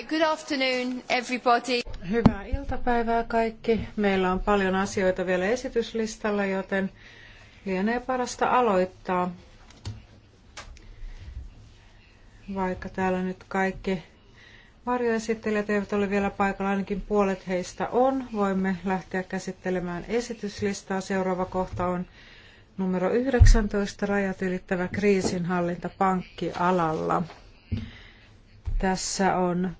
Right, good afternoon everybody. Hyvää iltapäivää kaikki. Meillä on paljon asioita vielä esityslistalla, joten lienee parasta aloittaa. Vaikka täällä nyt kaikki varjoesittelijät eivät ole vielä paikalla, ainakin puolet heistä on. Voimme lähteä käsittelemään esityslistaa. Seuraava kohta on numero 19, rajat ylittävä kriisinhallinta pankkialalla. Tässä on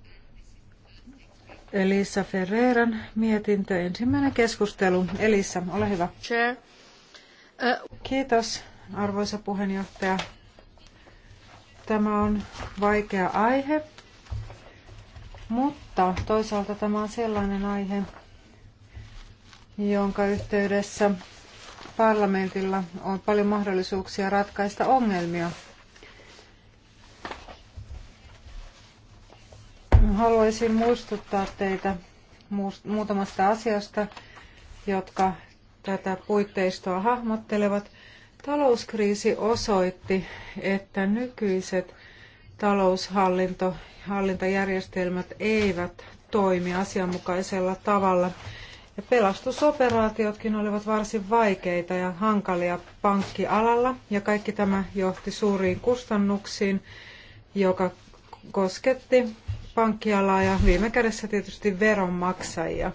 Elisa Ferreiran mietintö. Ensimmäinen keskustelu. Elisa, ole hyvä. Chair. Uh, Kiitos, arvoisa puheenjohtaja. Tämä on vaikea aihe, mutta toisaalta tämä on sellainen aihe, jonka yhteydessä parlamentilla on paljon mahdollisuuksia ratkaista ongelmia – haluaisin muistuttaa teitä muutamasta asiasta, jotka tätä puitteistoa hahmottelevat. Talouskriisi osoitti, että nykyiset taloushallintojärjestelmät eivät toimi asianmukaisella tavalla. Ja pelastusoperaatiotkin olivat varsin vaikeita ja hankalia pankkialalla, ja kaikki tämä johti suuriin kustannuksiin, joka kosketti pankkialaa ja viime kädessä tietysti veronmaksajia.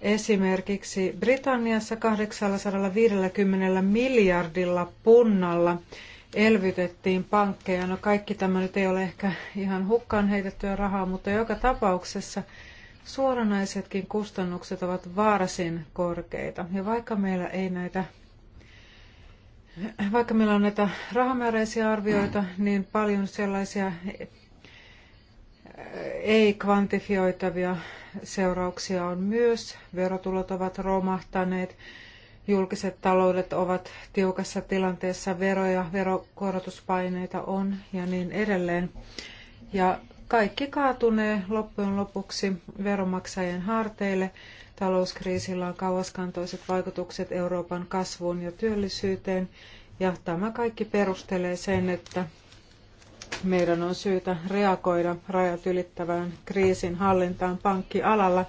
Esimerkiksi Britanniassa 850 miljardilla punnalla elvytettiin pankkeja. No kaikki tämä nyt ei ole ehkä ihan hukkaan heitettyä rahaa, mutta joka tapauksessa suoranaisetkin kustannukset ovat varsin korkeita. Ja vaikka meillä ei näitä vaikka meillä on näitä rahamääräisiä arvioita, niin paljon sellaisia ei kvantifioitavia seurauksia on myös. Verotulot ovat romahtaneet, julkiset taloudet ovat tiukassa tilanteessa, veroja, verokorotuspaineita on ja niin edelleen. Ja kaikki kaatunee loppujen lopuksi veronmaksajien harteille. Talouskriisillä on kauaskantoiset vaikutukset Euroopan kasvuun ja työllisyyteen. Ja tämä kaikki perustelee sen, että meidän on syytä reagoida rajat ylittävään kriisin hallintaan pankkialalla.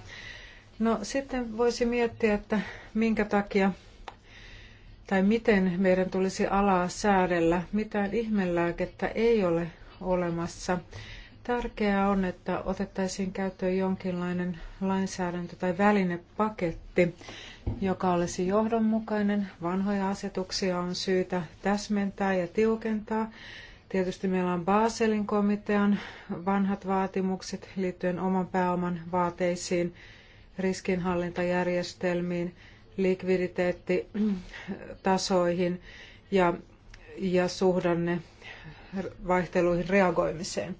No sitten voisi miettiä, että minkä takia tai miten meidän tulisi alaa säädellä. Mitään ihmelääkettä ei ole olemassa. Tärkeää on, että otettaisiin käyttöön jonkinlainen lainsäädäntö- tai välinepaketti, joka olisi johdonmukainen. Vanhoja asetuksia on syytä täsmentää ja tiukentaa. Tietysti meillä on Baselin komitean vanhat vaatimukset liittyen oman pääoman vaateisiin, riskinhallintajärjestelmiin, likviditeettitasoihin ja, ja suhdanne vaihteluihin reagoimiseen.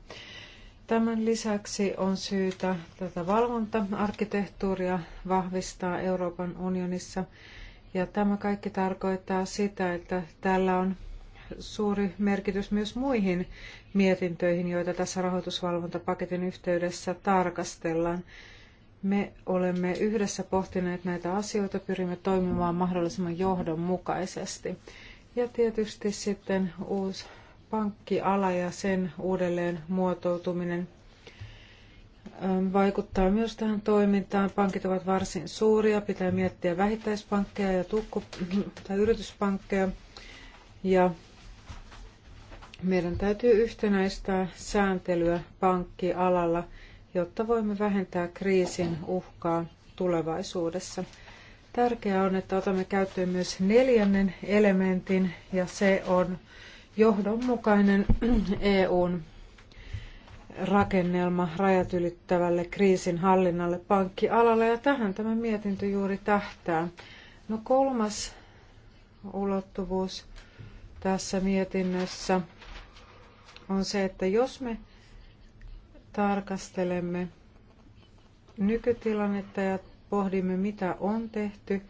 Tämän lisäksi on syytä tätä valvonta-arkkitehtuuria vahvistaa Euroopan unionissa. Ja tämä kaikki tarkoittaa sitä, että tällä on suuri merkitys myös muihin mietintöihin, joita tässä rahoitusvalvontapaketin yhteydessä tarkastellaan. Me olemme yhdessä pohtineet näitä asioita, pyrimme toimimaan mahdollisimman johdonmukaisesti. Ja tietysti sitten uusi pankkiala ja sen uudelleen muotoutuminen ähm, vaikuttaa myös tähän toimintaan. Pankit ovat varsin suuria, pitää miettiä vähittäispankkeja ja tukku- tai yrityspankkeja. Ja meidän täytyy yhtenäistää sääntelyä pankkialalla, jotta voimme vähentää kriisin uhkaa tulevaisuudessa. Tärkeää on, että otamme käyttöön myös neljännen elementin, ja se on johdonmukainen EUn rakennelma rajat ylittävälle kriisin hallinnalle pankkialalla, ja tähän tämä mietintö juuri tähtää. No kolmas ulottuvuus tässä mietinnössä on se, että jos me tarkastelemme nykytilannetta ja pohdimme, mitä on tehty,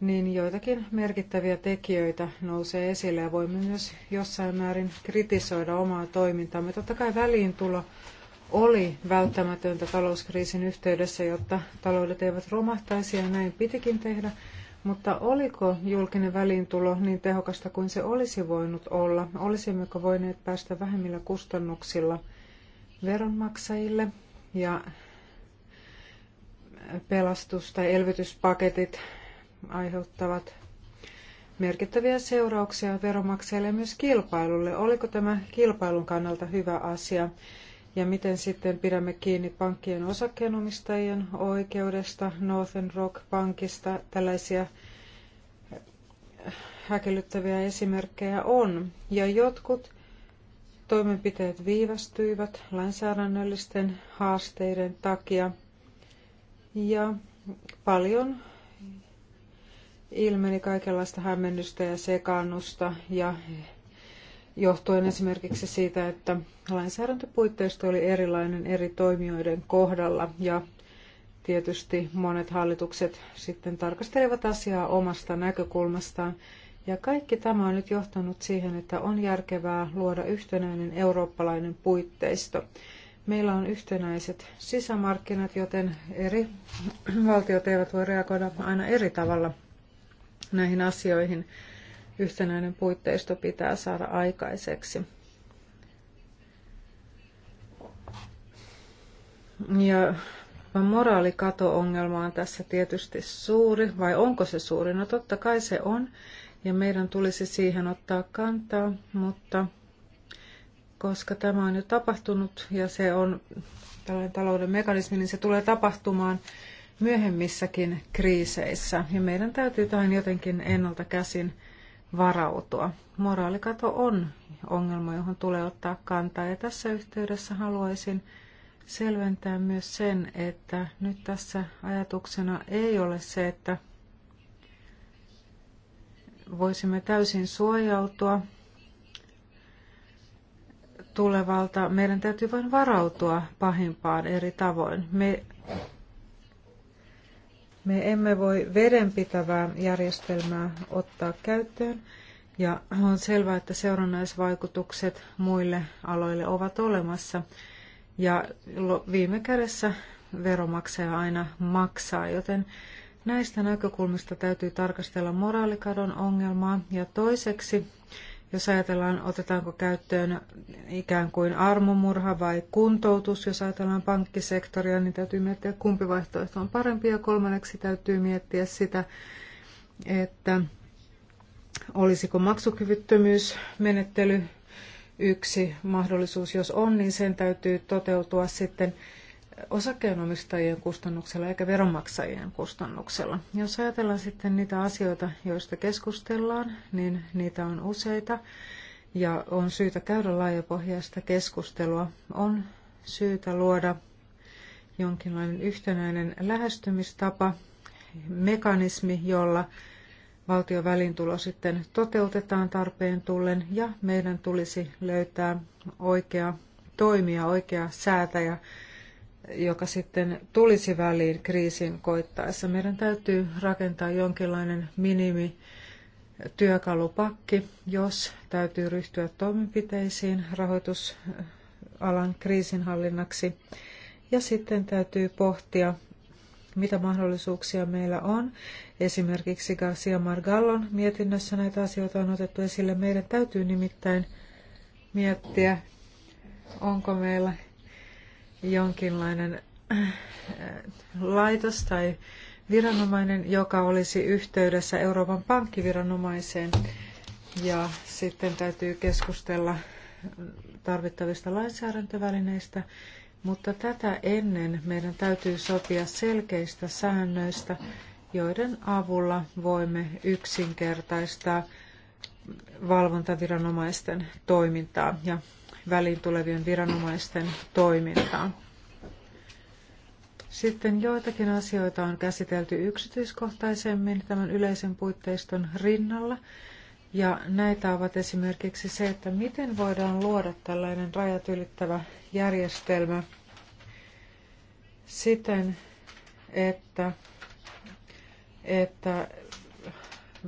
niin joitakin merkittäviä tekijöitä nousee esille ja voimme myös jossain määrin kritisoida omaa toimintaamme. Totta kai väliintulo oli välttämätöntä talouskriisin yhteydessä, jotta taloudet eivät romahtaisi ja näin pitikin tehdä – mutta oliko julkinen väliintulo niin tehokasta kuin se olisi voinut olla? Olisimmeko voineet päästä vähemmillä kustannuksilla veronmaksajille ja pelastus- tai elvytyspaketit aiheuttavat merkittäviä seurauksia veronmaksajille ja myös kilpailulle. Oliko tämä kilpailun kannalta hyvä asia? Ja miten sitten pidämme kiinni pankkien osakkeenomistajien oikeudesta Northern Rock Pankista? Tällaisia äh, häkellyttäviä esimerkkejä on. Ja jotkut toimenpiteet viivästyivät lainsäädännöllisten haasteiden takia. Ja paljon ilmeni kaikenlaista hämmennystä ja sekaannusta ja johtuen esimerkiksi siitä, että lainsäädäntöpuitteisto oli erilainen eri toimijoiden kohdalla ja tietysti monet hallitukset sitten tarkastelevat asiaa omasta näkökulmastaan. Ja kaikki tämä on nyt johtanut siihen, että on järkevää luoda yhtenäinen eurooppalainen puitteisto. Meillä on yhtenäiset sisämarkkinat, joten eri valtiot eivät voi reagoida aina eri tavalla näihin asioihin yhtenäinen puitteisto pitää saada aikaiseksi. Ja moraalikato-ongelma on tässä tietysti suuri, vai onko se suuri? No totta kai se on, ja meidän tulisi siihen ottaa kantaa, mutta koska tämä on jo tapahtunut ja se on tällainen talouden mekanismi, niin se tulee tapahtumaan myöhemmissäkin kriiseissä. Ja meidän täytyy tähän jotenkin ennalta käsin varautua. Moraalikato on ongelma, johon tulee ottaa kantaa. Ja tässä yhteydessä haluaisin selventää myös sen, että nyt tässä ajatuksena ei ole se, että voisimme täysin suojautua tulevalta. Meidän täytyy vain varautua pahimpaan eri tavoin. Me me emme voi vedenpitävää järjestelmää ottaa käyttöön ja on selvää, että seurannaisvaikutukset muille aloille ovat olemassa. Ja viime kädessä veromaksaja aina maksaa, joten näistä näkökulmista täytyy tarkastella moraalikadon ongelmaa. Ja toiseksi jos ajatellaan, otetaanko käyttöön ikään kuin armomurha vai kuntoutus, jos ajatellaan pankkisektoria, niin täytyy miettiä, kumpi vaihtoehto on parempi. Ja kolmanneksi täytyy miettiä sitä, että olisiko maksukyvyttömyysmenettely yksi mahdollisuus. Jos on, niin sen täytyy toteutua sitten osakkeenomistajien kustannuksella eikä veronmaksajien kustannuksella. Jos ajatellaan sitten niitä asioita, joista keskustellaan, niin niitä on useita ja on syytä käydä laajapohjaista keskustelua. On syytä luoda jonkinlainen yhtenäinen lähestymistapa, mekanismi, jolla valtiovälintulo sitten toteutetaan tarpeen tullen ja meidän tulisi löytää oikea toimija, oikea säätäjä, joka sitten tulisi väliin kriisin koittaessa. Meidän täytyy rakentaa jonkinlainen minimi työkalupakki, jos täytyy ryhtyä toimenpiteisiin rahoitusalan kriisinhallinnaksi. Ja sitten täytyy pohtia, mitä mahdollisuuksia meillä on. Esimerkiksi Garcia Margallon mietinnössä näitä asioita on otettu esille. Meidän täytyy nimittäin miettiä, onko meillä jonkinlainen äh, laitos tai viranomainen, joka olisi yhteydessä Euroopan pankkiviranomaiseen. Ja sitten täytyy keskustella tarvittavista lainsäädäntövälineistä, mutta tätä ennen meidän täytyy sopia selkeistä säännöistä, joiden avulla voimme yksinkertaistaa valvontaviranomaisten toimintaa ja väliin tulevien viranomaisten toimintaan. Sitten joitakin asioita on käsitelty yksityiskohtaisemmin tämän yleisen puitteiston rinnalla. Ja näitä ovat esimerkiksi se, että miten voidaan luoda tällainen rajat ylittävä järjestelmä siten, että, että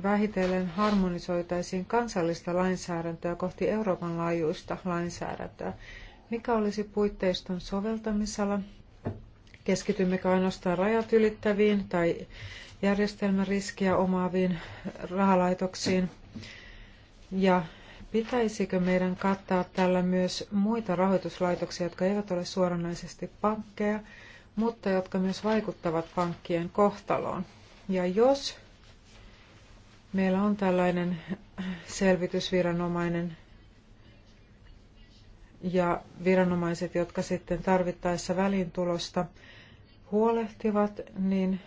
vähitellen harmonisoitaisiin kansallista lainsäädäntöä kohti Euroopan laajuista lainsäädäntöä. Mikä olisi puitteiston soveltamisala? Keskitymmekö ainoastaan rajat ylittäviin tai järjestelmäriskiä omaaviin rahalaitoksiin? Ja pitäisikö meidän kattaa tällä myös muita rahoituslaitoksia, jotka eivät ole suoranaisesti pankkeja, mutta jotka myös vaikuttavat pankkien kohtaloon? Ja jos Meillä on tällainen selvitysviranomainen ja viranomaiset, jotka sitten tarvittaessa välintulosta huolehtivat, niin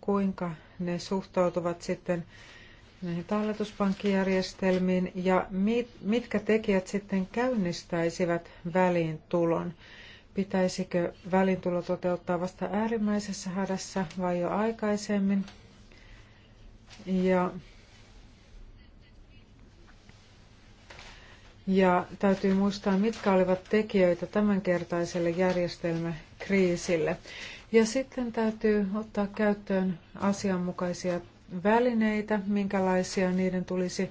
kuinka ne suhtautuvat sitten näihin talletuspankkijärjestelmiin ja mit, mitkä tekijät sitten käynnistäisivät väliintulon. Pitäisikö väliintulo toteuttaa vasta äärimmäisessä hädässä vai jo aikaisemmin? Ja Ja täytyy muistaa, mitkä olivat tekijöitä tämänkertaiselle järjestelmäkriisille. Ja sitten täytyy ottaa käyttöön asianmukaisia välineitä, minkälaisia niiden tulisi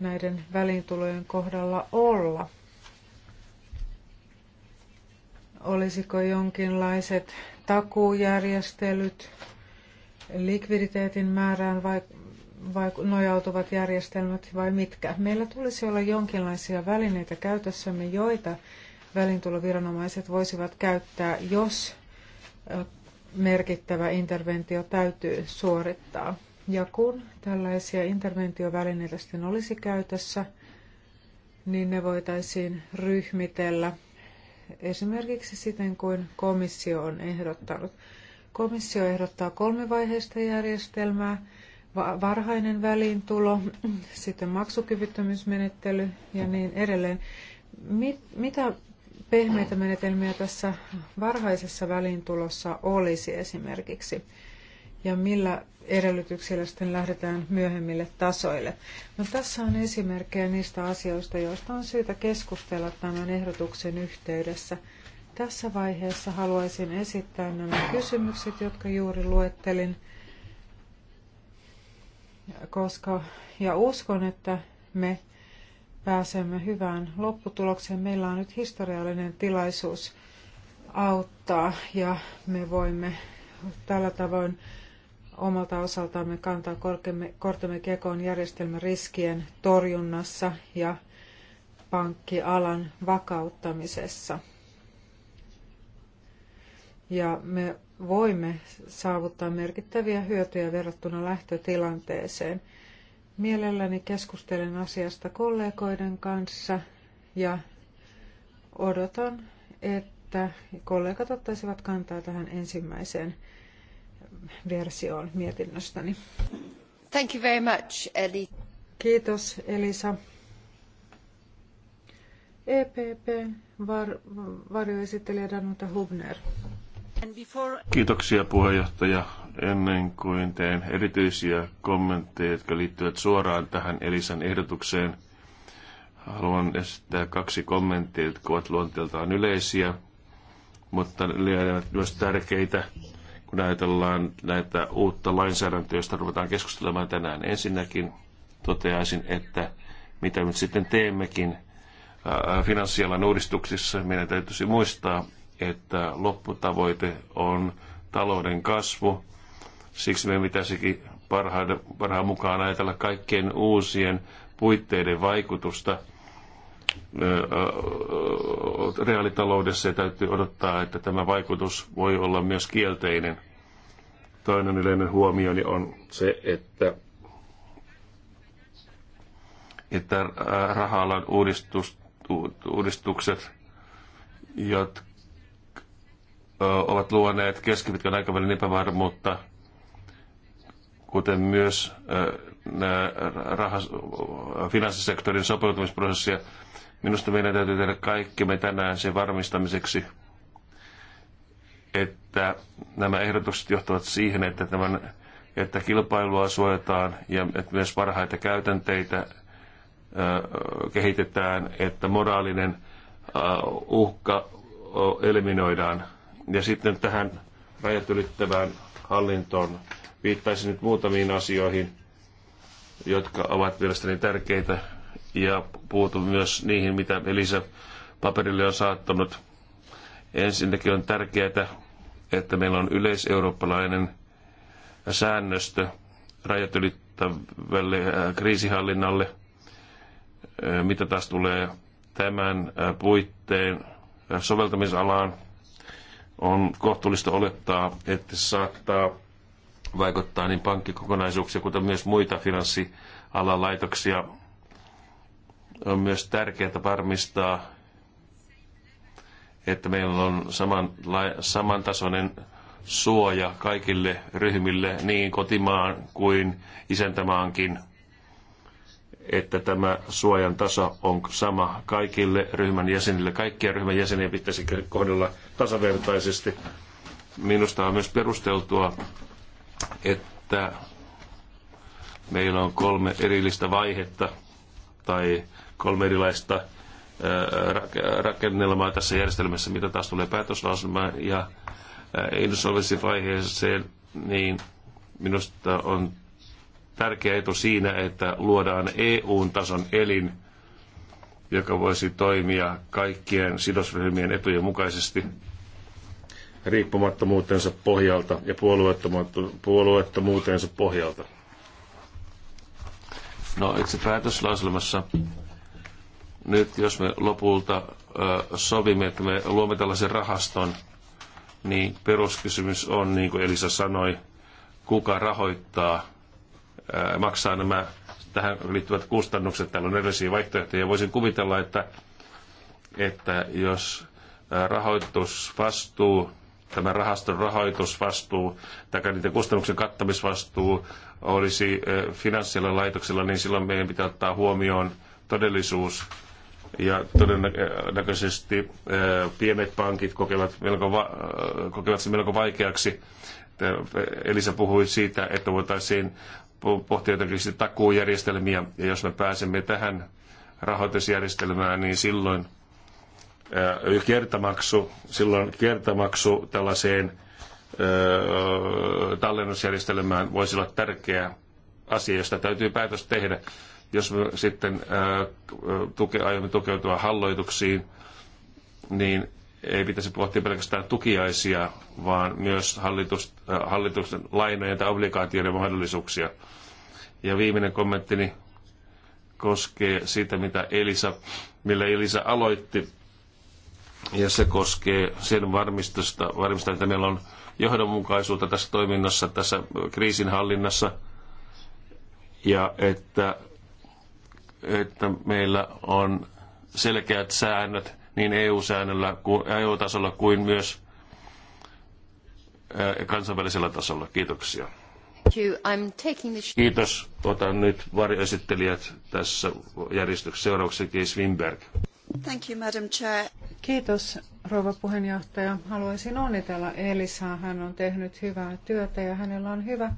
näiden välintulojen kohdalla olla. Olisiko jonkinlaiset takuujärjestelyt, likviditeetin määrään nojautuvat järjestelmät vai mitkä. Meillä tulisi olla jonkinlaisia välineitä käytössämme, joita välintuloviranomaiset voisivat käyttää, jos merkittävä interventio täytyy suorittaa. Ja kun tällaisia interventiovälineitä sitten olisi käytössä, niin ne voitaisiin ryhmitellä esimerkiksi siten kuin komissio on ehdottanut. Komissio ehdottaa kolmivaiheista järjestelmää, varhainen väliintulo, sitten maksukyvyttömyysmenettely ja niin edelleen. Mit, mitä pehmeitä menetelmiä tässä varhaisessa väliintulossa olisi esimerkiksi? Ja millä edellytyksillä sitten lähdetään myöhemmille tasoille? No, tässä on esimerkkejä niistä asioista, joista on syytä keskustella tämän ehdotuksen yhteydessä. Tässä vaiheessa haluaisin esittää nämä kysymykset, jotka juuri luettelin – koska, ja uskon, että me pääsemme hyvään lopputulokseen. Meillä on nyt historiallinen tilaisuus auttaa ja me voimme tällä tavoin omalta osaltamme kantaa korkemme, kortemme kekoon järjestelmän riskien torjunnassa ja pankkialan vakauttamisessa. Ja me voimme saavuttaa merkittäviä hyötyjä verrattuna lähtötilanteeseen. Mielelläni keskustelen asiasta kollegoiden kanssa ja odotan, että kollegat ottaisivat kantaa tähän ensimmäiseen versioon mietinnöstäni. Thank you very much, Eli. Kiitos, Elisa. EPP var, varjoesittelijä Danuta Hubner. Kiitoksia puheenjohtaja. Ennen kuin teen erityisiä kommentteja, jotka liittyvät suoraan tähän Elisan ehdotukseen, haluan esittää kaksi kommenttia, jotka ovat luonteeltaan yleisiä, mutta lienevät myös tärkeitä, kun ajatellaan näitä uutta lainsäädäntöä, josta ruvetaan keskustelemaan tänään. Ensinnäkin toteaisin, että mitä nyt sitten teemmekin finanssialan uudistuksissa, meidän täytyisi muistaa, että lopputavoite on talouden kasvu. Siksi me pitäisikin parhaan, parhaan mukaan ajatella kaikkien uusien puitteiden vaikutusta reaalitaloudessa ja täytyy odottaa, että tämä vaikutus voi olla myös kielteinen. Toinen yleinen huomioni on se, että että rahalan uudistus, uudistukset, jotka ovat luoneet keskipitkän aikavälin epävarmuutta, kuten myös rahas, finanssisektorin sopeutumisprosessia. Minusta meidän täytyy tehdä me tänään sen varmistamiseksi, että nämä ehdotukset johtavat siihen, että, tämän, että kilpailua suojataan ja että myös parhaita käytänteitä kehitetään, että moraalinen uhka eliminoidaan. Ja sitten tähän rajat ylittävään hallintoon viittaisin nyt muutamiin asioihin, jotka ovat mielestäni tärkeitä ja puutu myös niihin, mitä Elisa paperille on saattanut. Ensinnäkin on tärkeää, että meillä on yleiseurooppalainen säännöstö rajat ylittävälle äh, kriisihallinnalle, äh, mitä taas tulee tämän äh, puitteen soveltamisalaan on kohtuullista olettaa, että se saattaa vaikuttaa niin pankkikokonaisuuksia, kuten myös muita finanssialan laitoksia. On myös tärkeää varmistaa, että meillä on saman, samantasoinen suoja kaikille ryhmille, niin kotimaan kuin isäntämaankin – että tämä suojan taso on sama kaikille ryhmän jäsenille. Kaikkia ryhmän jäseniä pitäisi kohdella tasavertaisesti. Minusta on myös perusteltua, että meillä on kolme erillistä vaihetta tai kolme erilaista rakennelmaa tässä järjestelmässä, mitä taas tulee päätöslausumaan ja insolvenssivaiheeseen, niin minusta on tärkeä etu siinä, että luodaan EU-tason elin, joka voisi toimia kaikkien sidosryhmien etujen mukaisesti riippumattomuutensa pohjalta ja puolueettomuutensa pohjalta. No itse päätöslauselmassa nyt jos me lopulta ö, sovimme, että me luomme tällaisen rahaston, niin peruskysymys on, niin kuin Elisa sanoi, kuka rahoittaa maksaa nämä tähän liittyvät kustannukset. Täällä on erilaisia vaihtoehtoja. Voisin kuvitella, että, että jos rahoitusvastuu, tämä rahaston rahoitusvastuu tai niiden kustannuksen kattamisvastuu olisi finanssialla laitoksella, niin silloin meidän pitää ottaa huomioon todellisuus. Ja todennäköisesti pienet pankit kokevat, melko, kokevat sen melko vaikeaksi Elisa puhui siitä, että voitaisiin pohtia jotakin takuujärjestelmiä, ja jos me pääsemme tähän rahoitusjärjestelmään, niin silloin äh, kertamaksu, silloin kertamaksu tällaiseen äh, tallennusjärjestelmään voisi olla tärkeä asia, josta täytyy päätös tehdä. Jos me sitten äh, tuke, aiomme tukeutua halloituksiin, niin ei pitäisi pohtia pelkästään tukiaisia, vaan myös hallitus, hallituksen lainojen tai obligaatioiden mahdollisuuksia. Ja viimeinen kommenttini koskee sitä, mitä Elisa, millä Elisa aloitti. Ja se koskee sen varmistusta, varmista, että meillä on johdonmukaisuutta tässä toiminnassa, tässä kriisinhallinnassa. Ja että, että meillä on selkeät säännöt niin EU-säännöllä, EU-tasolla kuin myös kansainvälisellä tasolla. Kiitoksia. Kiitos. Otan nyt varjoesittelijät tässä järjestyksessä. Seuraavaksi Kees Wimberg. Thank you, Madam Chair. Kiitos, rouva puheenjohtaja. Haluaisin onnitella Elisaa. Hän on tehnyt hyvää työtä ja hänellä on hyvä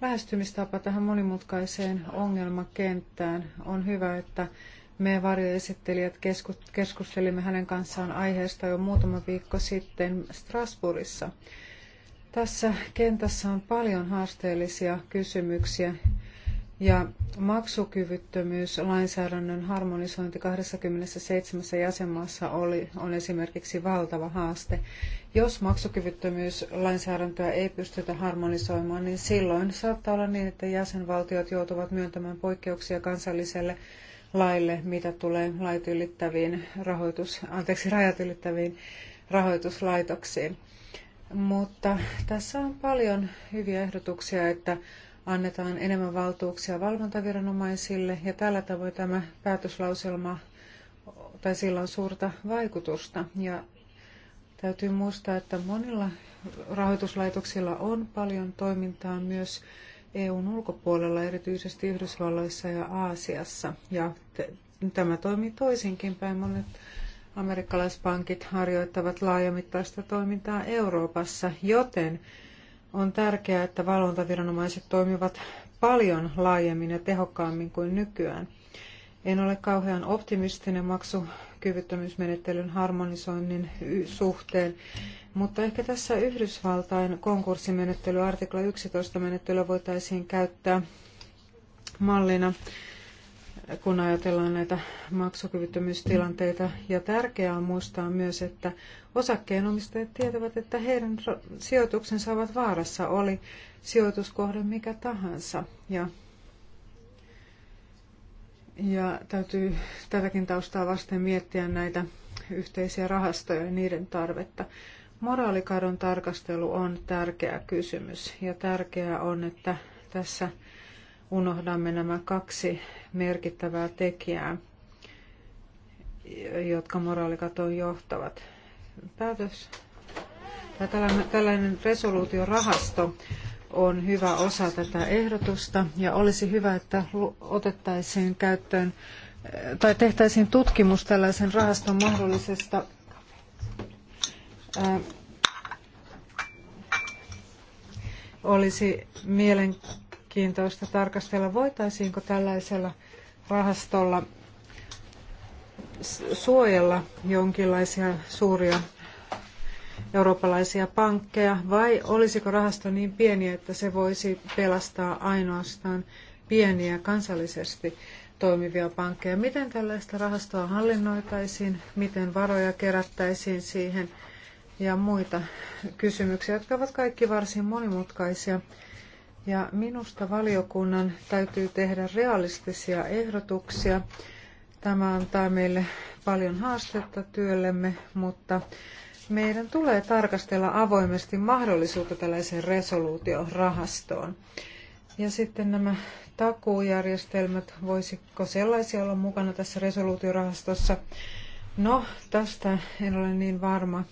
lähestymistapa tähän monimutkaiseen ongelmakenttään. On hyvä, että me varjoesittelijät keskustelimme hänen kanssaan aiheesta jo muutama viikko sitten Strasbourgissa. Tässä kentässä on paljon haasteellisia kysymyksiä ja maksukyvyttömyys lainsäädännön harmonisointi 27 jäsenmaassa oli, on esimerkiksi valtava haaste. Jos maksukyvyttömyys lainsäädäntöä ei pystytä harmonisoimaan, niin silloin saattaa olla niin, että jäsenvaltiot joutuvat myöntämään poikkeuksia kansalliselle laille, mitä tulee rahoitus, anteeksi, rajat ylittäviin rahoituslaitoksiin. Mutta tässä on paljon hyviä ehdotuksia, että annetaan enemmän valtuuksia valvontaviranomaisille ja tällä tavoin tämä päätöslauselma tai sillä on suurta vaikutusta. Ja täytyy muistaa, että monilla rahoituslaitoksilla on paljon toimintaa myös EUn ulkopuolella, erityisesti Yhdysvalloissa ja Aasiassa. Ja tämä toimii toisinkin päin. Monet amerikkalaispankit harjoittavat laajamittaista toimintaa Euroopassa, joten on tärkeää, että valvontaviranomaiset toimivat paljon laajemmin ja tehokkaammin kuin nykyään. En ole kauhean optimistinen maksukyvyttömyysmenettelyn harmonisoinnin suhteen, mutta ehkä tässä Yhdysvaltain konkurssimenettely, artikla 11 menettelyä voitaisiin käyttää mallina kun ajatellaan näitä maksukyvyttömyystilanteita. Ja tärkeää on muistaa myös, että osakkeenomistajat tietävät, että heidän sijoituksensa ovat vaarassa, oli sijoituskohde mikä tahansa. Ja, ja täytyy tätäkin taustaa vasten miettiä näitä yhteisiä rahastoja ja niiden tarvetta. Moraalikadon tarkastelu on tärkeä kysymys ja tärkeää on, että tässä – unohdamme nämä kaksi merkittävää tekijää, jotka moraalikatoon johtavat. Päätös tällainen, tällainen resoluutiorahasto on hyvä osa tätä ehdotusta ja olisi hyvä, että otettaisiin käyttöön tai tehtäisiin tutkimus tällaisen rahaston mahdollisesta olisi mielen, mielenkiintoista tarkastella, voitaisiinko tällaisella rahastolla suojella jonkinlaisia suuria eurooppalaisia pankkeja, vai olisiko rahasto niin pieni, että se voisi pelastaa ainoastaan pieniä kansallisesti toimivia pankkeja? Miten tällaista rahastoa hallinnoitaisiin, miten varoja kerättäisiin siihen ja muita kysymyksiä, jotka ovat kaikki varsin monimutkaisia ja minusta valiokunnan täytyy tehdä realistisia ehdotuksia. Tämä antaa meille paljon haastetta työllemme, mutta meidän tulee tarkastella avoimesti mahdollisuutta tällaiseen resoluutiorahastoon. Ja sitten nämä takuujärjestelmät, voisiko sellaisia olla mukana tässä resoluutiorahastossa? No, tästä en ole niin varma.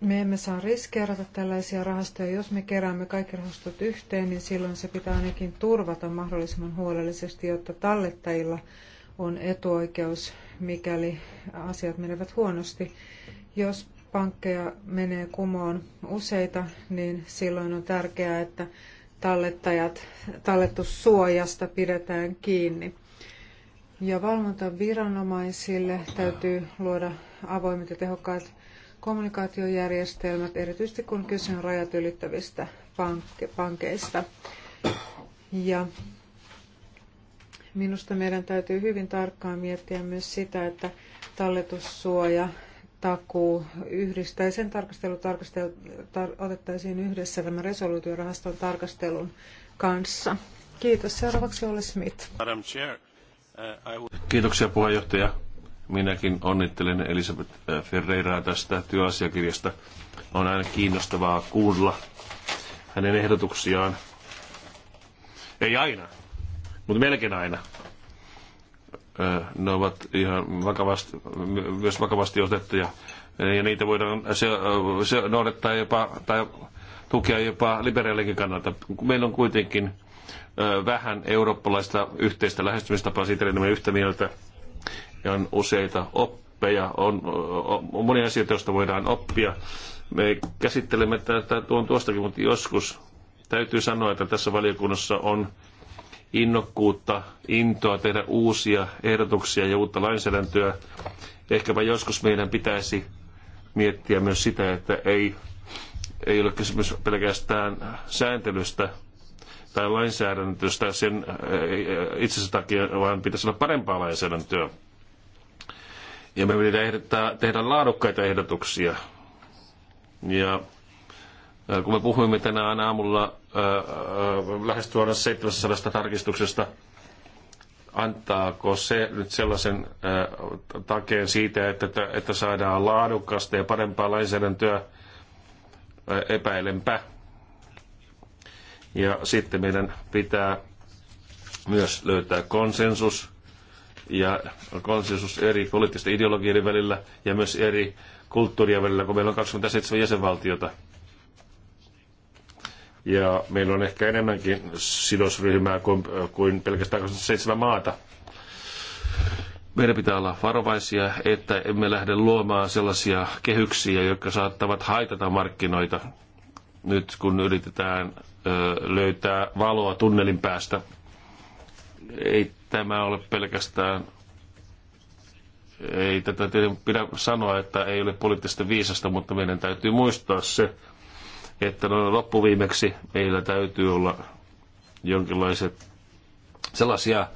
Me emme saa riskeerata tällaisia rahastoja. Jos me keräämme kaikki rahastot yhteen, niin silloin se pitää ainakin turvata mahdollisimman huolellisesti, jotta tallettajilla on etuoikeus, mikäli asiat menevät huonosti. Jos pankkeja menee kumoon useita, niin silloin on tärkeää, että tallettajat, talletussuojasta pidetään kiinni. Ja valvontaviranomaisille täytyy luoda avoimet ja tehokkaat kommunikaatiojärjestelmät, erityisesti kun kyse on rajat ylittävistä pankeista. Ja minusta meidän täytyy hyvin tarkkaan miettiä myös sitä, että talletussuoja, takuu yhdistää sen tarkastelu tar, otettaisiin yhdessä tämän resoluutiorahaston tarkastelun kanssa. Kiitos. Seuraavaksi Ole Smith. Uh, Kiitoksia puheenjohtaja. Minäkin onnittelen Elisabeth äh, Ferreiraa tästä työasiakirjasta. On aina kiinnostavaa kuulla hänen ehdotuksiaan. Ei aina, mutta melkein aina. Äh, ne ovat ihan vakavasti, myös vakavasti otettuja. Ja niitä voidaan se, äh, se noudattaa jopa, tai tukea jopa liberaalikin kannalta. Meillä on kuitenkin vähän eurooppalaista yhteistä lähestymistapaa siitä, että me yhtä mieltä on useita oppeja, on, on, on monia asioita, joista voidaan oppia. Me käsittelemme tätä tuon tuostakin, mutta joskus täytyy sanoa, että tässä valiokunnassa on innokkuutta, intoa tehdä uusia ehdotuksia ja uutta lainsäädäntöä. Ehkäpä joskus meidän pitäisi miettiä myös sitä, että ei, ei ole kysymys pelkästään sääntelystä tai lainsäädäntöstä sen eh, eh, itsensä takia, vaan pitäisi olla parempaa lainsäädäntöä. Ja me yritetään ehdottaa, tehdä laadukkaita ehdotuksia. Ja äh, kun me puhuimme tänään aamulla ää, äh, ää, äh, lähes 1700 tarkistuksesta, antaako se nyt sellaisen ää, takeen siitä, että, että saadaan laadukasta ja parempaa lainsäädäntöä, ää, epäilenpä. Ja sitten meidän pitää myös löytää konsensus ja konsensus eri poliittisten ideologioiden välillä ja myös eri kulttuurien välillä, kun meillä on 27 jäsenvaltiota. Ja meillä on ehkä enemmänkin sidosryhmää kuin, kuin pelkästään 27 maata. Meidän pitää olla varovaisia, että emme lähde luomaan sellaisia kehyksiä, jotka saattavat haitata markkinoita nyt, kun yritetään löytää valoa tunnelin päästä ei tämä ole pelkästään, ei tätä pidä sanoa, että ei ole poliittisesti viisasta, mutta meidän täytyy muistaa se, että no loppuviimeksi meillä täytyy olla jonkinlaiset sellaisia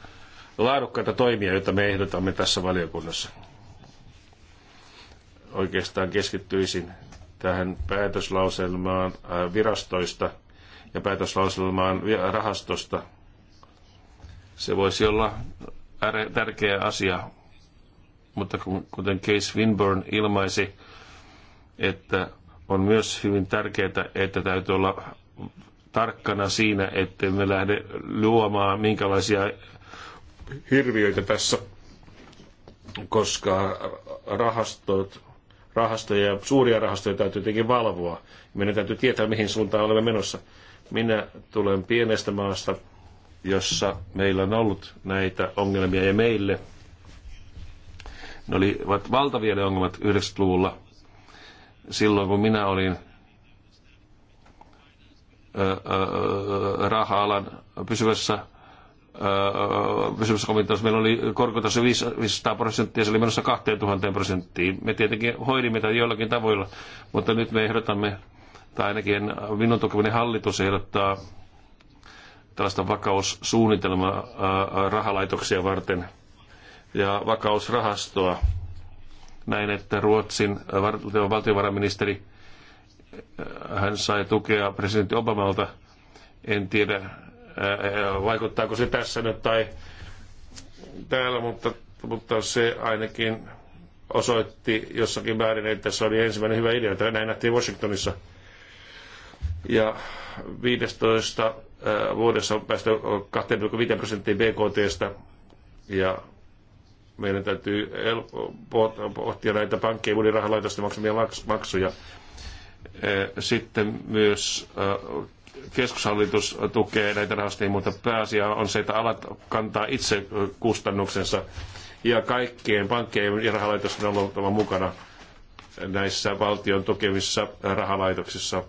laadukkaita toimia, joita me ehdotamme tässä valiokunnassa. Oikeastaan keskittyisin tähän päätöslauselmaan äh, virastoista ja päätöslauselmaan rahastosta – se voisi olla tärkeä asia, mutta kuten Case Winburn ilmaisi, että on myös hyvin tärkeää, että täytyy olla tarkkana siinä, että me lähde luomaan minkälaisia hirviöitä tässä, koska rahastot, rahastoja, suuria rahastoja täytyy tietenkin valvoa. Meidän täytyy tietää, mihin suuntaan olemme menossa. Minä tulen pienestä maasta, jossa meillä on ollut näitä ongelmia ja meille ne olivat valtavia ne ongelmat 90-luvulla silloin, kun minä olin raha-alan pysyvässä pysyvässä komiteassa. Meillä oli korkotaso 500 prosenttia, se oli menossa 2000 prosenttiin. Me tietenkin hoidimme tätä joillakin tavoilla, mutta nyt me ehdotamme, tai ainakin minun tukeminen hallitus ehdottaa tällaista vakaussuunnitelmaa rahalaitoksia varten ja vakausrahastoa. Näin, että Ruotsin valtiovarainministeri hän sai tukea presidentti Obamalta. En tiedä, vaikuttaako se tässä nyt tai täällä, mutta, mutta se ainakin osoitti jossakin määrin, että se oli ensimmäinen hyvä idea. Tämä näin nähtiin Washingtonissa – ja 15 äh, vuodessa on päästy 2,5 prosenttia BKTstä ja meidän täytyy pohtia näitä pankkien muiden rahalaitosten maksamia maksuja. Äh, sitten myös äh, keskushallitus tukee näitä rahastoja, mutta pääasia on se, että alat kantaa itse kustannuksensa ja kaikkien pankkien ja rahalaitosten on oltava mukana näissä valtion tukemissa rahalaitoksissa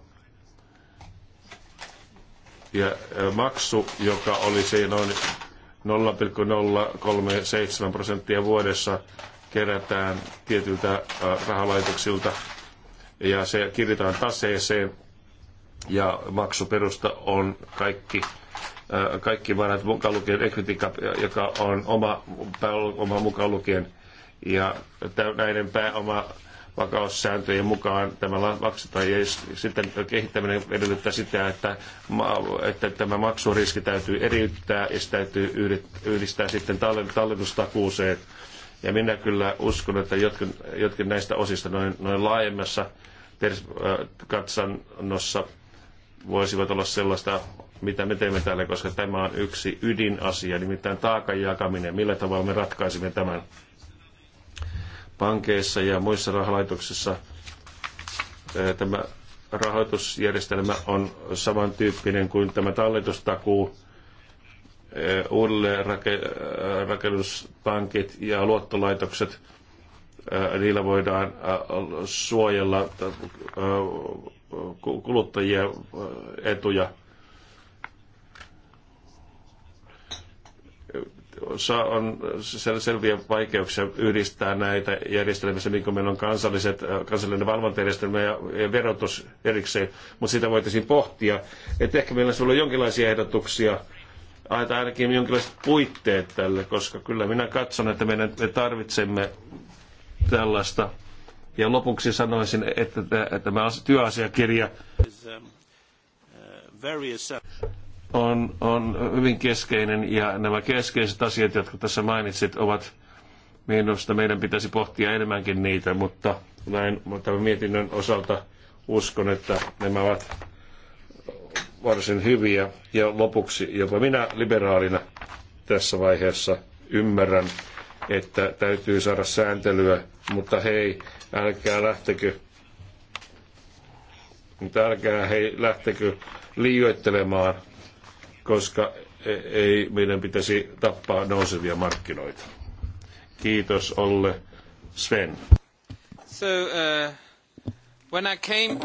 ja maksu, joka olisi noin 0,037 prosenttia vuodessa, kerätään tietyiltä rahalaitoksilta ja se kirjataan taseeseen ja maksuperusta on kaikki kaikki varat mukaan lukien equity cap, joka on oma pääoma mukaan lukien. Ja näiden pääoma vakaussääntöjen mukaan tämä maksetaan. Ja sitten kehittäminen edellyttää sitä, että, että tämä maksuriski täytyy eriyttää ja se täytyy yhdistää sitten tallennustakuuseen. Ja minä kyllä uskon, että jotkin, jotkin näistä osista noin, noin laajemmassa äh, katsannossa voisivat olla sellaista, mitä me teemme täällä, koska tämä on yksi ydinasia, nimittäin taakan jakaminen, millä tavalla me ratkaisimme tämän pankeissa ja muissa rahalaitoksissa tämä rahoitusjärjestelmä on samantyyppinen kuin tämä talletustakuu, rakennuspankit ja luottolaitokset, niillä voidaan suojella kuluttajien etuja. on selviä vaikeuksia yhdistää näitä järjestelmiä, niin kuin meillä on kansalliset, äh, kansallinen valvontajärjestelmä ja verotus erikseen, mutta sitä voitaisiin pohtia. Et ehkä meillä on jonkinlaisia ehdotuksia, tai ainakin jonkinlaiset puitteet tälle, koska kyllä minä katson, että meidän, me tarvitsemme tällaista. Ja lopuksi sanoisin, että tämä työasiakirja um, uh, on, on hyvin keskeinen ja nämä keskeiset asiat, jotka tässä mainitsit, ovat minusta meidän pitäisi pohtia enemmänkin niitä, mutta näin tämän mietinnön osalta uskon, että nämä ovat varsin hyviä ja lopuksi jopa minä liberaalina tässä vaiheessa ymmärrän, että täytyy saada sääntelyä, mutta hei, älkää lähtekö, mutta älkää hei, lähtekö liioittelemaan koska e- ei meidän pitäisi tappaa nousevia markkinoita. Kiitos Olle. Sven. So, uh, when I came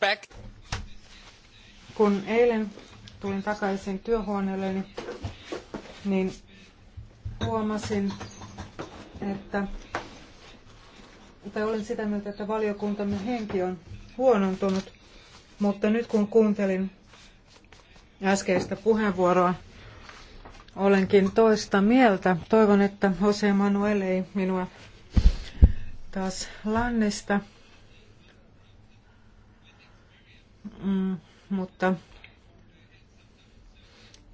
back... Kun eilen tulin takaisin työhuoneelleni, niin huomasin, että tai olin sitä mieltä, että valiokuntamme henki on huonontunut, mutta nyt kun kuuntelin äskeistä puheenvuoroa. Olenkin toista mieltä. Toivon, että Jose Manuel ei minua taas lannista. Mm, mutta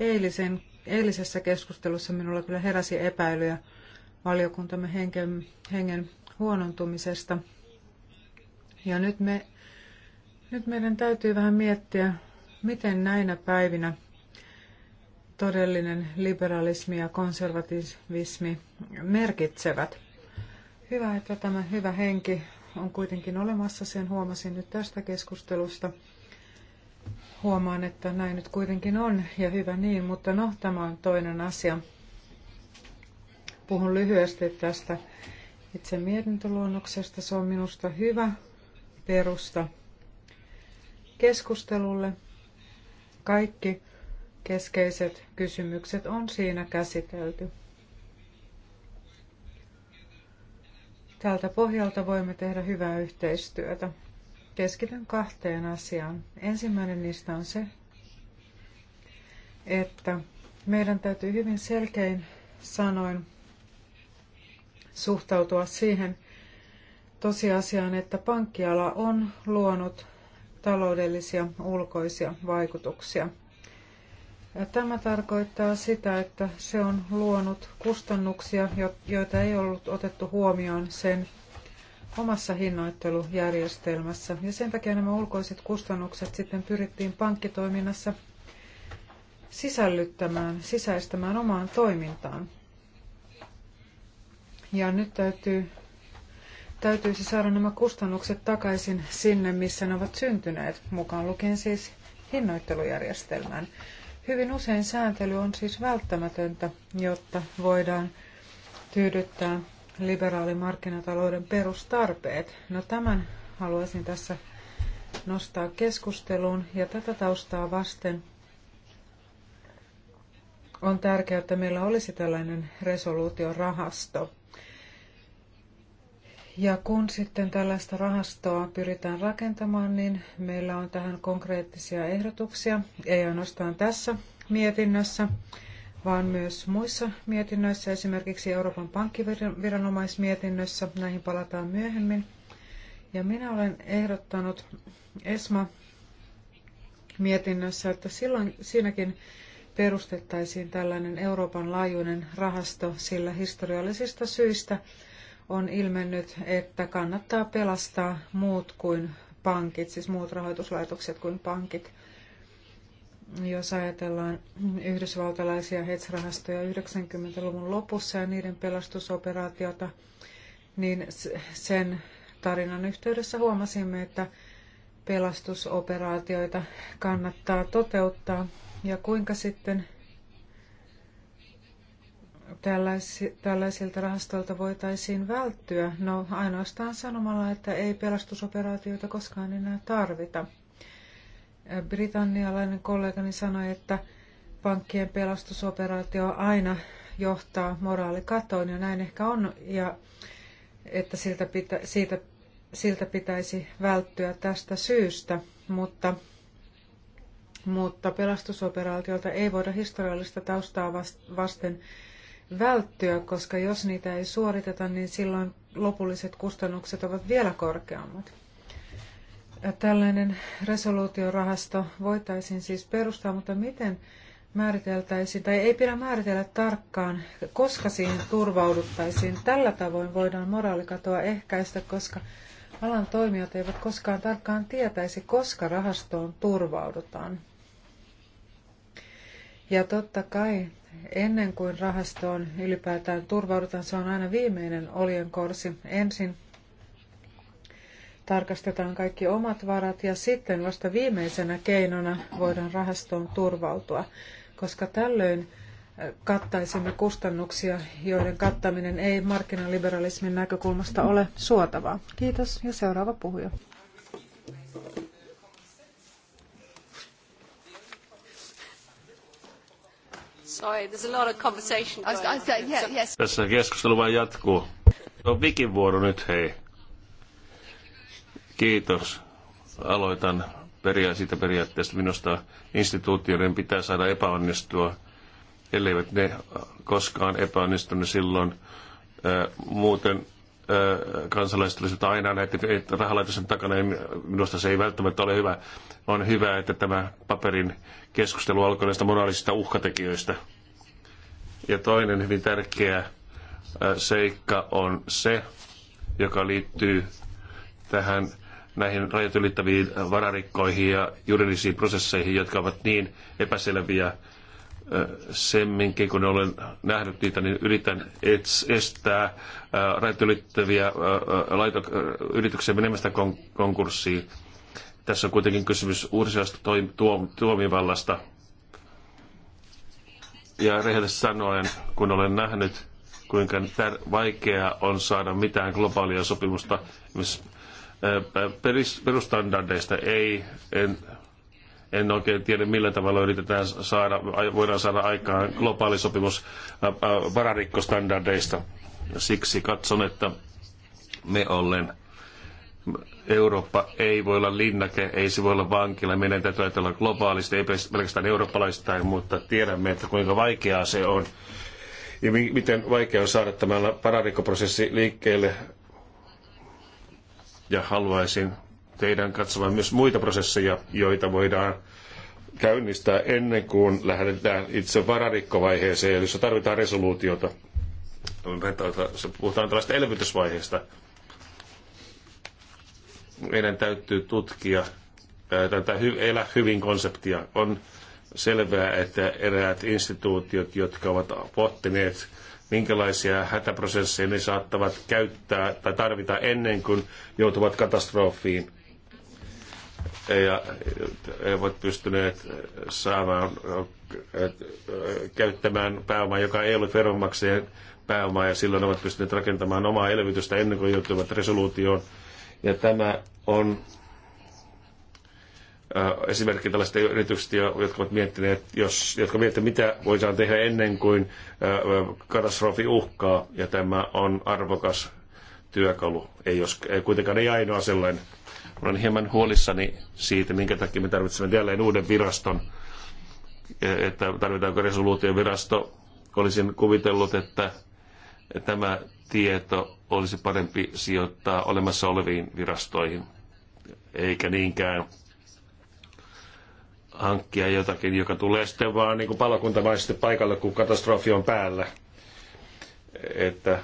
eilisen, eilisessä keskustelussa minulla kyllä heräsi epäilyjä valiokuntamme henken, hengen huonontumisesta. Ja nyt, me, nyt meidän täytyy vähän miettiä Miten näinä päivinä todellinen liberalismi ja konservatismi merkitsevät? Hyvä, että tämä hyvä henki on kuitenkin olemassa, sen huomasin nyt tästä keskustelusta. Huomaan, että näin nyt kuitenkin on ja hyvä niin, mutta no, tämä on toinen asia. Puhun lyhyesti tästä itse mietintöluonnoksesta. Se on minusta hyvä perusta keskustelulle kaikki keskeiset kysymykset on siinä käsitelty. Tältä pohjalta voimme tehdä hyvää yhteistyötä. Keskityn kahteen asiaan. Ensimmäinen niistä on se, että meidän täytyy hyvin selkein sanoin suhtautua siihen tosiasiaan, että pankkiala on luonut taloudellisia ulkoisia vaikutuksia. Ja Tämä tarkoittaa sitä, että se on luonut kustannuksia, joita ei ollut otettu huomioon sen omassa hinnoittelujärjestelmässä. Ja sen takia nämä ulkoiset kustannukset sitten pyrittiin pankkitoiminnassa sisällyttämään, sisäistämään omaan toimintaan. Ja nyt täytyy täytyisi saada nämä kustannukset takaisin sinne, missä ne ovat syntyneet, mukaan lukien siis hinnoittelujärjestelmään. Hyvin usein sääntely on siis välttämätöntä, jotta voidaan tyydyttää liberaalimarkkinatalouden perustarpeet. No tämän haluaisin tässä nostaa keskusteluun ja tätä taustaa vasten on tärkeää, että meillä olisi tällainen resoluutiorahasto. rahasto ja kun sitten tällaista rahastoa pyritään rakentamaan, niin meillä on tähän konkreettisia ehdotuksia, ei ainoastaan tässä mietinnössä, vaan myös muissa mietinnöissä, esimerkiksi Euroopan pankkiviranomaismietinnössä, näihin palataan myöhemmin. Ja minä olen ehdottanut ESMA-mietinnössä, että silloin siinäkin perustettaisiin tällainen Euroopan laajuinen rahasto, sillä historiallisista syistä – on ilmennyt, että kannattaa pelastaa muut kuin pankit, siis muut rahoituslaitokset kuin pankit. Jos ajatellaan yhdysvaltalaisia hedge-rahastoja 90-luvun lopussa ja niiden pelastusoperaatiota, niin sen tarinan yhteydessä huomasimme, että pelastusoperaatioita kannattaa toteuttaa ja kuinka sitten tällaisilta rahastoilta voitaisiin välttyä? No ainoastaan sanomalla, että ei pelastusoperaatioita koskaan enää tarvita. Britannialainen kollegani sanoi, että pankkien pelastusoperaatio aina johtaa moraalikatoon ja näin ehkä on, ja että siltä, pitä, siitä, siltä pitäisi välttyä tästä syystä, mutta, mutta pelastusoperaatiolta ei voida historiallista taustaa vasten välttyä, koska jos niitä ei suoriteta, niin silloin lopulliset kustannukset ovat vielä korkeammat. Tällainen resoluutiorahasto voitaisiin siis perustaa, mutta miten määriteltäisiin, tai ei pidä määritellä tarkkaan, koska siihen turvauduttaisiin. Tällä tavoin voidaan moraalikatoa ehkäistä, koska alan toimijat eivät koskaan tarkkaan tietäisi, koska rahastoon turvaudutaan. Ja totta kai ennen kuin rahastoon ylipäätään turvaudutaan, se on aina viimeinen oljenkorsi. Ensin tarkastetaan kaikki omat varat ja sitten vasta viimeisenä keinona voidaan rahastoon turvautua, koska tällöin kattaisimme kustannuksia, joiden kattaminen ei markkinaliberalismin näkökulmasta ole suotavaa. Kiitos ja seuraava puhuja. Sorry, there's a lot of conversation going on. Yeah, yes. Tässä keskustelu vain jatkuu. No Vikin vuoro nyt, hei. Kiitos. Aloitan peria- siitä periaatteesta. Minusta instituutioiden pitää saada epäonnistua, elleivät ne koskaan niin silloin. Muuten kansalaiset olisivat aina näiden rahalaitosten takana, niin minusta se ei välttämättä ole hyvä. On hyvä, että tämä paperin keskustelu alkoi näistä moraalisista uhkatekijöistä. Ja toinen hyvin tärkeä seikka on se, joka liittyy tähän näihin rajat ylittäviin vararikkoihin ja juridisiin prosesseihin, jotka ovat niin epäselviä, semminkin kun olen nähnyt niitä, niin yritän estää rajat ylittäviä yrityksiä menemästä konkurssiin. Tässä on kuitenkin kysymys uudisesta tuomivallasta. Ja rehellisesti sanoen, kun olen nähnyt, kuinka vaikeaa on saada mitään globaalia sopimusta, perusstandardeista ei, en en oikein tiedä millä tavalla yritetään saada, voidaan saada aikaan globaali sopimus vararikkostandardeista. Siksi katson, että me ollen Eurooppa ei voi olla linnake, ei se voi olla vankila. Meidän täytyy ajatella globaalisti, ei pelkästään eurooppalaista, mutta tiedämme, että kuinka vaikeaa se on. Ja miten vaikea on saada tämä pararikkoprosessi liikkeelle. Ja haluaisin teidän katsomaan myös muita prosesseja, joita voidaan käynnistää ennen kuin lähdetään itse vararikkovaiheeseen, eli jossa tarvitaan resoluutiota. Puhutaan tällaista elvytysvaiheesta. Meidän täytyy tutkia tätä elä hyvin konseptia. On selvää, että eräät instituutiot, jotka ovat pohtineet, minkälaisia hätäprosesseja ne saattavat käyttää tai tarvita ennen kuin joutuvat katastrofiin, ja eivät pystyneet saamaan, käyttämään pääomaa, joka ei ollut veronmaksajien pääomaa, ja silloin ovat pystyneet rakentamaan omaa elvytystä ennen kuin joutuivat resoluutioon. Ja tämä on esimerkki tällaista yrityksistä, jotka ovat miettineet, jos, jotka miettivät, mitä voidaan tehdä ennen kuin katastrofi uhkaa, ja tämä on arvokas työkalu. Ei, jos, ei kuitenkaan ei ainoa sellainen. Olen hieman huolissani siitä, minkä takia me tarvitsemme jälleen uuden viraston, että tarvitaanko resoluutiovirasto. Olisin kuvitellut, että tämä tieto olisi parempi sijoittaa olemassa oleviin virastoihin, eikä niinkään hankkia jotakin, joka tulee sitten vaan niin kuin palokuntamaisesti paikalle, kun katastrofi on päällä. Että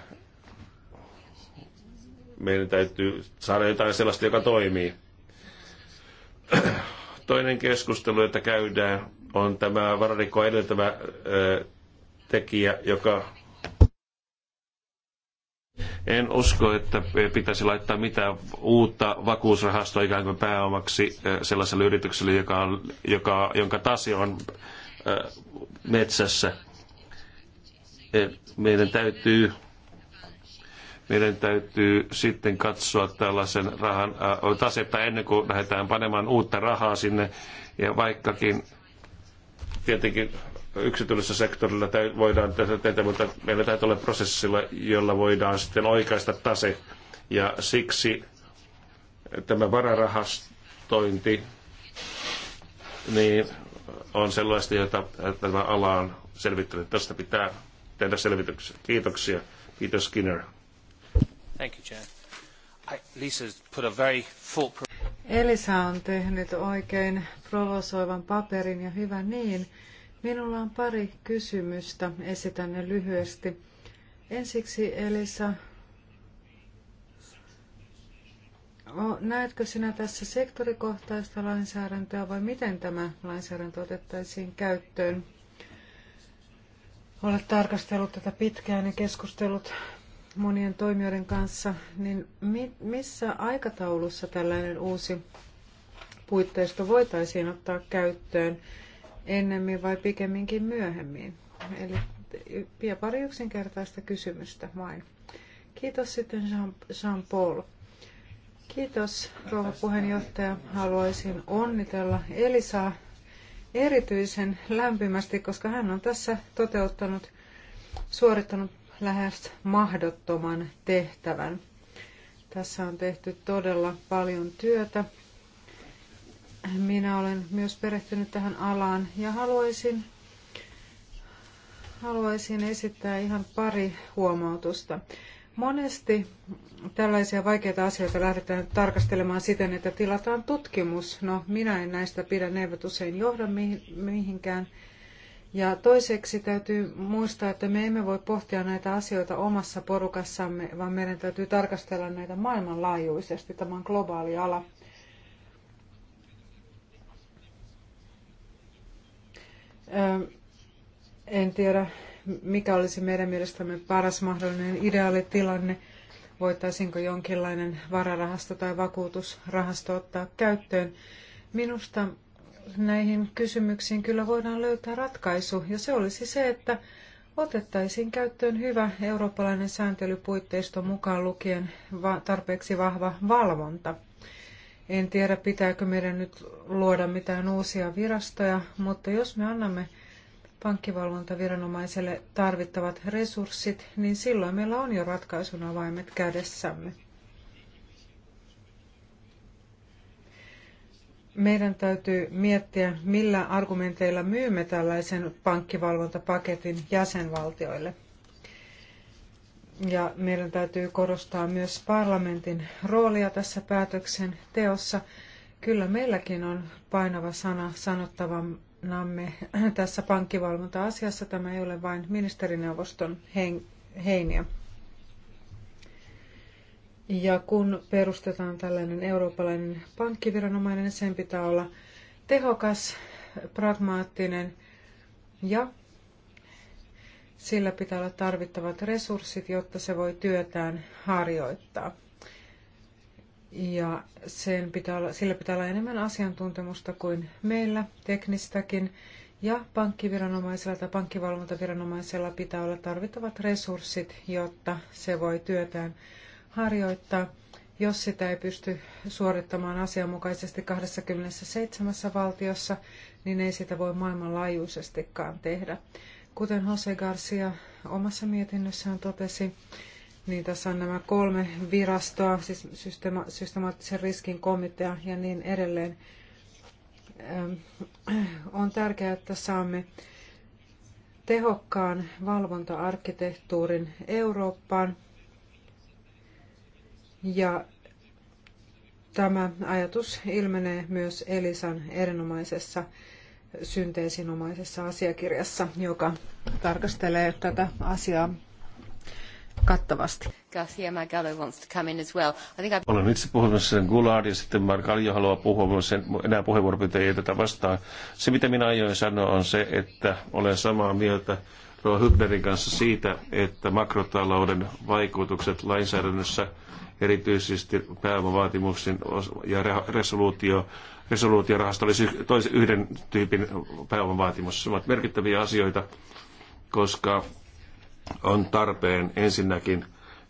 meidän täytyy saada jotain sellaista, joka toimii. Toinen keskustelu, jota käydään, on tämä vararikkoa edeltävä tekijä, joka en usko, että pitäisi laittaa mitään uutta vakuusrahastoa ikään kuin pääomaksi sellaiselle yritykselle, joka on, joka, jonka tasi on metsässä. Meidän täytyy meidän täytyy sitten katsoa tällaisen rahan äh, tasetta ennen kuin lähdetään panemaan uutta rahaa sinne. Ja vaikkakin tietenkin yksityisellä sektorilla täy, voidaan tehdä, mutta meillä täytyy olla prosessilla, jolla voidaan sitten oikaista tase. Ja siksi tämä vararahastointi niin on sellaista, jota tämä ala on selvittänyt. Tästä pitää tehdä selvityksiä. Kiitoksia. Kiitos Skinner. Thank you, Chair. Lisa's put a very Elisa on tehnyt oikein provosoivan paperin ja hyvä niin. Minulla on pari kysymystä, esitän ne lyhyesti. Ensiksi Elisa, näetkö sinä tässä sektorikohtaista lainsäädäntöä vai miten tämä lainsäädäntö otettaisiin käyttöön? Olet tarkastellut tätä pitkään ja keskustellut monien toimijoiden kanssa, niin missä aikataulussa tällainen uusi puitteisto voitaisiin ottaa käyttöön ennemmin vai pikemminkin myöhemmin? Eli vielä pari yksinkertaista kysymystä vain. Kiitos sitten Jean-Paul. Kiitos rouva puheenjohtaja. Haluaisin onnitella Elisaa erityisen lämpimästi, koska hän on tässä toteuttanut, suorittanut lähes mahdottoman tehtävän. Tässä on tehty todella paljon työtä. Minä olen myös perehtynyt tähän alaan ja haluaisin, haluaisin esittää ihan pari huomautusta. Monesti tällaisia vaikeita asioita lähdetään tarkastelemaan siten, että tilataan tutkimus. No, minä en näistä pidä, ne eivät usein johda mihinkään. Ja toiseksi täytyy muistaa, että me emme voi pohtia näitä asioita omassa porukassamme, vaan meidän täytyy tarkastella näitä maailmanlaajuisesti. Tämä on globaali ala. En tiedä, mikä olisi meidän mielestämme paras mahdollinen ideaalitilanne. Voitaisiinko jonkinlainen vararahasto tai vakuutusrahasto ottaa käyttöön? Minusta näihin kysymyksiin kyllä voidaan löytää ratkaisu, ja se olisi se, että otettaisiin käyttöön hyvä eurooppalainen sääntelypuitteisto mukaan lukien tarpeeksi vahva valvonta. En tiedä, pitääkö meidän nyt luoda mitään uusia virastoja, mutta jos me annamme pankkivalvontaviranomaiselle tarvittavat resurssit, niin silloin meillä on jo ratkaisun avaimet kädessämme. meidän täytyy miettiä, millä argumenteilla myymme tällaisen pankkivalvontapaketin jäsenvaltioille. Ja meidän täytyy korostaa myös parlamentin roolia tässä päätöksenteossa. Kyllä meilläkin on painava sana sanottavanamme tässä pankkivalvonta-asiassa. Tämä ei ole vain ministerineuvoston heiniä. Ja kun perustetaan tällainen eurooppalainen pankkiviranomainen, niin sen pitää olla tehokas, pragmaattinen ja sillä pitää olla tarvittavat resurssit, jotta se voi työtään harjoittaa. Ja sen pitää olla, sillä pitää olla enemmän asiantuntemusta kuin meillä, teknistäkin. Ja pankkiviranomaisella tai pankkivalvontaviranomaisella pitää olla tarvittavat resurssit, jotta se voi työtään harjoittaa harjoittaa, jos sitä ei pysty suorittamaan asianmukaisesti 27 valtiossa, niin ei sitä voi maailmanlaajuisestikaan tehdä. Kuten Jose Garcia omassa mietinnössään totesi, niin tässä on nämä kolme virastoa, siis systema- systemaattisen riskin komitea ja niin edelleen. On tärkeää, että saamme tehokkaan valvonta-arkkitehtuurin Eurooppaan, ja tämä ajatus ilmenee myös Elisan erinomaisessa synteesinomaisessa asiakirjassa, joka tarkastelee tätä asiaa kattavasti. Olen itse puhunut sen Goulard ja sitten Aljo haluaa puhua, mutta sen enää puheenvuoropyyntöjä tätä vastaan. Se, mitä minä aion sanoa, on se, että olen samaa mieltä Roa Hübnerin kanssa siitä, että makrotalouden vaikutukset lainsäädännössä – erityisesti pääomavaatimuksen ja resoluutio, resoluutiorahasto olisi toisen, yhden tyypin pääomavaatimus. Se ovat merkittäviä asioita, koska on tarpeen ensinnäkin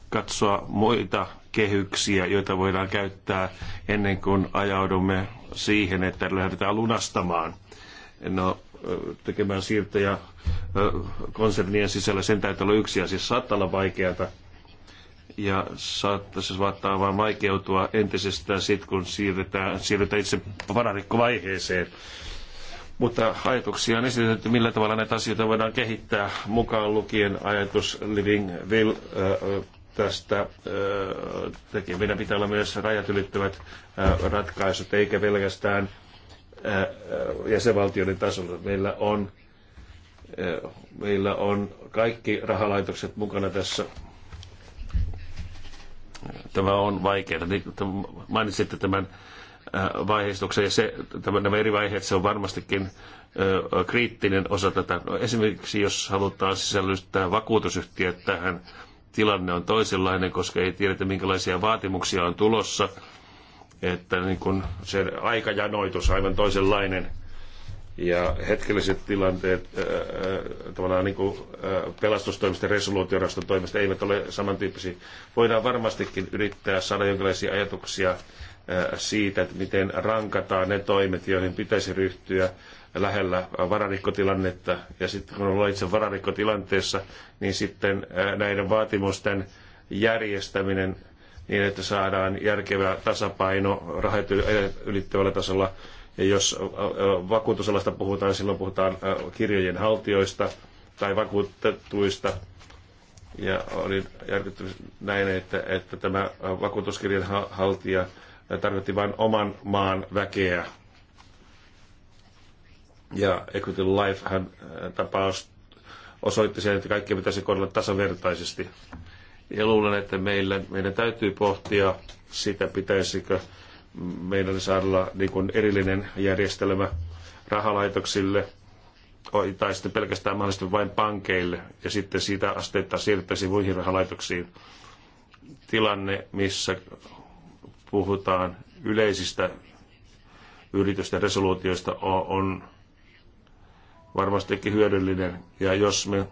katsoa muita kehyksiä, joita voidaan käyttää ennen kuin ajaudumme siihen, että lähdetään lunastamaan. No, tekemään siirtoja konsernien sisällä, sen täytyy olla yksi asia. Saattaa olla vaikeata, ja saattaisi saattaa vaan vaikeutua entisestään sitten, kun siirretään siirretään itse vararikkovaiheeseen. Mutta ajatuksia on esitetty, millä tavalla näitä asioita voidaan kehittää, mukaan lukien ajatus Living Will äh, tästä Äh, Meidän pitää olla myös rajat ylittävät äh, ratkaisut, eikä pelkästään äh, jäsenvaltioiden tasolla. Meillä on, meillä on kaikki rahalaitokset mukana tässä Tämä on vaikeaa. Niin, mainitsitte tämän äh, vaiheistuksen ja se, tämän, nämä eri vaiheet, se on varmastikin ö, äh, kriittinen osa tätä. No, esimerkiksi jos halutaan sisällyttää vakuutusyhtiöt tähän, tilanne on toisenlainen, koska ei tiedetä minkälaisia vaatimuksia on tulossa, että niin kun se aikajanoitus aivan toisenlainen – ja hetkelliset tilanteet ää, äh, äh, tavallaan niin kuin, ää, äh, pelastustoimista ja resoluutioraston toimista eivät ole samantyyppisiä. Voidaan varmastikin yrittää saada jonkinlaisia ajatuksia ää, siitä, että miten rankataan ne toimet, joihin pitäisi ryhtyä lähellä vararikkotilannetta. Ja sitten kun ollaan itse vararikkotilanteessa, niin sitten ää, näiden vaatimusten järjestäminen niin, että saadaan järkevä tasapaino rahat ylittävällä tasolla ja jos vakuutusalasta puhutaan, silloin puhutaan kirjojen haltijoista tai vakuutetuista. Ja olin järkyttynyt näin, että, että tämä vakuutuskirjan haltija tarkoitti vain oman maan väkeä. Ja Equity Lifehan tapaus osoitti sen, että kaikkia pitäisi kohdella tasavertaisesti. Ja luulen, että meillä, meidän täytyy pohtia sitä, pitäisikö meidän saada niin kuin erillinen järjestelmä rahalaitoksille tai sitten pelkästään mahdollisesti vain pankeille ja sitten siitä asteetta siirryttäisiin muihin rahalaitoksiin. Tilanne, missä puhutaan yleisistä yritysten resoluutioista on varmastikin hyödyllinen. Ja jos me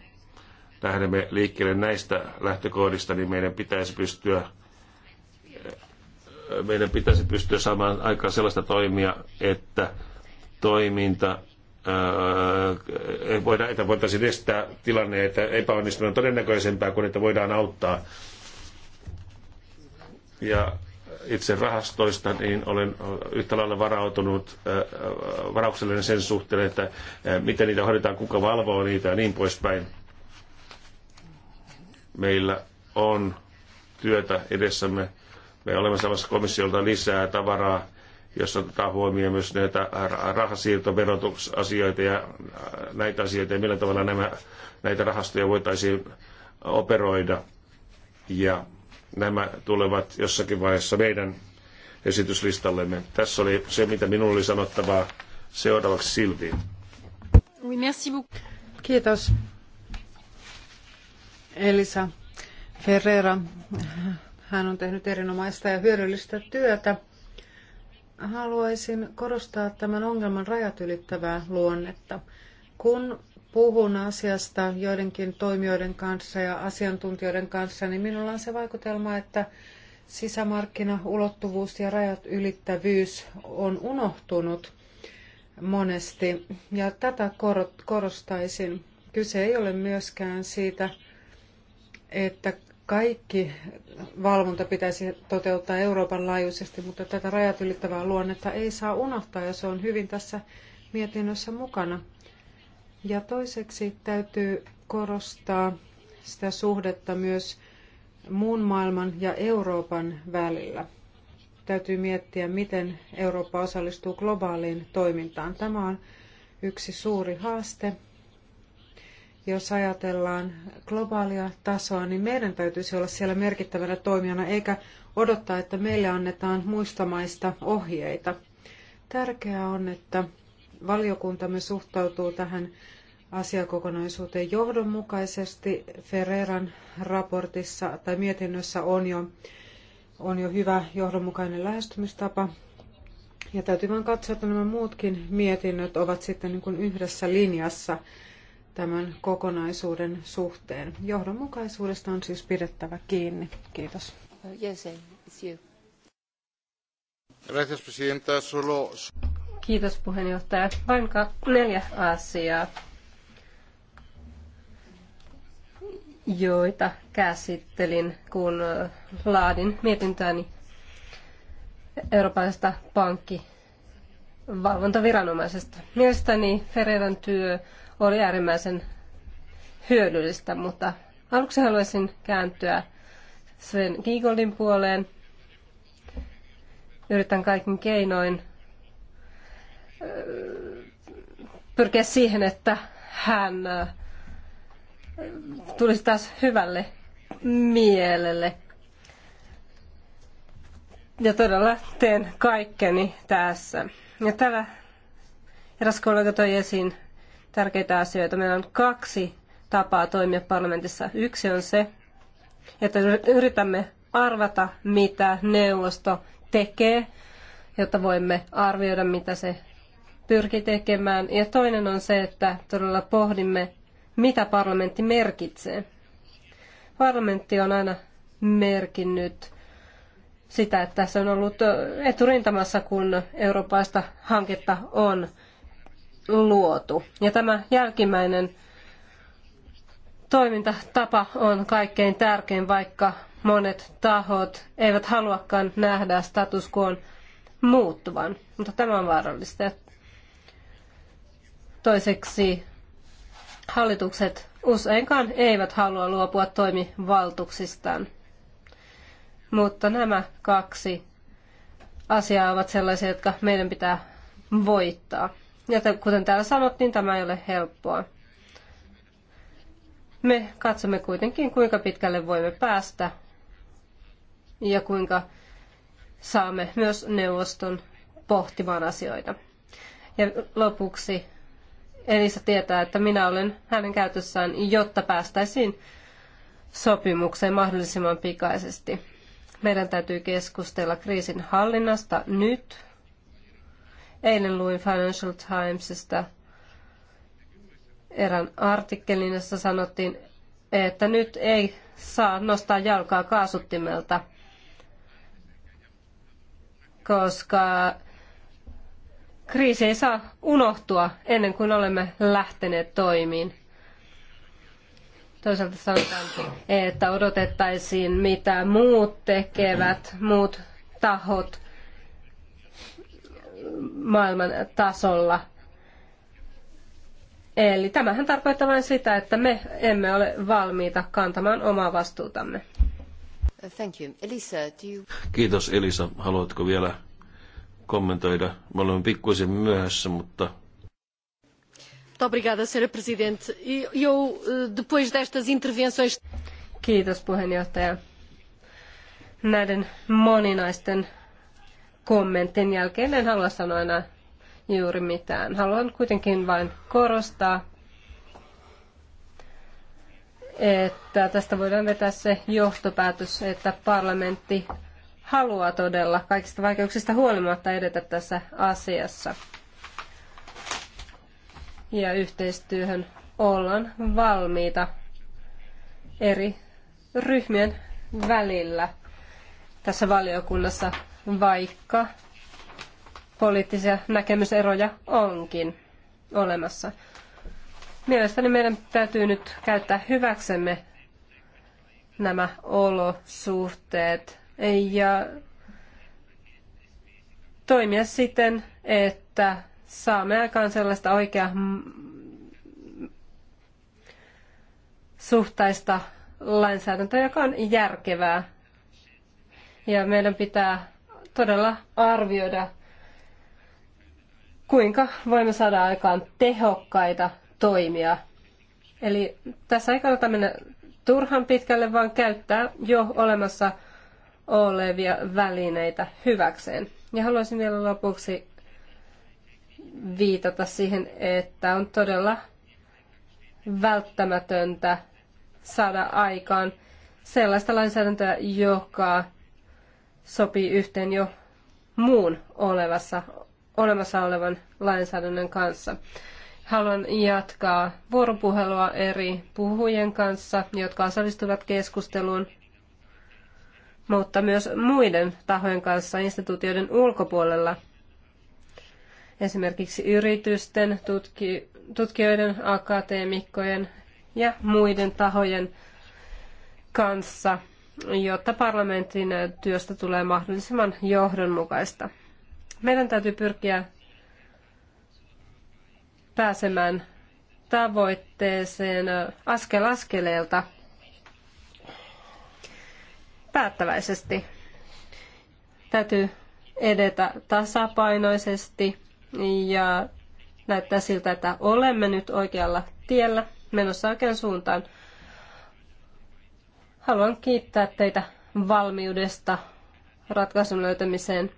lähdemme liikkeelle näistä lähtökohdista, niin meidän pitäisi pystyä meidän pitäisi pystyä saamaan aikaan sellaista toimia, että toiminta ää, voida, että voitaisiin estää tilanne, että epäonnistuminen on todennäköisempää kuin että voidaan auttaa. Ja itse rahastoista, niin olen yhtä lailla varautunut varauksellinen sen suhteen, että miten niitä hoidetaan, kuka valvoo niitä ja niin poispäin. Meillä on työtä edessämme me olemme saamassa komissiolta lisää tavaraa, jossa otetaan huomioon myös näitä rahasiirtoverotusasioita ja äh, näitä asioita, ja millä tavalla nämä, näitä rahastoja voitaisiin operoida. Ja nämä tulevat jossakin vaiheessa meidän esityslistallemme. Tässä oli se, mitä minulla oli sanottavaa. Seuraavaksi Silviin. Kiitos. Elisa Ferreira hän on tehnyt erinomaista ja hyödyllistä työtä. Haluaisin korostaa tämän ongelman rajat ylittävää luonnetta. Kun puhun asiasta joidenkin toimijoiden kanssa ja asiantuntijoiden kanssa, niin minulla on se vaikutelma, että sisämarkkinaulottuvuus ja rajat ylittävyys on unohtunut monesti. Ja tätä korostaisin. Kyse ei ole myöskään siitä, että kaikki valvonta pitäisi toteuttaa Euroopan laajuisesti, mutta tätä rajat ylittävää luonnetta ei saa unohtaa ja se on hyvin tässä mietinnössä mukana. Ja toiseksi täytyy korostaa sitä suhdetta myös muun maailman ja Euroopan välillä. Täytyy miettiä, miten Eurooppa osallistuu globaaliin toimintaan. Tämä on yksi suuri haaste jos ajatellaan globaalia tasoa, niin meidän täytyisi olla siellä merkittävänä toimijana, eikä odottaa, että meille annetaan muista maista ohjeita. Tärkeää on, että valiokuntamme suhtautuu tähän asiakokonaisuuteen johdonmukaisesti. Ferreran raportissa tai mietinnössä on jo, on jo hyvä johdonmukainen lähestymistapa. Ja täytyy vain katsoa, että nämä muutkin mietinnöt ovat sitten niin kuin yhdessä linjassa – tämän kokonaisuuden suhteen. Johdonmukaisuudesta on siis pidettävä kiinni. Kiitos. Kiitos puheenjohtaja. Vain neljä asiaa, joita käsittelin, kun laadin mietintöäni pankki valvontaviranomaisesta. Mielestäni Ferreiran työ oli äärimmäisen hyödyllistä, mutta aluksi haluaisin kääntyä Sven Giegoldin puoleen. Yritän kaikin keinoin äh, pyrkiä siihen, että hän äh, tulisi taas hyvälle mielelle. Ja todella teen kaikkeni tässä. Ja täällä eräs kollega toi esiin tärkeitä asioita. Meillä on kaksi tapaa toimia parlamentissa. Yksi on se, että yritämme arvata, mitä neuvosto tekee, jotta voimme arvioida, mitä se pyrki tekemään. Ja toinen on se, että todella pohdimme, mitä parlamentti merkitsee. Parlamentti on aina merkinnyt sitä, että se on ollut eturintamassa, kun eurooppaista hanketta on luotu. Ja tämä jälkimmäinen toimintatapa on kaikkein tärkein, vaikka monet tahot eivät haluakaan nähdä status quo muuttuvan. Mutta tämä on vaarallista. Toiseksi hallitukset useinkaan eivät halua luopua toimivaltuuksistaan. Mutta nämä kaksi asiaa ovat sellaisia, jotka meidän pitää voittaa. Joten kuten täällä sanottiin, tämä ei ole helppoa. Me katsomme kuitenkin, kuinka pitkälle voimme päästä ja kuinka saamme myös neuvoston pohtimaan asioita. Ja lopuksi Elisa tietää, että minä olen hänen käytössään, jotta päästäisiin sopimukseen mahdollisimman pikaisesti. Meidän täytyy keskustella kriisin hallinnasta nyt Eilen luin Financial Timesista erän artikkelin, jossa sanottiin, että nyt ei saa nostaa jalkaa kaasuttimelta, koska kriisi ei saa unohtua ennen kuin olemme lähteneet toimiin. Toisaalta sanotaan, että odotettaisiin mitä muut tekevät, muut tahot, maailman tasolla. Eli tämähän tarkoittaa vain sitä, että me emme ole valmiita kantamaan omaa vastuutamme. Thank you. Elisa, do you... Kiitos Elisa. Haluatko vielä kommentoida? Me olemme pikkuisen myöhässä, mutta... Obrigada, senhora Presidente. E eu, eh, depois destas intervenções... Kiitos, puheenjohtaja. Näiden moninaisten kommentin jälkeen en halua sanoa enää juuri mitään. Haluan kuitenkin vain korostaa, että tästä voidaan vetää se johtopäätös, että parlamentti haluaa todella kaikista vaikeuksista huolimatta edetä tässä asiassa. Ja yhteistyöhön ollaan valmiita eri ryhmien välillä tässä valiokunnassa vaikka poliittisia näkemyseroja onkin olemassa. Mielestäni meidän täytyy nyt käyttää hyväksemme nämä olosuhteet ja toimia siten, että saamme aikaan sellaista oikea suhtaista lainsäädäntöä, joka on järkevää. Ja meidän pitää todella arvioida, kuinka voimme saada aikaan tehokkaita toimia. Eli tässä ei kannata mennä turhan pitkälle, vaan käyttää jo olemassa olevia välineitä hyväkseen. Ja haluaisin vielä lopuksi viitata siihen, että on todella välttämätöntä saada aikaan sellaista lainsäädäntöä, joka sopii yhteen jo muun olevassa, olemassa olevan lainsäädännön kanssa. Haluan jatkaa vuoropuhelua eri puhujien kanssa, jotka osallistuvat keskusteluun, mutta myös muiden tahojen kanssa instituutioiden ulkopuolella, esimerkiksi yritysten, tutki, tutkijoiden, akateemikkojen ja muiden tahojen kanssa – jotta parlamentin työstä tulee mahdollisimman johdonmukaista. Meidän täytyy pyrkiä pääsemään tavoitteeseen askel askeleelta päättäväisesti. Täytyy edetä tasapainoisesti ja näyttää siltä, että olemme nyt oikealla tiellä menossa oikeaan suuntaan – Haluan kiittää teitä valmiudesta ratkaisun löytämiseen.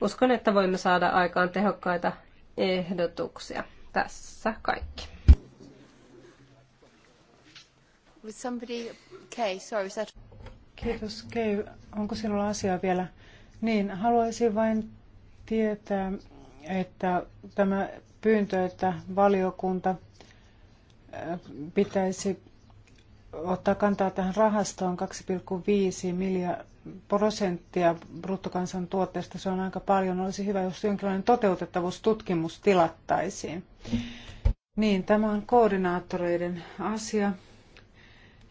Uskon, että voimme saada aikaan tehokkaita ehdotuksia. Tässä kaikki. Kiitos, Kei. Onko sinulla asiaa vielä? Niin, haluaisin vain tietää, että tämä pyyntö, että valiokunta pitäisi ottaa kantaa tähän rahastoon 2,5 prosenttia bruttokansantuotteesta. Se on aika paljon. Olisi hyvä, jos jonkinlainen toteutettavuustutkimus tilattaisiin. Niin, tämä on koordinaattoreiden asia.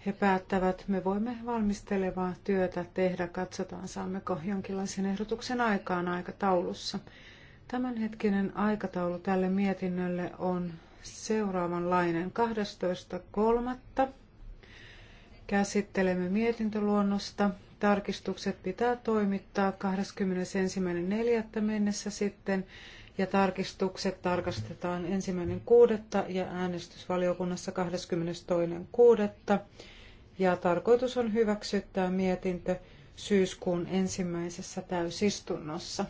He päättävät, me voimme valmistelevaa työtä tehdä, katsotaan saammeko jonkinlaisen ehdotuksen aikaan aikataulussa. Tämänhetkinen aikataulu tälle mietinnölle on seuraavanlainen 12.3. Käsittelemme mietintöluonnosta. Tarkistukset pitää toimittaa 21.4. mennessä sitten ja tarkistukset tarkastetaan 1.6. ja äänestysvaliokunnassa 22.6. Ja tarkoitus on hyväksyttää mietintö syyskuun ensimmäisessä täysistunnossa.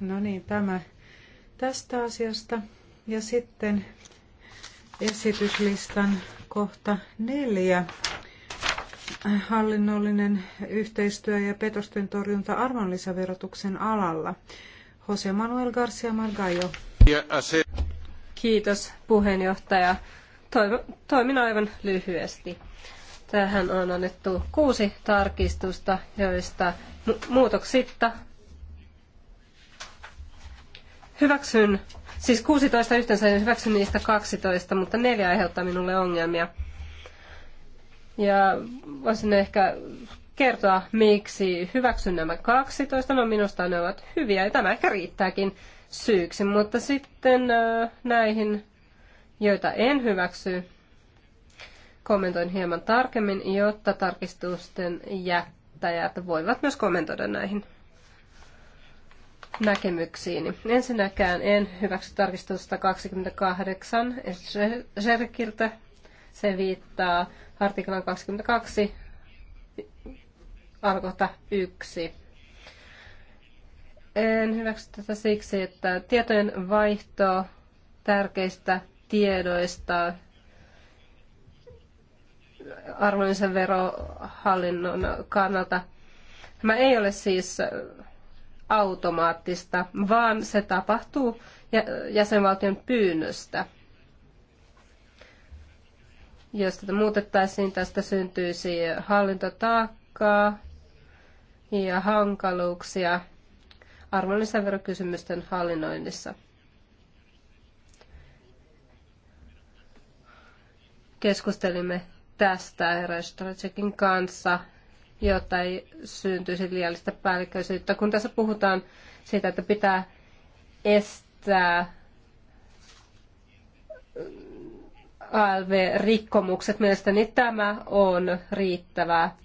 No niin, tämä tästä asiasta. Ja sitten esityslistan kohta neljä hallinnollinen yhteistyö ja petosten torjunta arvonlisäverotuksen alalla. Jose Manuel Garcia Margallo. Äh, Kiitos puheenjohtaja. Toimin aivan lyhyesti. Tähän on annettu kuusi tarkistusta, joista muutoksitta hyväksyn, siis 16 yhteensä hyväksyn niistä 12, mutta neljä aiheuttaa minulle ongelmia. Ja voisin ehkä kertoa, miksi hyväksyn nämä 12. No minusta ne ovat hyviä ja tämä ehkä riittääkin syyksi. Mutta sitten näihin, joita en hyväksy, kommentoin hieman tarkemmin, jotta tarkistusten jättäjät voivat myös kommentoida näihin näkemyksiini. Ensinnäkään en hyväksy tarkistusta 28 Serkiltä. Se viittaa artiklan 22 alkohta 1. En hyväksy tätä siksi, että tietojen vaihto tärkeistä tiedoista arvonlisäverohallinnon kannalta. Tämä ei ole siis automaattista, vaan se tapahtuu jäsenvaltion pyynnöstä. Jos tätä muutettaisiin, tästä syntyisi hallintotaakkaa ja hankaluuksia arvonlisäverokysymysten hallinnoinnissa. Keskustelimme tästä Restoracekin kanssa, jotta ei syntyisi liiallista päällikköisyyttä, kun tässä puhutaan siitä, että pitää estää ALV-rikkomukset. Mielestäni tämä on riittävää.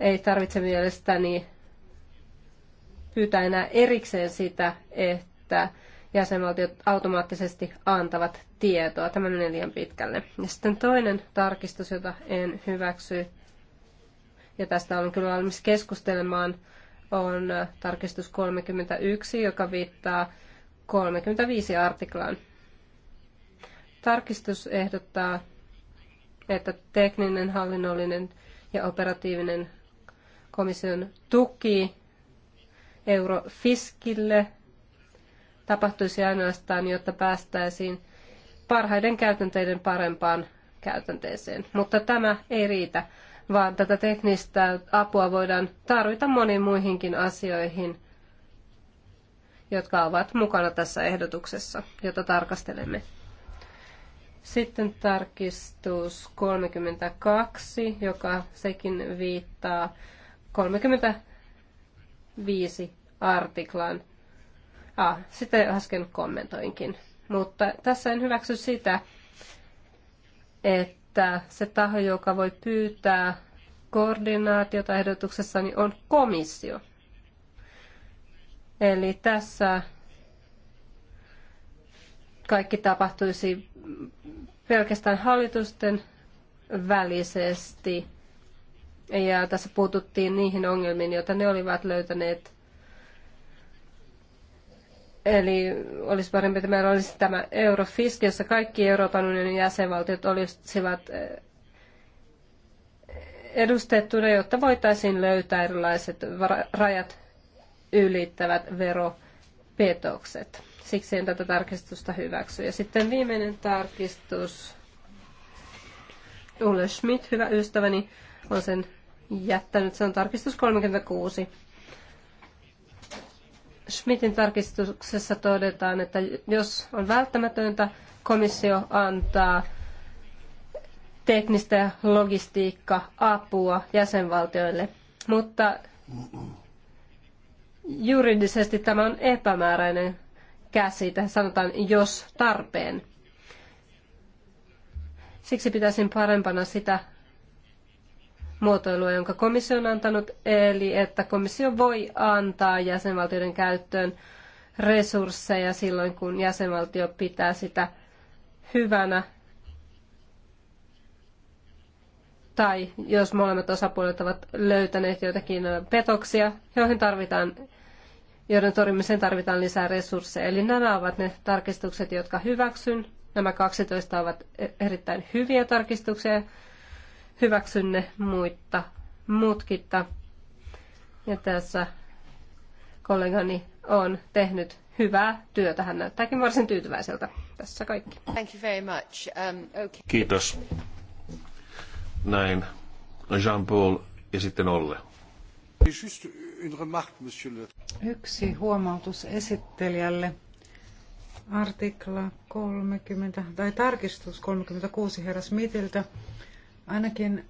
Ei tarvitse mielestäni pyytää enää erikseen sitä, että jäsenvaltiot automaattisesti antavat tietoa. Tämä menee liian pitkälle. Ja sitten toinen tarkistus, jota en hyväksy, ja tästä olen kyllä valmis keskustelemaan, on tarkistus 31, joka viittaa 35 artiklaan. Tarkistus ehdottaa, että tekninen, hallinnollinen ja operatiivinen komission tuki Eurofiskille tapahtuisi ainoastaan, jotta päästäisiin parhaiden käytänteiden parempaan käytänteeseen. Mutta tämä ei riitä, vaan tätä teknistä apua voidaan tarvita moniin muihinkin asioihin, jotka ovat mukana tässä ehdotuksessa, jota tarkastelemme. Sitten tarkistus 32, joka sekin viittaa 35 artiklan. Ah, sitä äsken kommentoinkin. Mutta tässä en hyväksy sitä, että se taho, joka voi pyytää koordinaatiota ehdotuksessani, on komissio. Eli tässä kaikki tapahtuisi pelkästään hallitusten välisesti. Ja tässä puututtiin niihin ongelmiin, joita ne olivat löytäneet. Eli olisi parempi, että meillä olisi tämä Eurofisk, jossa kaikki Euroopan unionin jäsenvaltiot olisivat eh, edustettuna, jotta voitaisiin löytää erilaiset rajat ylittävät veropetokset. Siksi en tätä tarkistusta hyväksy. Ja sitten viimeinen tarkistus. Ulle Schmidt, hyvä ystäväni, on sen jättänyt. Se on tarkistus 36. Schmidtin tarkistuksessa todetaan, että jos on välttämätöntä, komissio antaa teknistä ja logistiikka-apua jäsenvaltioille. Mutta juridisesti tämä on epämääräinen käsite, sanotaan, jos tarpeen. Siksi pitäisin parempana sitä muotoilua, jonka komissio on antanut, eli että komissio voi antaa jäsenvaltioiden käyttöön resursseja silloin, kun jäsenvaltio pitää sitä hyvänä tai jos molemmat osapuolet ovat löytäneet joitakin petoksia, joihin tarvitaan joiden torjumiseen tarvitaan lisää resursseja. Eli nämä ovat ne tarkistukset, jotka hyväksyn. Nämä 12 ovat erittäin hyviä tarkistuksia. Hyväksyn ne muitta, mutkitta. Ja tässä kollegani on tehnyt hyvää työtä. Hän näyttääkin varsin tyytyväiseltä. Tässä kaikki. Thank you very much. Um, okay. Kiitos. Näin. Jean-Paul ja sitten Olle. Yksi huomautus esittelijälle. Artikla 30, tai tarkistus 36 herras Mitiltä. Ainakin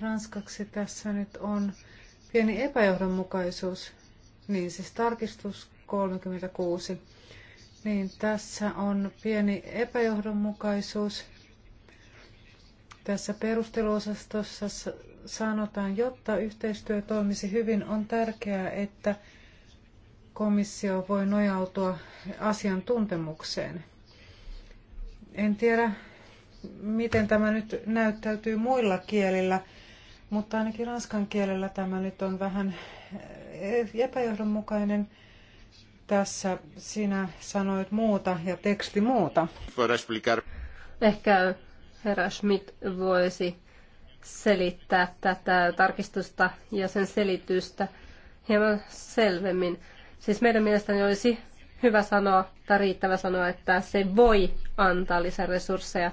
ranskaksi tässä nyt on pieni epäjohdonmukaisuus. Niin siis tarkistus 36. Niin tässä on pieni epäjohdonmukaisuus. Tässä perusteluosastossa sanotaan, jotta yhteistyö toimisi hyvin, on tärkeää, että komissio voi nojautua asiantuntemukseen. En tiedä, miten tämä nyt näyttäytyy muilla kielillä, mutta ainakin ranskan kielellä tämä nyt on vähän eh, epäjohdonmukainen. Tässä sinä sanoit muuta ja teksti muuta. Ehkä herra Schmidt voisi selittää tätä tarkistusta ja sen selitystä hieman selvemmin. Siis meidän mielestäni olisi hyvä sanoa tai riittävä sanoa, että se voi antaa lisäresursseja.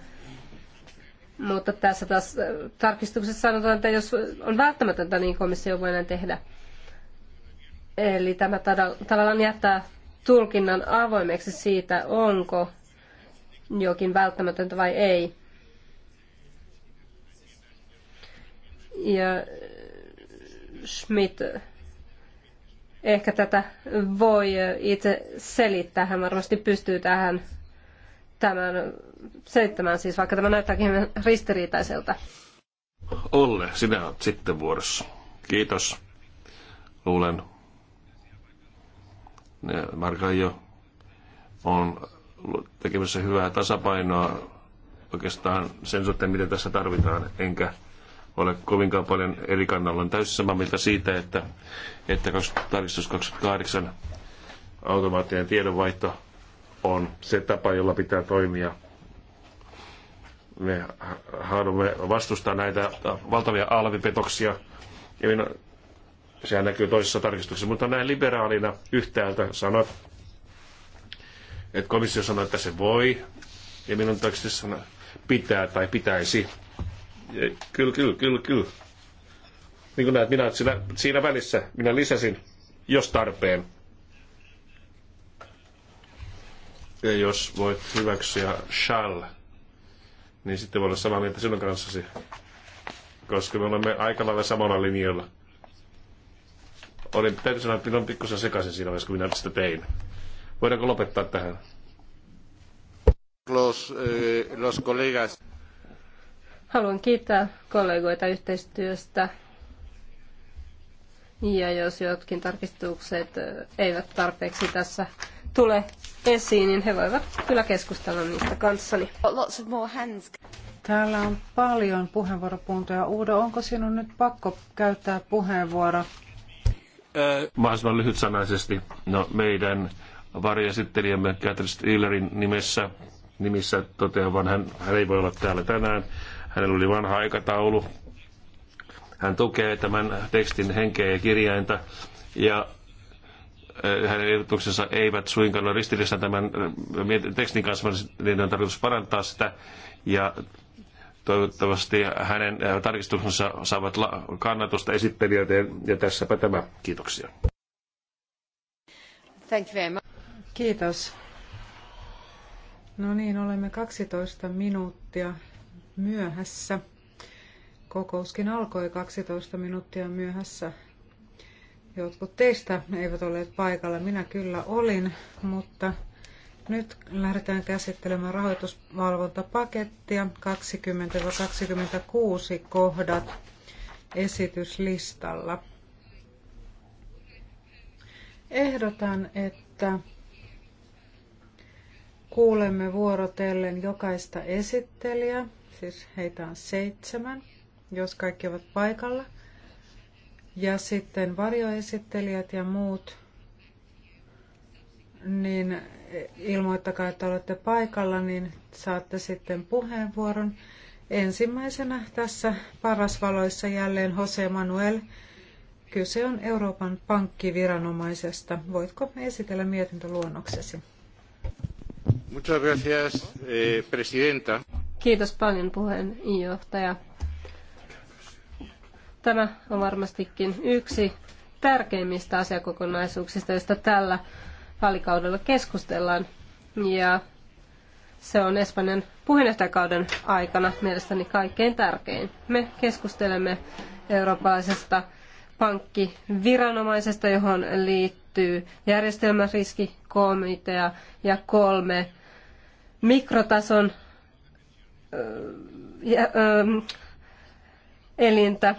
Mutta tässä taas äh, tarkistuksessa sanotaan, että jos on välttämätöntä, niin komissio voi näin tehdä. Eli tämä tavallaan jättää tulkinnan avoimeksi siitä, onko jokin välttämätöntä vai ei. ja äh, Schmidt. Ehkä tätä voi äh, itse selittää, hän varmasti pystyy tähän tämän selittämään, siis vaikka tämä näyttääkin ristiriitaiselta. Olle, sinä olet sitten vuorossa. Kiitos. Luulen. Markajo on tekemässä hyvää tasapainoa oikeastaan sen suhteen, mitä tässä tarvitaan, enkä ole kovinkaan paljon eri kannalla. On täysin samaa mieltä siitä, että, että tarkistus 28 automaattinen tiedonvaihto on se tapa, jolla pitää toimia. Me haluamme vastustaa näitä valtavia alvipetoksia. Ja minä, sehän näkyy toisessa tarkistuksessa, mutta näin liberaalina yhtäältä sanot, että komissio sanoi, että se voi, ja minun tekstissä pitää tai pitäisi Kyllä, kyllä, kyllä, kyllä. Niin kuin näet, minä siinä, siinä välissä minä lisäsin, jos tarpeen. Ja jos voit hyväksyä shall, niin sitten voi olla samaa mieltä sinun kanssasi. Koska me olemme aika lailla samalla linjalla. Olin, täytyy sanoa, että minä olen pikkusen sekaisin siinä vaiheessa, kun minä sitä tein. Voidaanko lopettaa tähän? Los, eh, los colegas. Haluan kiittää kollegoita yhteistyöstä. Ja jos jotkin tarkistukset eh, eivät tarpeeksi tässä tule esiin, niin he voivat kyllä keskustella niistä kanssani. Täällä on paljon puheenvuoropuntoja. Uudo, onko sinun nyt pakko käyttää puheenvuoro? Äh. mahdollisimman lyhytsanaisesti. No, meidän varjaesittelijämme Catherine Steelerin nimessä, nimissä totean, vaan hän, hän ei voi olla täällä tänään. Hänellä oli vanha aikataulu. Hän tukee tämän tekstin henkeä ja kirjainta. Ja eh, hänen ehdotuksensa eivät suinkaan ole ristiriidassa tämän eh, tekstin kanssa, vaan niiden on tarkoitus parantaa sitä. Ja toivottavasti hänen eh, tarkistuksensa saavat kannatusta esittelijöitä. Ja tässäpä tämä. Kiitoksia. Thank you very much. Kiitos. No niin, olemme 12 minuuttia myöhässä. Kokouskin alkoi 12 minuuttia myöhässä. Jotkut teistä eivät olleet paikalla, minä kyllä olin, mutta nyt lähdetään käsittelemään rahoitusvalvontapakettia 20-26 kohdat esityslistalla. Ehdotan, että kuulemme vuorotellen jokaista esittelijää siis heitä on seitsemän, jos kaikki ovat paikalla. Ja sitten varjoesittelijät ja muut, niin ilmoittakaa, että olette paikalla, niin saatte sitten puheenvuoron. Ensimmäisenä tässä parasvaloissa jälleen Jose Manuel. Kyse on Euroopan pankkiviranomaisesta. Voitko esitellä mietintöluonnoksesi? Muchas gracias, eh, presidenta. Kiitos paljon puheenjohtaja. Tämä on varmastikin yksi tärkeimmistä asiakokonaisuuksista, joista tällä vaalikaudella keskustellaan. Ja se on Espanjan puheenjohtajakauden aikana mielestäni kaikkein tärkein. Me keskustelemme eurooppalaisesta pankkiviranomaisesta, johon liittyy järjestelmäriskikomitea ja kolme mikrotason Ähm, elintä.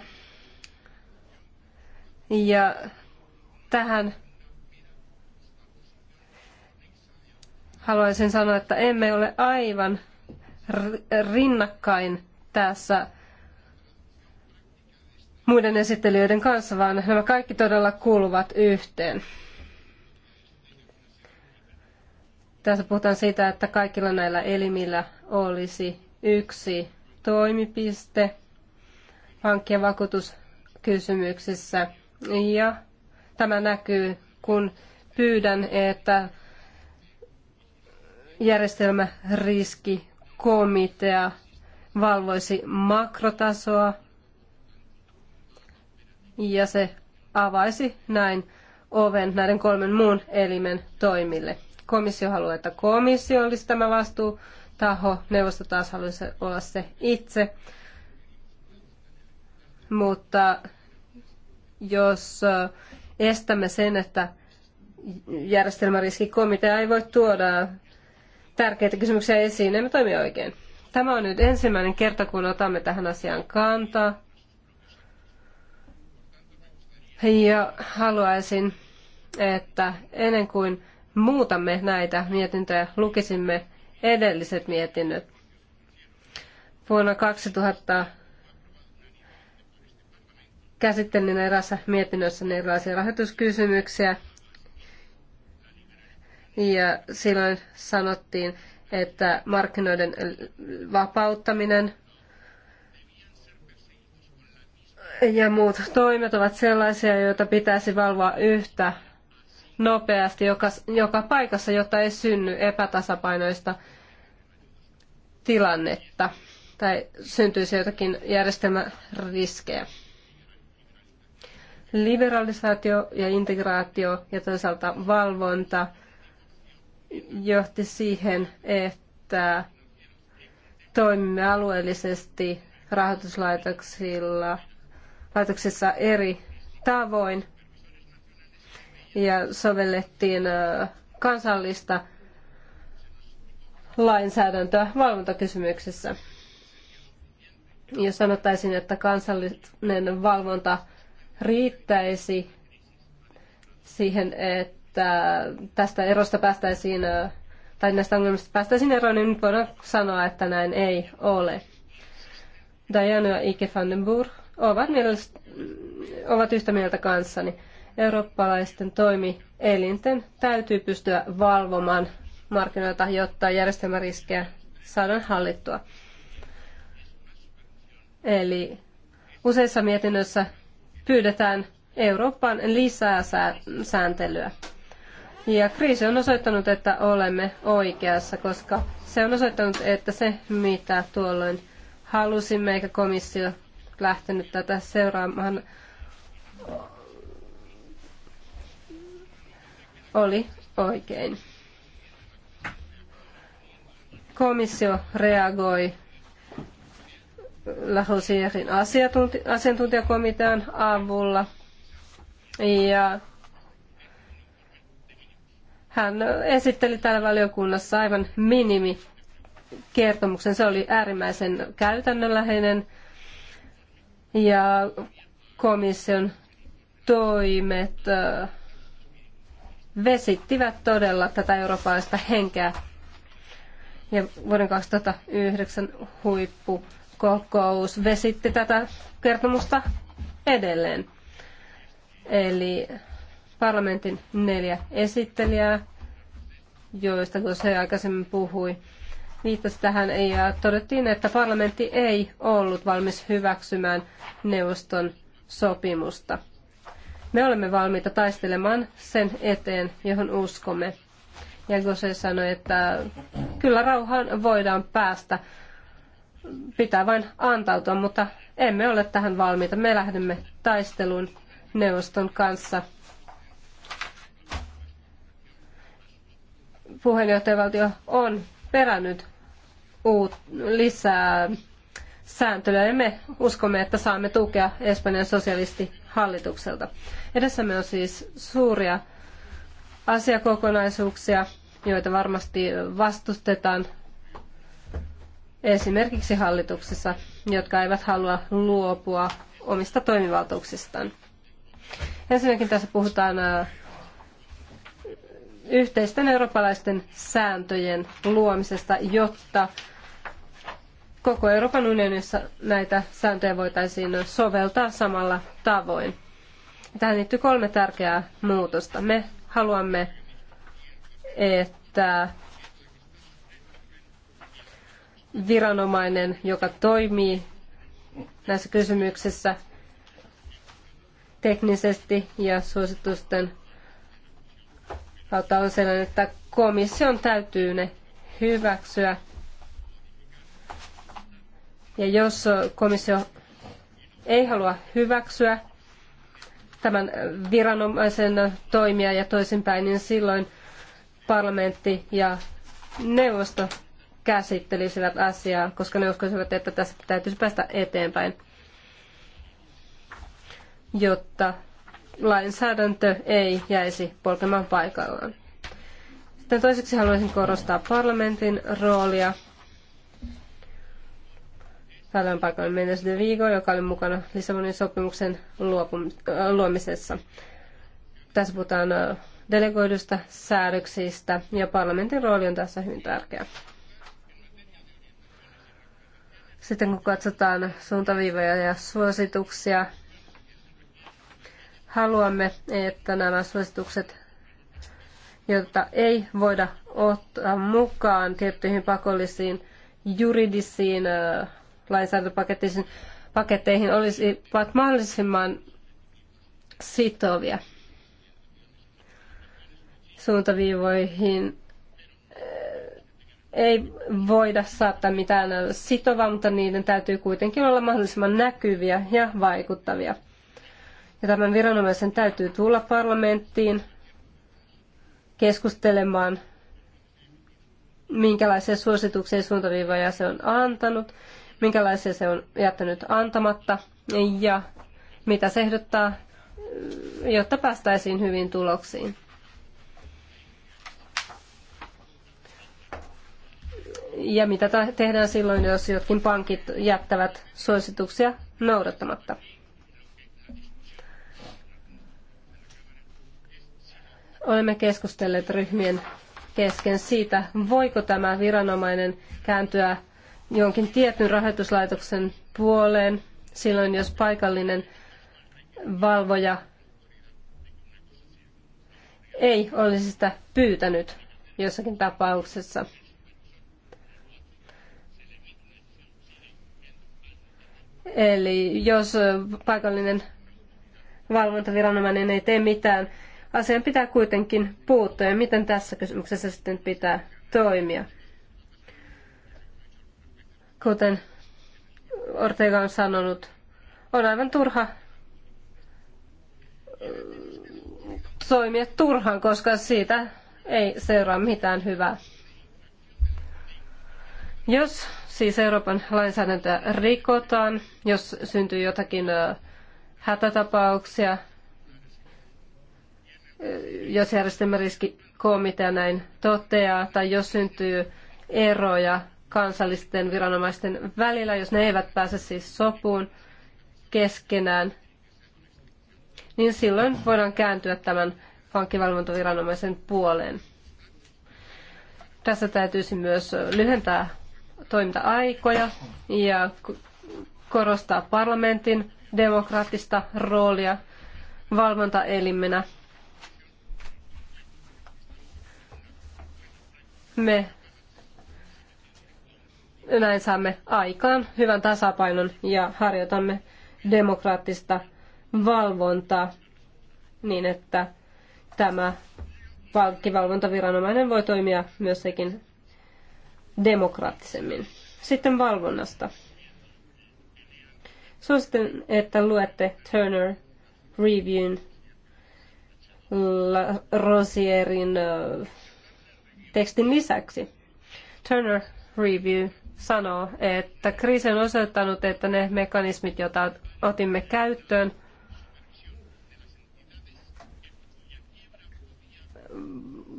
Ja tähän haluaisin sanoa, että emme ole aivan rinnakkain tässä muiden esittelijöiden kanssa, vaan nämä kaikki todella kuuluvat yhteen. Tässä puhutaan siitä, että kaikilla näillä elimillä olisi yksi toimipiste pankkien vakuutuskysymyksissä. Ja tämä näkyy, kun pyydän, että järjestelmäriskikomitea valvoisi makrotasoa ja se avaisi näin oven näiden kolmen muun elimen toimille. Komissio haluaa, että komissio olisi tämä vastuu taho. Neuvosto taas halusi olla se itse. Mutta jos estämme sen, että järjestelmäriskikomitea ei voi tuoda tärkeitä kysymyksiä esiin, emme toimi oikein. Tämä on nyt ensimmäinen kerta, kun otamme tähän asiaan kantaa. Ja haluaisin, että ennen kuin muutamme näitä mietintöjä, lukisimme edelliset mietinnöt. Vuonna 2000 käsittelin eräässä mietinnössä erilaisia rahoituskysymyksiä. Ja silloin sanottiin, että markkinoiden vapauttaminen ja muut toimet ovat sellaisia, joita pitäisi valvoa yhtä nopeasti joka, joka paikassa, jotta ei synny epätasapainoista tilannetta tai syntyisi jotakin järjestelmäriskejä. Liberalisaatio ja integraatio ja toisaalta valvonta johti siihen, että toimimme alueellisesti rahoituslaitoksilla laitoksissa eri tavoin ja sovellettiin kansallista lainsäädäntöä valvontakysymyksissä. Jos sanottaisiin, että kansallinen valvonta riittäisi siihen, että tästä erosta päästäisiin tai näistä ongelmista päästäisiin eroon, niin nyt voidaan sanoa, että näin ei ole. Diana ja Ike van den Burg ovat, mielestä, ovat yhtä mieltä kanssani eurooppalaisten toimielinten täytyy pystyä valvomaan markkinoita, jotta järjestelmäriskejä saadaan hallittua. Eli useissa mietinnöissä pyydetään Eurooppaan lisää sääntelyä. Ja kriisi on osoittanut, että olemme oikeassa, koska se on osoittanut, että se mitä tuolloin halusimme, eikä komissio lähtenyt tätä seuraamaan, oli oikein. Komissio reagoi Lahosierin asiantuntijakomitean avulla ja hän esitteli täällä valiokunnassa aivan minimi kertomuksen. Se oli äärimmäisen käytännönläheinen ja komission toimet äh, vesittivät todella tätä eurooppalaista henkeä. Ja vuoden 2009 huippukokous vesitti tätä kertomusta edelleen. Eli parlamentin neljä esittelijää, joista se aikaisemmin puhui, viittasi tähän ja todettiin, että parlamentti ei ollut valmis hyväksymään neuvoston sopimusta. Me olemme valmiita taistelemaan sen eteen, johon uskomme. Ja Gose sanoi, että kyllä rauhaan voidaan päästä, pitää vain antautua, mutta emme ole tähän valmiita. Me lähdemme taisteluun neuvoston kanssa. Puheenjohtajavaltio on perännyt uut, lisää sääntelyä ja me uskomme, että saamme tukea Espanjan sosialisti hallitukselta. Edessämme on siis suuria asiakokonaisuuksia, joita varmasti vastustetaan esimerkiksi hallituksissa, jotka eivät halua luopua omista toimivaltuuksistaan. Ensinnäkin tässä puhutaan yhteisten eurooppalaisten sääntöjen luomisesta, jotta koko Euroopan unionissa näitä sääntöjä voitaisiin soveltaa samalla tavoin. Tähän liittyy kolme tärkeää muutosta. Me haluamme, että viranomainen, joka toimii näissä kysymyksissä teknisesti ja suositusten kautta on sellainen, että komission täytyy ne hyväksyä ja jos komissio ei halua hyväksyä tämän viranomaisen toimia ja toisinpäin, niin silloin parlamentti ja neuvosto käsittelisivät asiaa, koska ne uskoisivat, että tässä täytyisi päästä eteenpäin, jotta lainsäädäntö ei jäisi polkemaan paikallaan. Sitten toiseksi haluaisin korostaa parlamentin roolia Tällöin paikoin Mendes de Vigo, joka oli mukana Lissabonin sopimuksen äh, luomisessa. Tässä puhutaan äh, delegoidusta säädöksistä ja parlamentin rooli on tässä hyvin tärkeä. Sitten kun katsotaan suuntaviivoja ja suosituksia, haluamme, että nämä suositukset, joita ei voida ottaa mukaan tiettyihin pakollisiin juridisiin äh, lainsäädäntöpaketteihin olisivat mahdollisimman sitovia suuntaviivoihin ei voida saattaa mitään sitovaa, mutta niiden täytyy kuitenkin olla mahdollisimman näkyviä ja vaikuttavia. Ja tämän viranomaisen täytyy tulla parlamenttiin keskustelemaan, minkälaisia suosituksia ja suuntaviivoja se on antanut, minkälaisia se on jättänyt antamatta ja mitä se ehdottaa, jotta päästäisiin hyvin tuloksiin. Ja mitä tehdään silloin, jos jotkin pankit jättävät suosituksia noudattamatta. Olemme keskustelleet ryhmien kesken siitä, voiko tämä viranomainen kääntyä jonkin tietyn rahoituslaitoksen puoleen, silloin jos paikallinen valvoja ei olisi sitä pyytänyt jossakin tapauksessa. Eli jos paikallinen valvontaviranomainen ei tee mitään, asian pitää kuitenkin puuttua ja miten tässä kysymyksessä sitten pitää toimia. Kuten Ortega on sanonut, on aivan turha mm, toimia turhan, koska siitä ei seuraa mitään hyvää. Jos siis Euroopan lainsäädäntöä rikotaan, jos syntyy jotakin hätätapauksia, jos järjestelmäriskikomitea näin toteaa, tai jos syntyy eroja kansallisten viranomaisten välillä, jos ne eivät pääse siis sopuun keskenään, niin silloin voidaan kääntyä tämän pankkivalvontaviranomaisen puoleen. Tässä täytyisi myös lyhentää toiminta-aikoja ja korostaa parlamentin demokraattista roolia valvontaelimenä. Me näin saamme aikaan hyvän tasapainon ja harjoitamme demokraattista valvontaa niin, että tämä pankkivalvontaviranomainen voi toimia myös sekin demokraattisemmin. Sitten valvonnasta. Suosittelen, että luette Turner Reviewn La Rosierin tekstin lisäksi. Turner Review sanoo, että kriisi on osoittanut, että ne mekanismit, joita otimme käyttöön,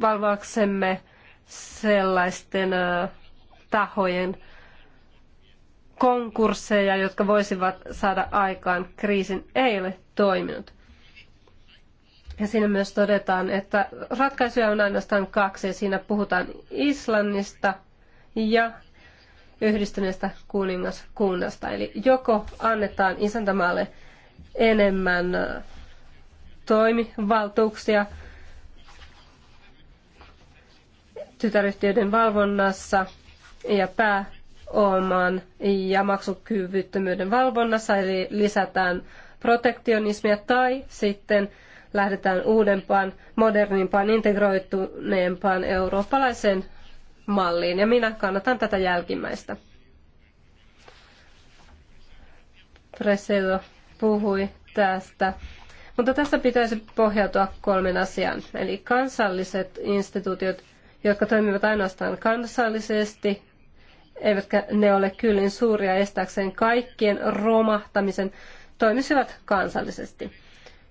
valvoaksemme sellaisten tahojen konkursseja, jotka voisivat saada aikaan kriisin, ei ole toiminut. Ja siinä myös todetaan, että ratkaisuja on ainoastaan kaksi ja siinä puhutaan Islannista ja yhdistyneestä kuningaskunnasta. Eli joko annetaan isäntämaalle enemmän toimivaltuuksia tytäryhtiöiden valvonnassa ja pääoman ja maksukyvyttömyyden valvonnassa, eli lisätään protektionismia tai sitten lähdetään uudempaan, modernimpaan, integroituneempaan eurooppalaiseen malliin, ja minä kannatan tätä jälkimmäistä. Presedo puhui tästä. Mutta tässä pitäisi pohjautua kolmen asiaan. Eli kansalliset instituutiot, jotka toimivat ainoastaan kansallisesti, eivätkä ne ole kyllin suuria estääkseen kaikkien romahtamisen, toimisivat kansallisesti.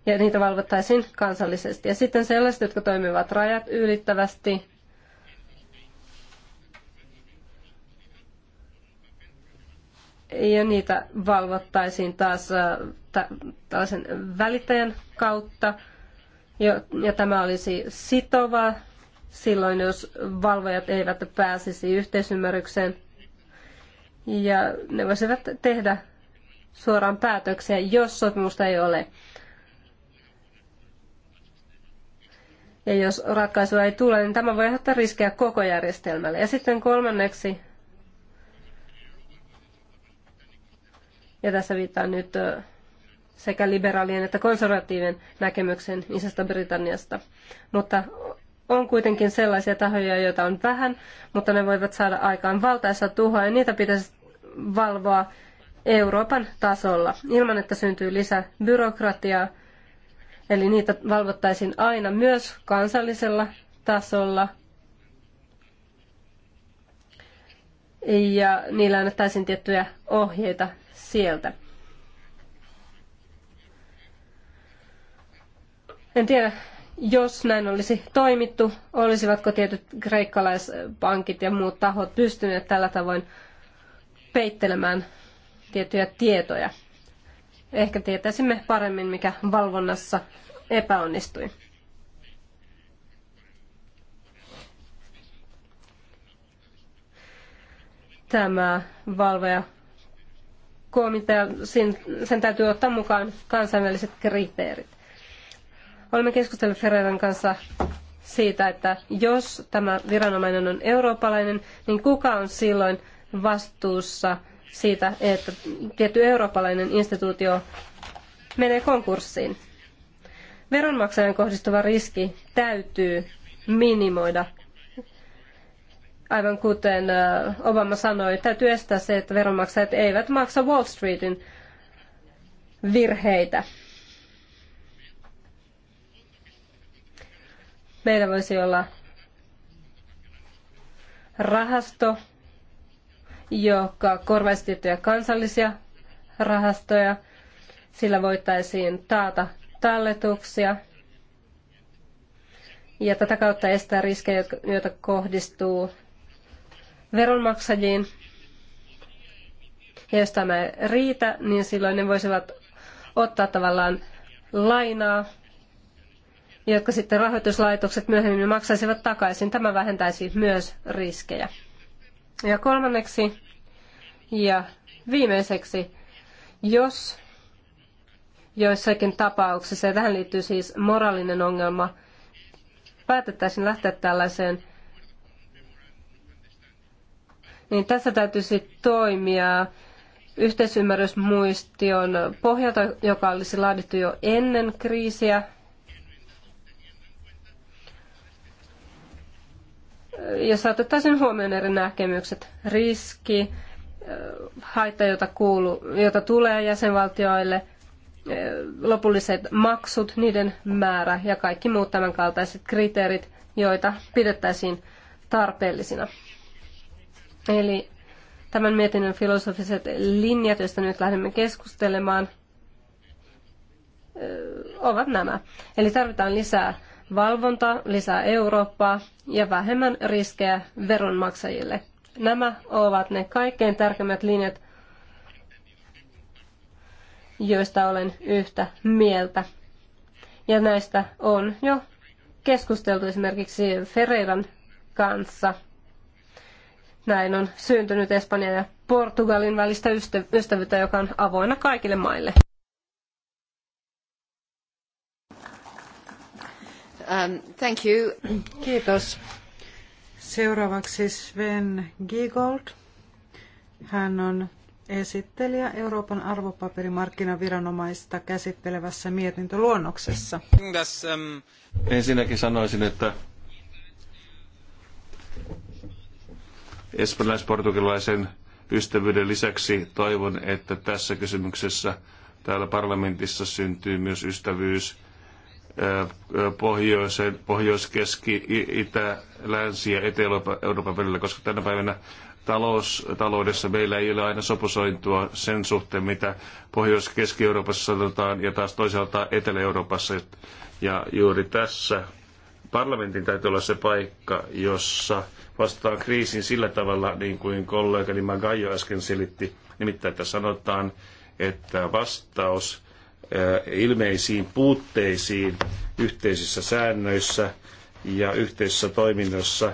Ja niitä valvottaisiin kansallisesti. Ja sitten sellaiset, jotka toimivat rajat ylittävästi, ja niitä valvottaisiin taas äh, tällaisen välittäjän kautta. Ja tämä olisi sitova silloin, jos valvojat eivät pääsisi yhteisymmärrykseen. Ja ne voisivat tehdä suoraan päätöksiä, jos sopimusta ei ole. Ja jos ratkaisua ei tule, niin tämä voi aiheuttaa riskejä koko järjestelmälle. Ja sitten kolmanneksi Ja tässä viittaan nyt sekä liberaalien että konservatiivien näkemyksen isästä Britanniasta. Mutta on kuitenkin sellaisia tahoja, joita on vähän, mutta ne voivat saada aikaan valtaessa tuhoa ja niitä pitäisi valvoa Euroopan tasolla ilman, että syntyy lisää byrokratiaa. Eli niitä valvottaisiin aina myös kansallisella tasolla. Ja niillä annettaisiin tiettyjä ohjeita sieltä. En tiedä, jos näin olisi toimittu, olisivatko tietyt kreikkalaispankit ja muut tahot pystyneet tällä tavoin peittelemään tiettyjä tietoja. Ehkä tietäisimme paremmin, mikä valvonnassa epäonnistui. Tämä valvoja komitea, sen, sen täytyy ottaa mukaan kansainväliset kriteerit. Olemme keskustelleet Ferreran kanssa siitä, että jos tämä viranomainen on eurooppalainen, niin kuka on silloin vastuussa siitä, että tietty eurooppalainen instituutio menee konkurssiin. Veronmaksajan kohdistuva riski täytyy minimoida Aivan kuten äh, Obama sanoi, täytyy estää se, että veronmaksajat eivät maksa Wall Streetin virheitä. Meillä voisi olla rahasto, joka korvaisi tiettyjä kansallisia rahastoja. Sillä voitaisiin taata talletuksia ja tätä kautta estää riskejä, joita kohdistuu veronmaksajiin. Ja jos tämä ei riitä, niin silloin ne voisivat ottaa tavallaan lainaa, jotka sitten rahoituslaitokset myöhemmin maksaisivat takaisin. Tämä vähentäisi myös riskejä. Ja kolmanneksi ja viimeiseksi, jos joissakin tapauksissa, ja tähän liittyy siis moraalinen ongelma, päätettäisiin lähteä tällaiseen niin tässä täytyisi toimia yhteisymmärrysmuistion pohjalta, joka olisi laadittu jo ennen kriisiä. Jossa otettaisiin huomioon eri näkemykset, riski, haitta, jota, kuuluu, jota tulee jäsenvaltioille, lopulliset maksut, niiden määrä ja kaikki muut tämänkaltaiset kriteerit, joita pidettäisiin tarpeellisina. Eli tämän mietinnön filosofiset linjat, joista nyt lähdemme keskustelemaan, ovat nämä. Eli tarvitaan lisää valvontaa, lisää Eurooppaa ja vähemmän riskejä veronmaksajille. Nämä ovat ne kaikkein tärkeimmät linjat, joista olen yhtä mieltä. Ja näistä on jo keskusteltu esimerkiksi Ferreiran kanssa – näin on syntynyt Espanjan ja Portugalin välistä ystävyyttä, joka on avoinna kaikille maille. Um, thank you. Kiitos. Seuraavaksi Sven Giegold. Hän on esittelijä Euroopan arvopaperimarkkinaviranomaista käsittelevässä mietintöluonnoksessa. Um, Ensinnäkin sanoisin, että espanjalais-portugilaisen ystävyyden lisäksi toivon, että tässä kysymyksessä täällä parlamentissa syntyy myös ystävyys pohjoisen, pohjois-keski, itä, länsi ja etelä-Euroopan välillä, koska tänä päivänä talous, taloudessa meillä ei ole aina sopusointua sen suhteen, mitä Pohjois-Keski-Euroopassa sanotaan ja taas toisaalta Etelä-Euroopassa. Ja juuri tässä parlamentin täytyy olla se paikka, jossa vastataan kriisin sillä tavalla, niin kuin kollega Magajo äsken selitti. Nimittäin, että sanotaan, että vastaus eh, ilmeisiin puutteisiin yhteisissä säännöissä ja yhteisessä toiminnassa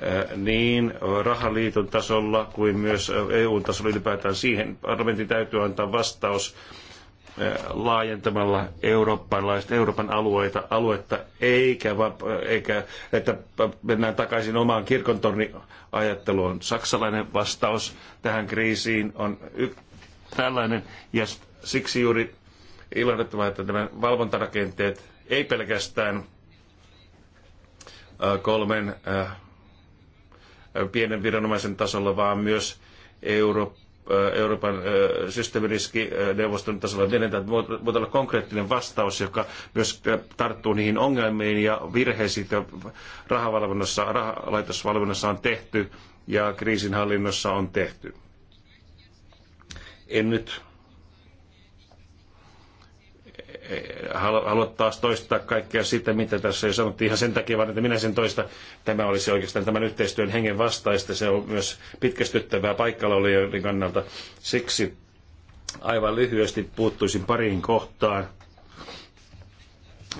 eh, niin rahaliiton tasolla kuin myös EU-tasolla eh, e ylipäätään siihen. Parlamentin täytyy antaa vastaus Eh, laajentamalla eurooppalaista Euroopan alueita, aluetta, eikä, eikä että mennään takaisin omaan kirkontorni ajatteluun Saksalainen vastaus tähän kriisiin on y- tällainen, ja siksi juuri ilahduttavaa, että nämä valvontarakenteet ei pelkästään kolmen pienen viranomaisen tasolla, vaan myös Euro, Euroopan systeemiriskineuvoston tasolla. että voi olla konkreettinen vastaus, joka myös tarttuu niihin ongelmiin ja virheisiin, joita rahavalvonnassa, rahalaitosvalvonnassa on tehty ja kriisinhallinnassa on tehty. En nyt haluat taas toistaa kaikkea sitä, mitä tässä jo sanottiin ihan sen takia, vaan että minä sen toista. Tämä olisi oikeastaan tämän yhteistyön hengen vastaista. Se on myös pitkästyttävää oli kannalta. Siksi aivan lyhyesti puuttuisin pariin kohtaan,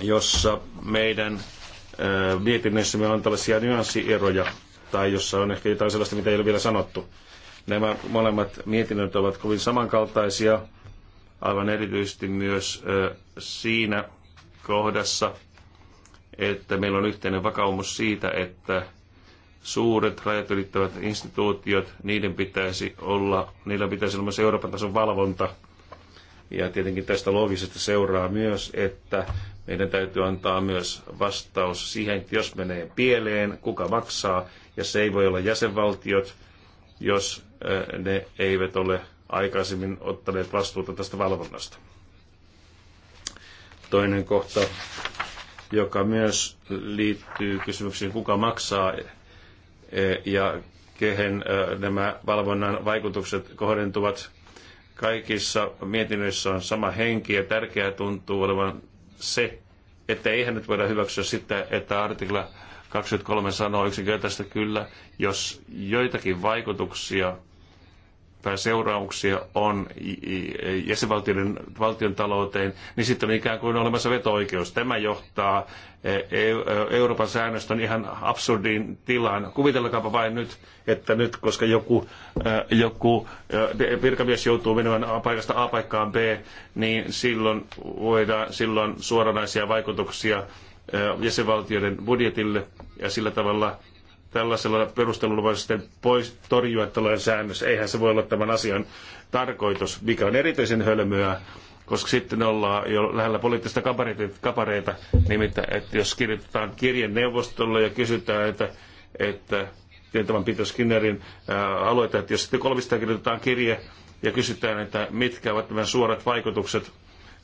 jossa meidän mietinnössämme on tällaisia nyanssieroja, tai jossa on ehkä jotain sellaista, mitä ei ole vielä sanottu. Nämä molemmat mietinnöt ovat kovin samankaltaisia – aivan erityisesti myös siinä kohdassa, että meillä on yhteinen vakaumus siitä, että suuret rajat ylittävät instituutiot, niiden pitäisi olla, niillä pitäisi olla myös Euroopan tason valvonta. Ja tietenkin tästä loogisesti seuraa myös, että meidän täytyy antaa myös vastaus siihen, että jos menee pieleen, kuka maksaa, ja se ei voi olla jäsenvaltiot, jos ne eivät ole aikaisemmin ottaneet vastuuta tästä valvonnasta. Toinen kohta, joka myös liittyy kysymyksiin, kuka maksaa e, ja kehen e, nämä valvonnan vaikutukset kohdentuvat. Kaikissa mietinnöissä on sama henki ja tärkeää tuntuu olevan se, että eihän nyt voida hyväksyä sitä, että artikla 23 sanoo yksinkertaisesti kyllä, jos joitakin vaikutuksia tai seurauksia on jäsenvaltioiden valtion talouteen, niin sitten on ikään kuin olemassa veto-oikeus. Tämä johtaa e, e, Euroopan säännöstön ihan absurdiin tilaan. Kuvitellakaapa vain nyt, että nyt, koska joku, e, joku virkamies joutuu menemään paikasta A paikkaan B, niin silloin voidaan silloin suoranaisia vaikutuksia jäsenvaltioiden budjetille ja sillä tavalla tällaisella perustelulla voisi sitten pois torjua tällainen säännös. Eihän se voi olla tämän asian tarkoitus, mikä on erityisen hölmöä, koska sitten ollaan jo lähellä poliittista kapareita, kapareita nimittäin, että jos kirjoitetaan kirjeen neuvostolle ja kysytään, että, että tämän Peter Skinnerin äh, aloita, että jos sitten kolmista kirjoitetaan kirje ja kysytään, että mitkä ovat tämän suorat vaikutukset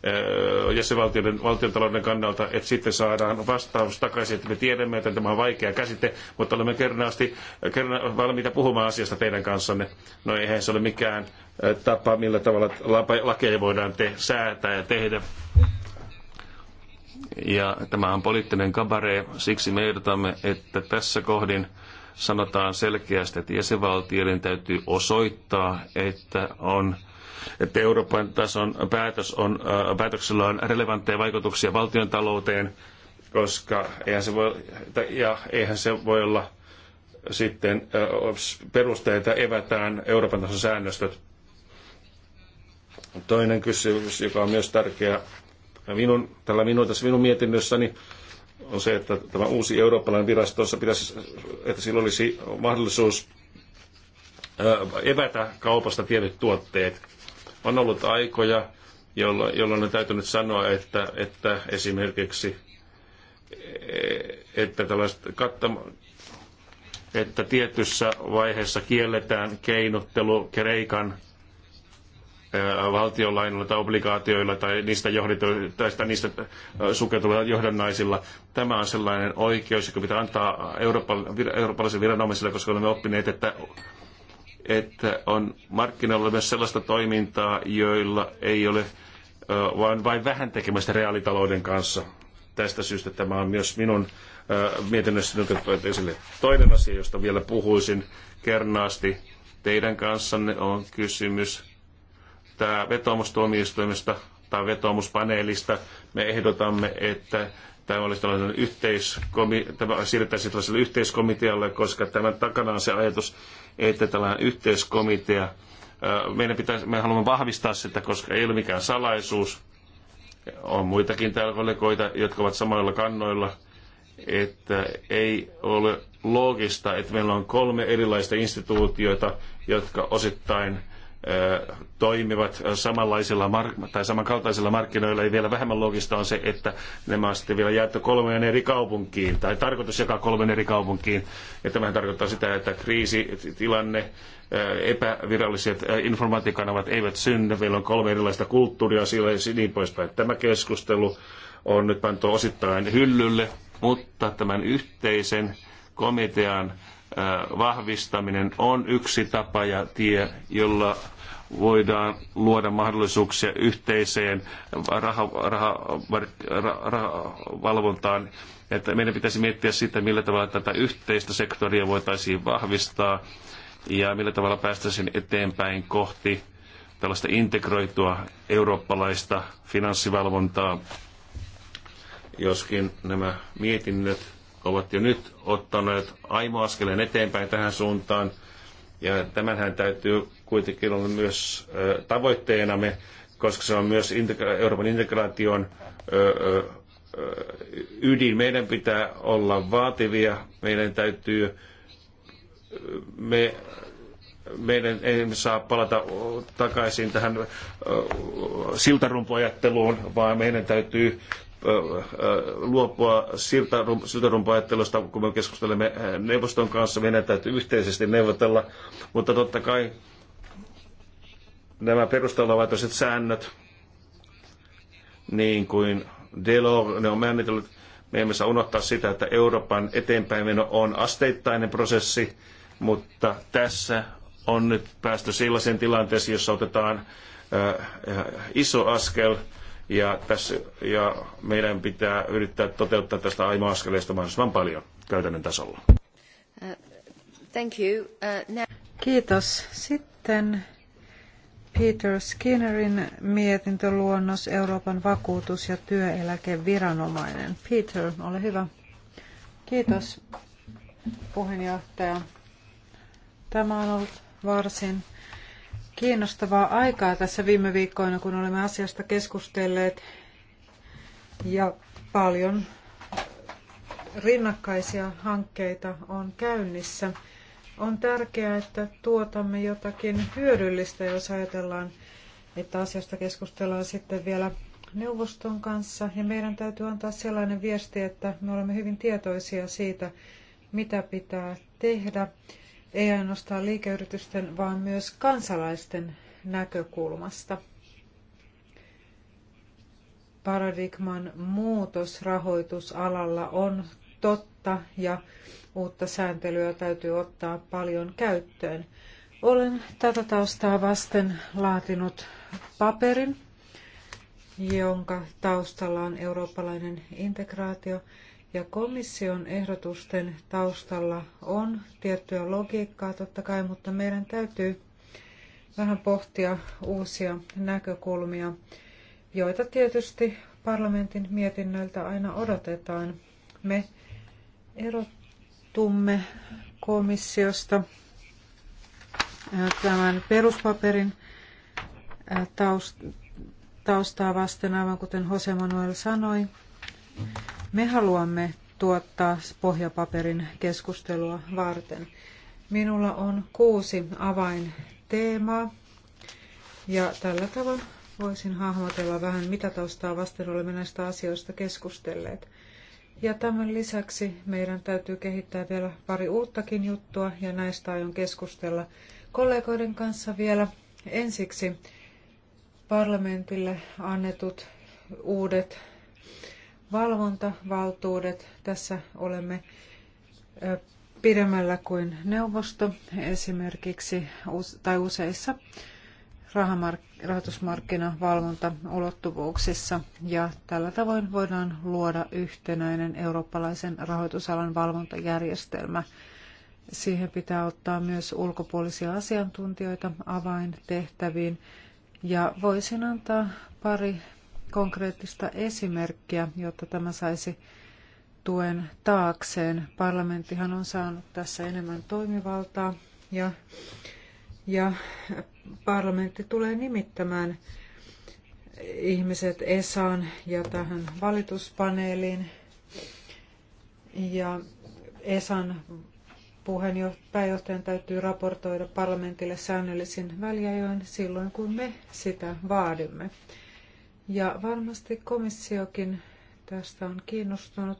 Eh, jäsenvaltioiden valtiontalouden kannalta, että sitten saadaan vastaus takaisin, että me tiedämme, että tämä on vaikea käsite, mutta olemme kernaasti kerna, valmiita puhumaan asiasta teidän kanssanne. No eihän se ole mikään eh, tapa, millä tavalla lakeja voidaan te, säätää ja tehdä. Ja tämä on poliittinen kabare, siksi me ehdotamme, että tässä kohdin sanotaan selkeästi, että jäsenvaltioiden täytyy osoittaa, että on että Euroopan tason päätös on, äh, päätöksellä on relevantteja vaikutuksia valtion talouteen, koska eihän se voi, ja eihän se voi olla sitten äh, perusteita evätään Euroopan tason säännöstöt. Toinen kysymys, joka on myös tärkeä minun, tällä minun, tässä minun mietinnössäni, on se, että tämä uusi eurooppalainen virasto, pitäisi, että sillä olisi mahdollisuus äh, evätä kaupasta tietyt tuotteet. On ollut aikoja, jolloin, on täytynyt sanoa, että, että esimerkiksi e, että tällaista kattama, että tietyssä vaiheessa kielletään keinottelu Kreikan e, valtionlainoilla tai obligaatioilla tai niistä, johditu, tai niistä e, sukeltuvilla johdannaisilla. Tämä on sellainen oikeus, joka pitää antaa eurooppalaisille viranomaisille, koska olemme oppineet, että että on markkinoilla myös sellaista toimintaa, joilla ei ole vaan vain vähän tekemistä reaalitalouden kanssa. Tästä syystä tämä on myös minun mietinnössäni otettu esille. Toinen asia, josta vielä puhuisin kernaasti teidän kanssanne, on kysymys tämä vetoomustuomioistuimesta tai vetoomuspaneelista. Me ehdotamme, että tämä olisi tällainen yhteiskomi, tämä siirrettäisiin tällaiselle yhteiskomitealle, koska tämän takana on se ajatus, että tällainen yhteiskomitea, meidän pitäisi, me haluamme vahvistaa sitä, koska ei ole mikään salaisuus. On muitakin täällä kollegoita, jotka ovat samoilla kannoilla, että ei ole loogista, että meillä on kolme erilaista instituutioita, jotka osittain – toimivat samanlaisilla mark- tai samankaltaisilla markkinoilla, ei vielä vähemmän logista on se, että nämä on sitten vielä jaettu kolmeen eri kaupunkiin, tai tarkoitus jakaa kolmeen eri kaupunkiin. Ja tämähän tarkoittaa sitä, että kriisitilanne, epäviralliset informaatiokanavat eivät synny, meillä on kolme erilaista kulttuuria siellä ja niin poispäin. Tämä keskustelu on nyt pantu osittain hyllylle, mutta tämän yhteisen komitean vahvistaminen on yksi tapa ja tie, jolla voidaan luoda mahdollisuuksia yhteiseen rahavalvontaan. että meidän pitäisi miettiä sitä, millä tavalla tätä yhteistä sektoria voitaisiin vahvistaa ja millä tavalla päästäisiin eteenpäin kohti tällaista integroitua eurooppalaista finanssivalvontaa. Joskin nämä mietinnöt ovat jo nyt ottaneet askeleen eteenpäin tähän suuntaan. Ja tämänhän täytyy kuitenkin olla myös tavoitteenamme, koska se on myös Euroopan integraation ydin. Meidän pitää olla vaativia, meidän täytyy, me, meidän ei saa palata takaisin tähän siltarumpuajatteluun, vaan meidän täytyy luopua siltä, siltä kun me keskustelemme neuvoston kanssa. Meidän täytyy yhteisesti neuvotella, mutta totta kai nämä perustalaitoiset säännöt, niin kuin Delors, ne on määritellyt, me emme saa unohtaa sitä, että Euroopan eteenpäinmeno on asteittainen prosessi, mutta tässä on nyt päästy sellaiseen tilanteeseen, jossa otetaan iso askel ja, tässä, ja meidän pitää yrittää toteuttaa tästä aimoaskeleesta mahdollisimman paljon käytännön tasolla. Uh, thank you. Uh, now... Kiitos. Sitten Peter Skinnerin mietintöluonnos Euroopan vakuutus- ja työeläkeviranomainen. Peter, ole hyvä. Kiitos puheenjohtaja. Tämä on ollut varsin kiinnostavaa aikaa tässä viime viikkoina, kun olemme asiasta keskustelleet ja paljon rinnakkaisia hankkeita on käynnissä. On tärkeää, että tuotamme jotakin hyödyllistä, jos ajatellaan, että asiasta keskustellaan sitten vielä neuvoston kanssa. Ja meidän täytyy antaa sellainen viesti, että me olemme hyvin tietoisia siitä, mitä pitää tehdä ei ainoastaan liikeyritysten, vaan myös kansalaisten näkökulmasta. Paradigman muutos rahoitusalalla on totta ja uutta sääntelyä täytyy ottaa paljon käyttöön. Olen tätä taustaa vasten laatinut paperin, jonka taustalla on eurooppalainen integraatio – ja komission ehdotusten taustalla on tiettyä logiikkaa totta kai, mutta meidän täytyy vähän pohtia uusia näkökulmia, joita tietysti parlamentin mietinnöiltä aina odotetaan. Me erottumme komissiosta tämän peruspaperin taustaa vasten, aivan kuten Jose Manuel sanoi. Me haluamme tuottaa pohjapaperin keskustelua varten. Minulla on kuusi avainteemaa ja tällä tavalla voisin hahmotella vähän, mitä taustaa vasten olemme näistä asioista keskustelleet. Ja tämän lisäksi meidän täytyy kehittää vielä pari uuttakin juttua ja näistä aion keskustella kollegoiden kanssa vielä. Ensiksi parlamentille annetut uudet valvontavaltuudet. Tässä olemme pidemmällä kuin neuvosto esimerkiksi tai useissa rahoitusmarkkinavalvontaulottuvuuksissa ja tällä tavoin voidaan luoda yhtenäinen eurooppalaisen rahoitusalan valvontajärjestelmä. Siihen pitää ottaa myös ulkopuolisia asiantuntijoita avaintehtäviin ja voisin antaa pari konkreettista esimerkkiä, jotta tämä saisi tuen taakseen. Parlamenttihan on saanut tässä enemmän toimivaltaa ja, ja parlamentti tulee nimittämään ihmiset ESAan ja tähän valituspaneeliin. Ja ESAn puheenjohtajan täytyy raportoida parlamentille säännöllisin väliajoin silloin, kun me sitä vaadimme. Ja varmasti komissiokin tästä on kiinnostunut.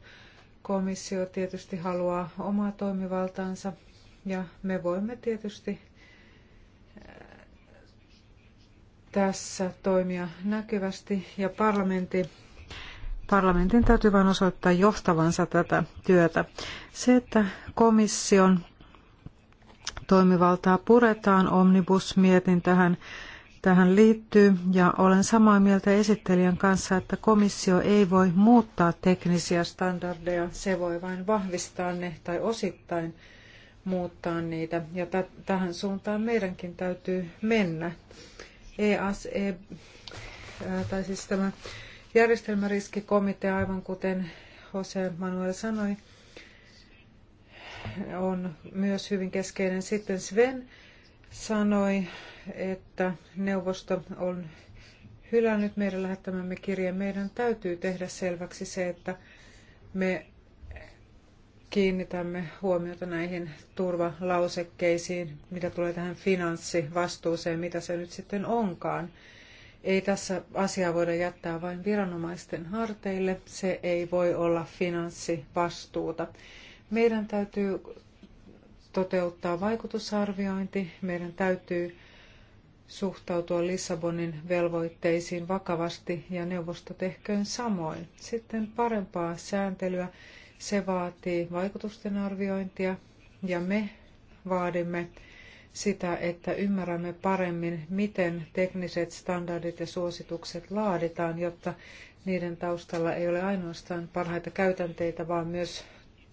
Komissio tietysti haluaa omaa toimivaltaansa ja me voimme tietysti äh, tässä toimia näkyvästi ja parlamentti Parlamentin täytyy vain osoittaa johtavansa tätä työtä. Se, että komission toimivaltaa puretaan omnibus mietin tähän tähän liittyy ja olen samaa mieltä esittelijän kanssa, että komissio ei voi muuttaa teknisiä standardeja, se voi vain vahvistaa ne tai osittain muuttaa niitä ja tähän suuntaan meidänkin täytyy mennä. EAS, e, tai siis tämä järjestelmäriskikomitea, aivan kuten Jose Manuel sanoi, on myös hyvin keskeinen. Sitten Sven sanoi, että neuvosto on hylännyt meidän lähettämämme kirjeen. Meidän täytyy tehdä selväksi se, että me kiinnitämme huomiota näihin turvalausekkeisiin, mitä tulee tähän finanssivastuuseen, mitä se nyt sitten onkaan. Ei tässä asiaa voida jättää vain viranomaisten harteille, se ei voi olla finanssivastuuta. Meidän täytyy toteuttaa vaikutusarviointi. Meidän täytyy suhtautua Lissabonin velvoitteisiin vakavasti ja neuvosto tehköön samoin. Sitten parempaa sääntelyä. Se vaatii vaikutusten arviointia ja me vaadimme sitä, että ymmärrämme paremmin, miten tekniset standardit ja suositukset laaditaan, jotta niiden taustalla ei ole ainoastaan parhaita käytänteitä, vaan myös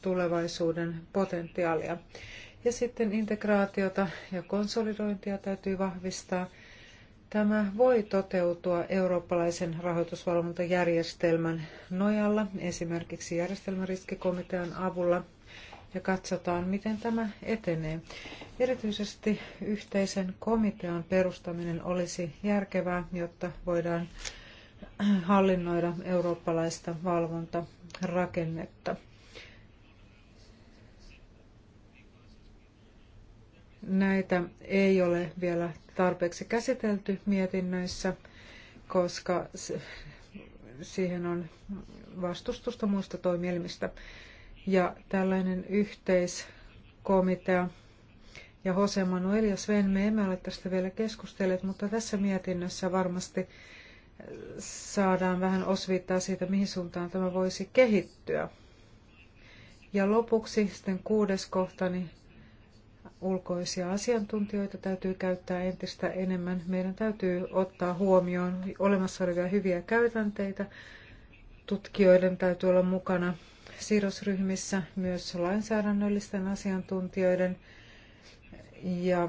tulevaisuuden potentiaalia. Ja sitten integraatiota ja konsolidointia täytyy vahvistaa. Tämä voi toteutua eurooppalaisen rahoitusvalvontajärjestelmän nojalla, esimerkiksi järjestelmäriskikomitean avulla, ja katsotaan, miten tämä etenee. Erityisesti yhteisen komitean perustaminen olisi järkevää, jotta voidaan hallinnoida eurooppalaista valvontarakennetta. Näitä ei ole vielä tarpeeksi käsitelty mietinnöissä, koska siihen on vastustusta muista toimielimistä. Ja tällainen yhteiskomitea ja Jose Manuel ja Sven, me emme ole tästä vielä keskustelleet, mutta tässä mietinnössä varmasti äh, saadaan vähän osviittaa siitä, mihin suuntaan tämä voisi kehittyä. Ja lopuksi sitten kuudes kohtani niin ulkoisia asiantuntijoita täytyy käyttää entistä enemmän. Meidän täytyy ottaa huomioon olemassa olevia hyviä käytänteitä. Tutkijoiden täytyy olla mukana siirrosryhmissä myös lainsäädännöllisten asiantuntijoiden. Ja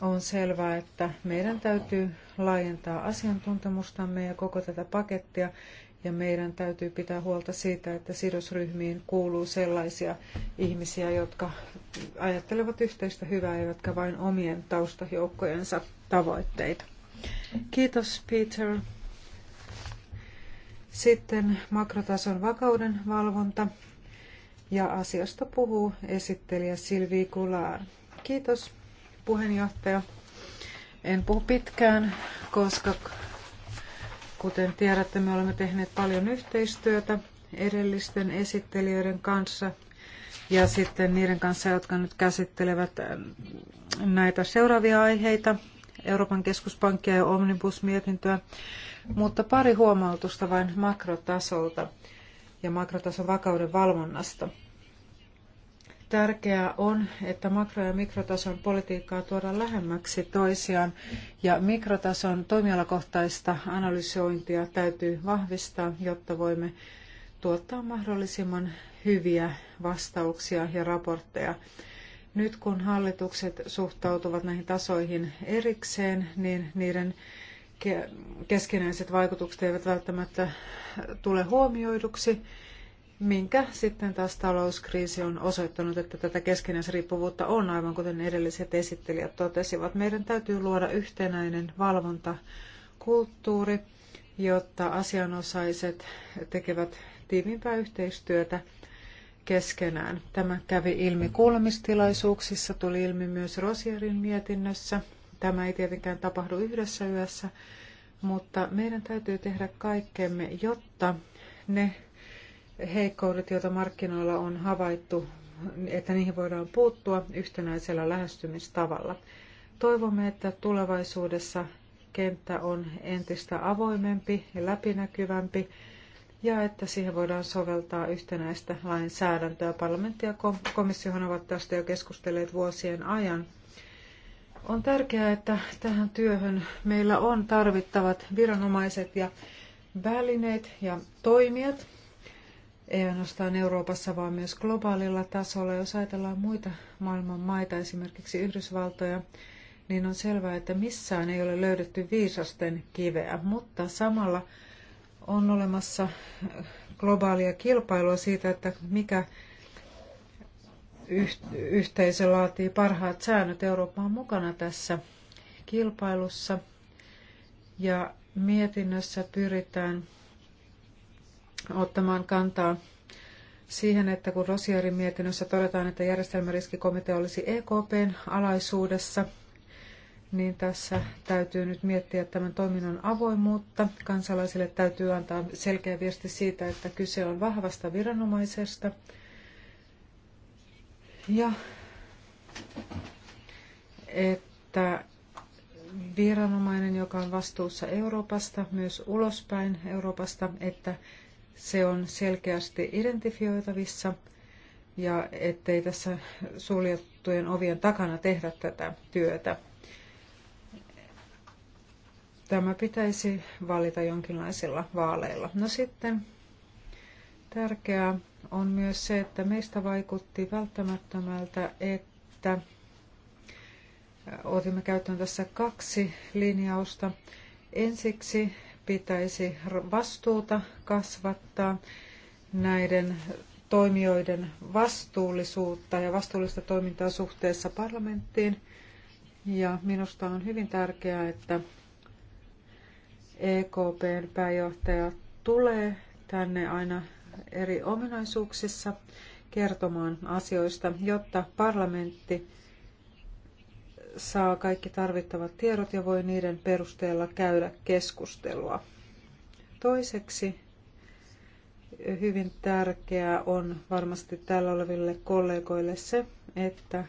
on selvää, että meidän täytyy laajentaa asiantuntemustamme ja koko tätä pakettia ja meidän täytyy pitää huolta siitä, että sidosryhmiin kuuluu sellaisia ihmisiä, jotka ajattelevat yhteistä hyvää, eivätkä vain omien taustajoukkojensa tavoitteita. Kiitos Peter. Sitten makrotason vakauden valvonta ja asiasta puhuu esittelijä Silvi Kular. Kiitos puheenjohtaja. En puhu pitkään, koska Kuten tiedätte, me olemme tehneet paljon yhteistyötä edellisten esittelijöiden kanssa ja sitten niiden kanssa, jotka nyt käsittelevät ähm, näitä seuraavia aiheita, Euroopan keskuspankkia ja mietintöä mutta pari huomautusta vain makrotasolta ja makrotason vakauden valvonnasta. Tärkeää on, että makro- ja mikrotason politiikkaa tuodaan lähemmäksi toisiaan ja mikrotason toimialakohtaista analysointia täytyy vahvistaa, jotta voimme tuottaa mahdollisimman hyviä vastauksia ja raportteja. Nyt kun hallitukset suhtautuvat näihin tasoihin erikseen, niin niiden keskinäiset vaikutukset eivät välttämättä tule huomioiduksi minkä sitten taas talouskriisi on osoittanut, että tätä keskinäisriippuvuutta on, aivan kuten edelliset esittelijät totesivat. Meidän täytyy luoda yhtenäinen valvontakulttuuri, jotta asianosaiset tekevät tiivimpää yhteistyötä keskenään. Tämä kävi ilmi kuulemistilaisuuksissa, tuli ilmi myös Rosierin mietinnössä. Tämä ei tietenkään tapahdu yhdessä yössä, mutta meidän täytyy tehdä kaikkemme, jotta ne heikkoudet, joita markkinoilla on havaittu, että niihin voidaan puuttua yhtenäisellä lähestymistavalla. Toivomme, että tulevaisuudessa kenttä on entistä avoimempi ja läpinäkyvämpi ja että siihen voidaan soveltaa yhtenäistä lainsäädäntöä. Parlamentti ja komissiohan ovat tästä jo keskustelleet vuosien ajan. On tärkeää, että tähän työhön meillä on tarvittavat viranomaiset ja välineet ja toimijat, ei ainoastaan Euroopassa, vaan myös globaalilla tasolla. Jos ajatellaan muita maailman maita, esimerkiksi Yhdysvaltoja, niin on selvää, että missään ei ole löydetty viisasten kiveä, mutta samalla on olemassa globaalia kilpailua siitä, että mikä yhteisö laatii parhaat säännöt. Eurooppa on mukana tässä kilpailussa ja mietinnössä pyritään ottamaan kantaa siihen, että kun Rosierin mietinnössä todetaan, että järjestelmäriskikomitea olisi EKPn alaisuudessa, niin tässä täytyy nyt miettiä tämän toiminnan avoimuutta. Kansalaisille täytyy antaa selkeä viesti siitä, että kyse on vahvasta viranomaisesta. Ja että viranomainen, joka on vastuussa Euroopasta, myös ulospäin Euroopasta, että se on selkeästi identifioitavissa ja ettei tässä suljettujen ovien takana tehdä tätä työtä. Tämä pitäisi valita jonkinlaisilla vaaleilla. No sitten tärkeää on myös se, että meistä vaikutti välttämättömältä, että otimme käyttöön tässä kaksi linjausta. Ensiksi pitäisi vastuuta kasvattaa, näiden toimijoiden vastuullisuutta ja vastuullista toimintaa suhteessa parlamenttiin. Ja minusta on hyvin tärkeää, että EKPn pääjohtaja tulee tänne aina eri ominaisuuksissa kertomaan asioista, jotta parlamentti saa kaikki tarvittavat tiedot ja voi niiden perusteella käydä keskustelua. Toiseksi hyvin tärkeää on varmasti täällä oleville kollegoille se, että,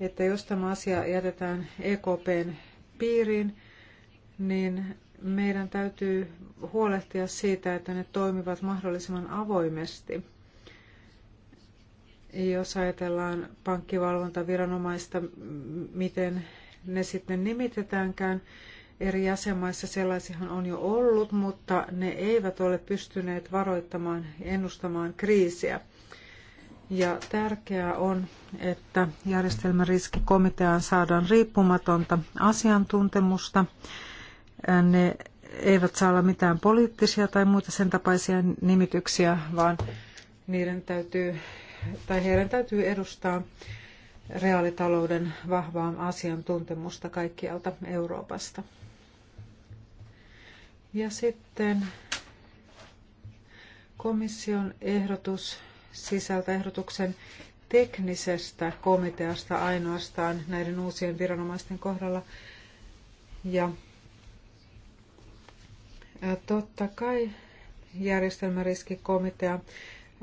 että jos tämä asia jätetään EKPn piiriin, niin meidän täytyy huolehtia siitä, että ne toimivat mahdollisimman avoimesti. Jos ajatellaan pankkivalvontaviranomaista, miten ne sitten nimitetäänkään, eri jäsenmaissa sellaisihan on jo ollut, mutta ne eivät ole pystyneet varoittamaan, ennustamaan kriisiä. Ja tärkeää on, että järjestelmäriskikomiteaan saadaan riippumatonta asiantuntemusta. Ne eivät saa olla mitään poliittisia tai muita sen tapaisia nimityksiä, vaan niiden täytyy tai heidän täytyy edustaa reaalitalouden vahvaa asiantuntemusta kaikkialta Euroopasta. Ja sitten komission ehdotus sisältä ehdotuksen teknisestä komiteasta ainoastaan näiden uusien viranomaisten kohdalla. Ja totta kai järjestelmäriskikomitea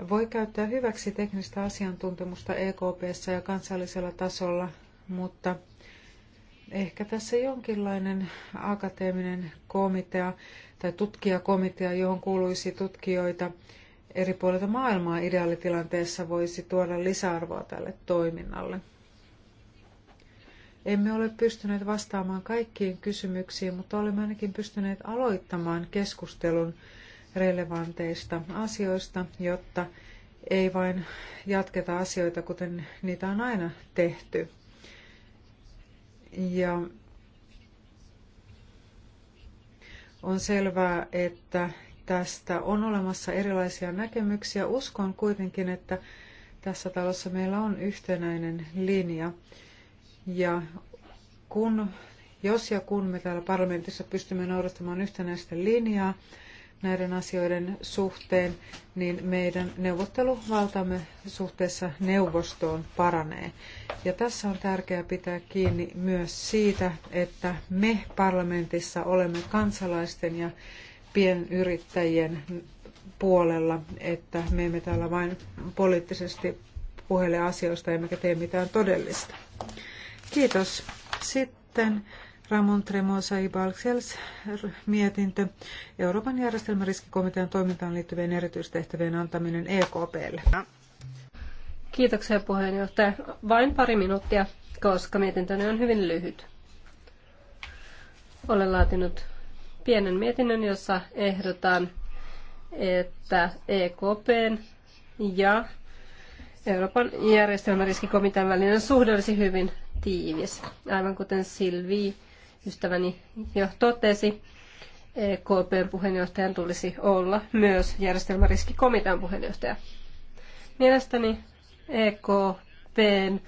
voi käyttää hyväksi teknistä asiantuntemusta EKPssä ja kansallisella tasolla, mutta ehkä tässä jonkinlainen akateeminen komitea tai tutkijakomitea, johon kuuluisi tutkijoita eri puolilta maailmaa ideaalitilanteessa voisi tuoda lisäarvoa tälle toiminnalle. Emme ole pystyneet vastaamaan kaikkiin kysymyksiin, mutta olemme ainakin pystyneet aloittamaan keskustelun relevanteista asioista, jotta ei vain jatketa asioita, kuten niitä on aina tehty. Ja on selvää, että tästä on olemassa erilaisia näkemyksiä. Uskon kuitenkin, että tässä talossa meillä on yhtenäinen linja. Ja kun, jos ja kun me täällä parlamentissa pystymme noudattamaan yhtenäistä linjaa, näiden asioiden suhteen, niin meidän neuvotteluvaltamme suhteessa neuvostoon paranee. Ja tässä on tärkeää pitää kiinni myös siitä, että me parlamentissa olemme kansalaisten ja pienyrittäjien puolella, että me emme täällä vain poliittisesti puhele asioista emmekä tee mitään todellista. Kiitos. Sitten Ramon Tremosa y Balksels mietintö Euroopan järjestelmäriskikomitean toimintaan liittyvien erityistehtävien antaminen EKPlle. Kiitoksia puheenjohtaja. Vain pari minuuttia, koska mietintöni on hyvin lyhyt. Olen laatinut pienen mietinnön, jossa ehdotan, että EKPn ja Euroopan järjestelmäriskikomitean välinen suhde olisi hyvin tiivis. Aivan kuten Silvi ystäväni jo totesi, EKPn puheenjohtajan tulisi olla myös järjestelmäriskikomitean puheenjohtaja. Mielestäni EKPn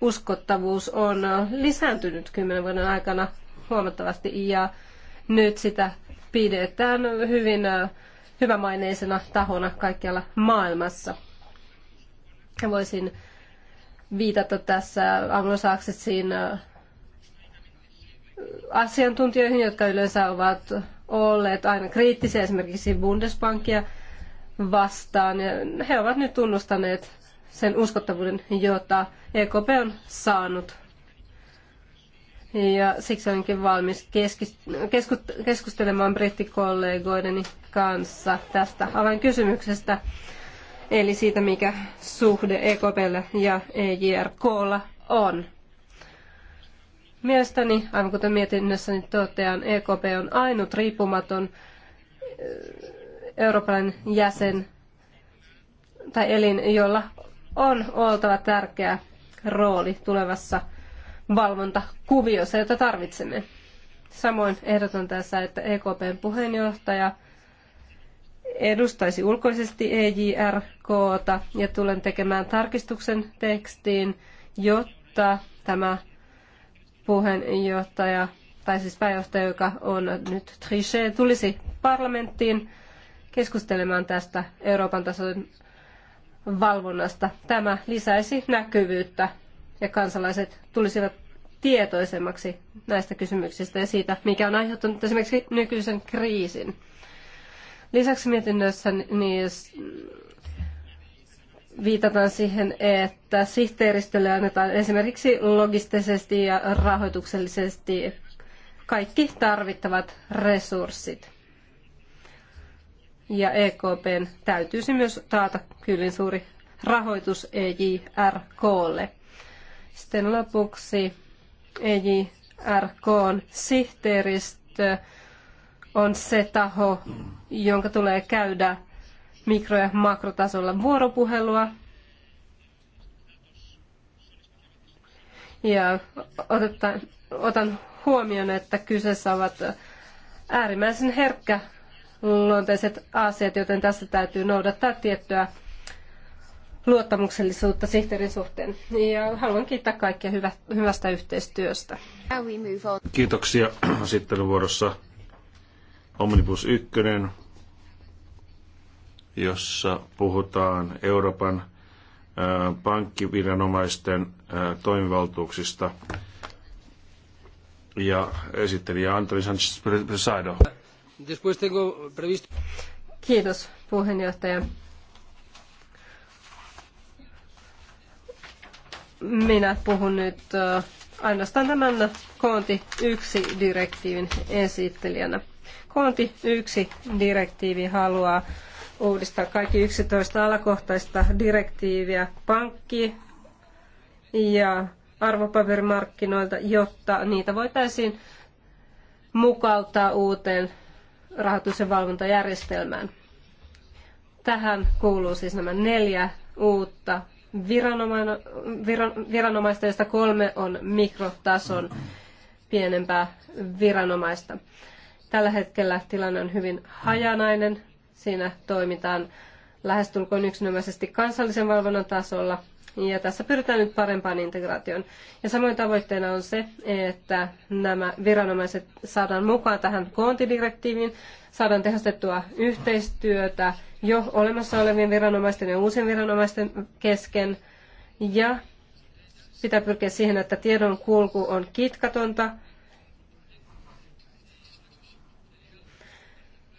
uskottavuus on lisääntynyt kymmenen vuoden aikana huomattavasti ja nyt sitä pidetään hyvin äh, hyvämaineisena tahona kaikkialla maailmassa. Voisin viitata tässä anglosaksisiin äh, asiantuntijoihin, jotka yleensä ovat olleet aina kriittisiä esimerkiksi Bundesbankia vastaan. Ja he ovat nyt tunnustaneet sen uskottavuuden, jota EKP on saanut. Ja siksi olenkin valmis keskustelemaan brittikollegoideni kanssa tästä avainkysymyksestä, eli siitä, mikä suhde EKP:lle ja EJRKlla on. Mielestäni, aivan kuten mietinnössäni totean, EKP on ainut riippumaton Euroopan jäsen tai elin, jolla on oltava tärkeä rooli tulevassa valvontakuviossa, jota tarvitsemme. Samoin ehdotan tässä, että EKPn puheenjohtaja edustaisi ulkoisesti EJRKta ja tulen tekemään tarkistuksen tekstiin, jotta tämä puheenjohtaja, tai siis pääjohtaja, joka on nyt Trichet, tulisi parlamenttiin keskustelemaan tästä Euroopan tason valvonnasta. Tämä lisäisi näkyvyyttä ja kansalaiset tulisivat tietoisemmaksi näistä kysymyksistä ja siitä, mikä on aiheuttanut esimerkiksi nykyisen kriisin. Lisäksi mietinnössä niin viitataan siihen, että sihteeristölle annetaan esimerkiksi logistisesti ja rahoituksellisesti kaikki tarvittavat resurssit. Ja EKPn täytyisi myös taata kyllin suuri rahoitus EJRKlle. Sitten lopuksi EJRKn sihteeristö on se taho, jonka tulee käydä mikro- ja makrotasolla vuoropuhelua. Ja otetta, otan huomioon, että kyseessä ovat äärimmäisen herkkä luonteiset asiat, joten tässä täytyy noudattaa tiettyä luottamuksellisuutta sihteerin suhteen. Ja haluan kiittää kaikkia hyvä, hyvästä yhteistyöstä. Kiitoksia. Sitten vuorossa Omnibus 1, jossa puhutaan Euroopan pankkiviranomaisten toimivaltuuksista. Ja esittelijä Antoni Sanchez Presado. Kiitos puheenjohtaja. Minä puhun nyt ainoastaan tämän Koonti 1-direktiivin esittelijänä. Koonti 1-direktiivi haluaa uudistaa kaikki 11 alakohtaista direktiiviä pankki- ja arvopaperimarkkinoilta, jotta niitä voitaisiin mukauttaa uuteen rahoitus- ja valvontajärjestelmään. Tähän kuuluu siis nämä neljä uutta viranomaista, joista kolme on mikrotason pienempää viranomaista. Tällä hetkellä tilanne on hyvin hajanainen. Siinä toimitaan lähestulkoon yksinomaisesti kansallisen valvonnan tasolla, ja tässä pyritään nyt parempaan integraatioon. Ja samoin tavoitteena on se, että nämä viranomaiset saadaan mukaan tähän koontidirektiiviin, saadaan tehostettua yhteistyötä jo olemassa olevien viranomaisten ja uusien viranomaisten kesken, ja pitää pyrkiä siihen, että tiedon kulku on kitkatonta,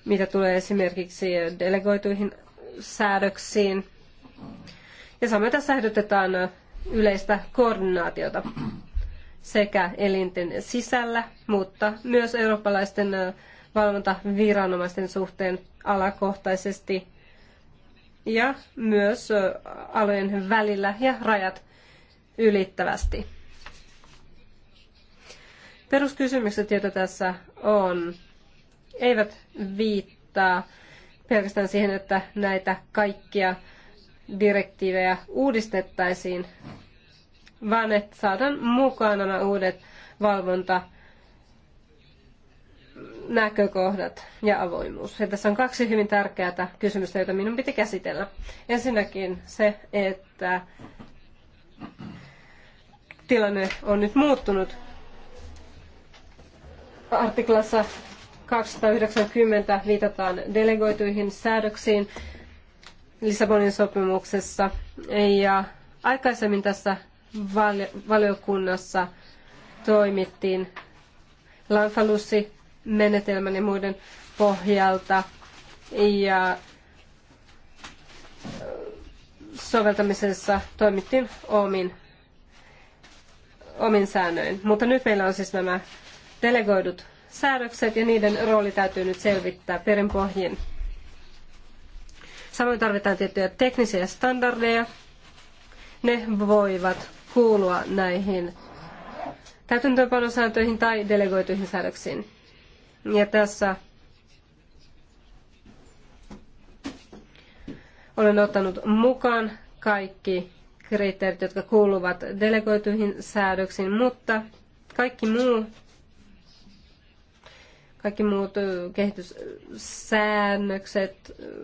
mitä tulee esimerkiksi delegoituihin säädöksiin. Ja samoin tässä ehdotetaan yleistä koordinaatiota sekä elinten sisällä, mutta myös eurooppalaisten valvontaviranomaisten suhteen alakohtaisesti ja myös alojen välillä ja rajat ylittävästi. Peruskysymykset, joita tässä on, eivät viittaa pelkästään siihen, että näitä kaikkia direktiivejä uudistettaisiin, vaan että saadaan mukaan nämä uudet valvonta näkökohdat ja avoimuus. Ja tässä on kaksi hyvin tärkeää kysymystä, joita minun piti käsitellä. Ensinnäkin se, että tilanne on nyt muuttunut. Artiklassa 290 viitataan delegoituihin säädöksiin Lissabonin sopimuksessa. Ja aikaisemmin tässä valiokunnassa toimittiin Lanfalussi-menetelmän ja muiden pohjalta ja soveltamisessa toimittiin omin, omin säännöin. Mutta nyt meillä on siis nämä delegoidut säädökset ja niiden rooli täytyy nyt selvittää perinpohjin. Samoin tarvitaan tiettyjä teknisiä standardeja. Ne voivat kuulua näihin täytäntöönpanosääntöihin tai delegoituihin säädöksiin. Ja tässä olen ottanut mukaan kaikki kriteerit, jotka kuuluvat delegoituihin säädöksiin, mutta kaikki muu kaikki muut kehityssäännökset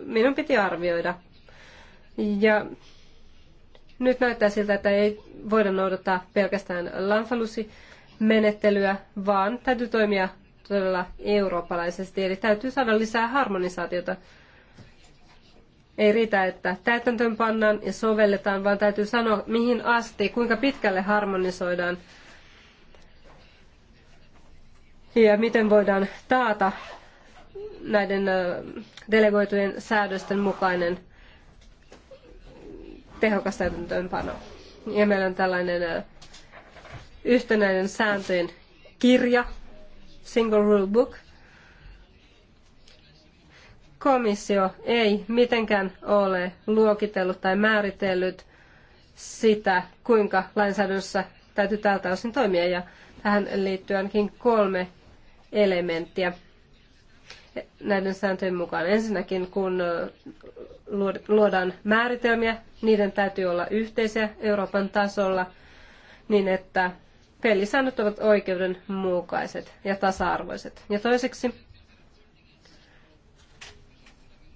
minun piti arvioida. Ja nyt näyttää siltä, että ei voida noudattaa pelkästään lanfalusi menettelyä, vaan täytyy toimia todella eurooppalaisesti. Eli täytyy saada lisää harmonisaatiota. Ei riitä, että täytäntöön pannaan ja sovelletaan, vaan täytyy sanoa, mihin asti, kuinka pitkälle harmonisoidaan – ja miten voidaan taata näiden delegoitujen säädösten mukainen tehokas täytäntöönpano. Ja meillä on tällainen yhtenäinen sääntöjen kirja, Single Rule Book. Komissio ei mitenkään ole luokitellut tai määritellyt sitä, kuinka lainsäädännössä täytyy tältä osin toimia. Ja tähän liittyy ainakin kolme elementtiä näiden sääntöjen mukaan. Ensinnäkin, kun luodaan määritelmiä, niiden täytyy olla yhteisiä Euroopan tasolla niin, että pelisäännöt ovat oikeudenmukaiset ja tasa-arvoiset. Ja toiseksi,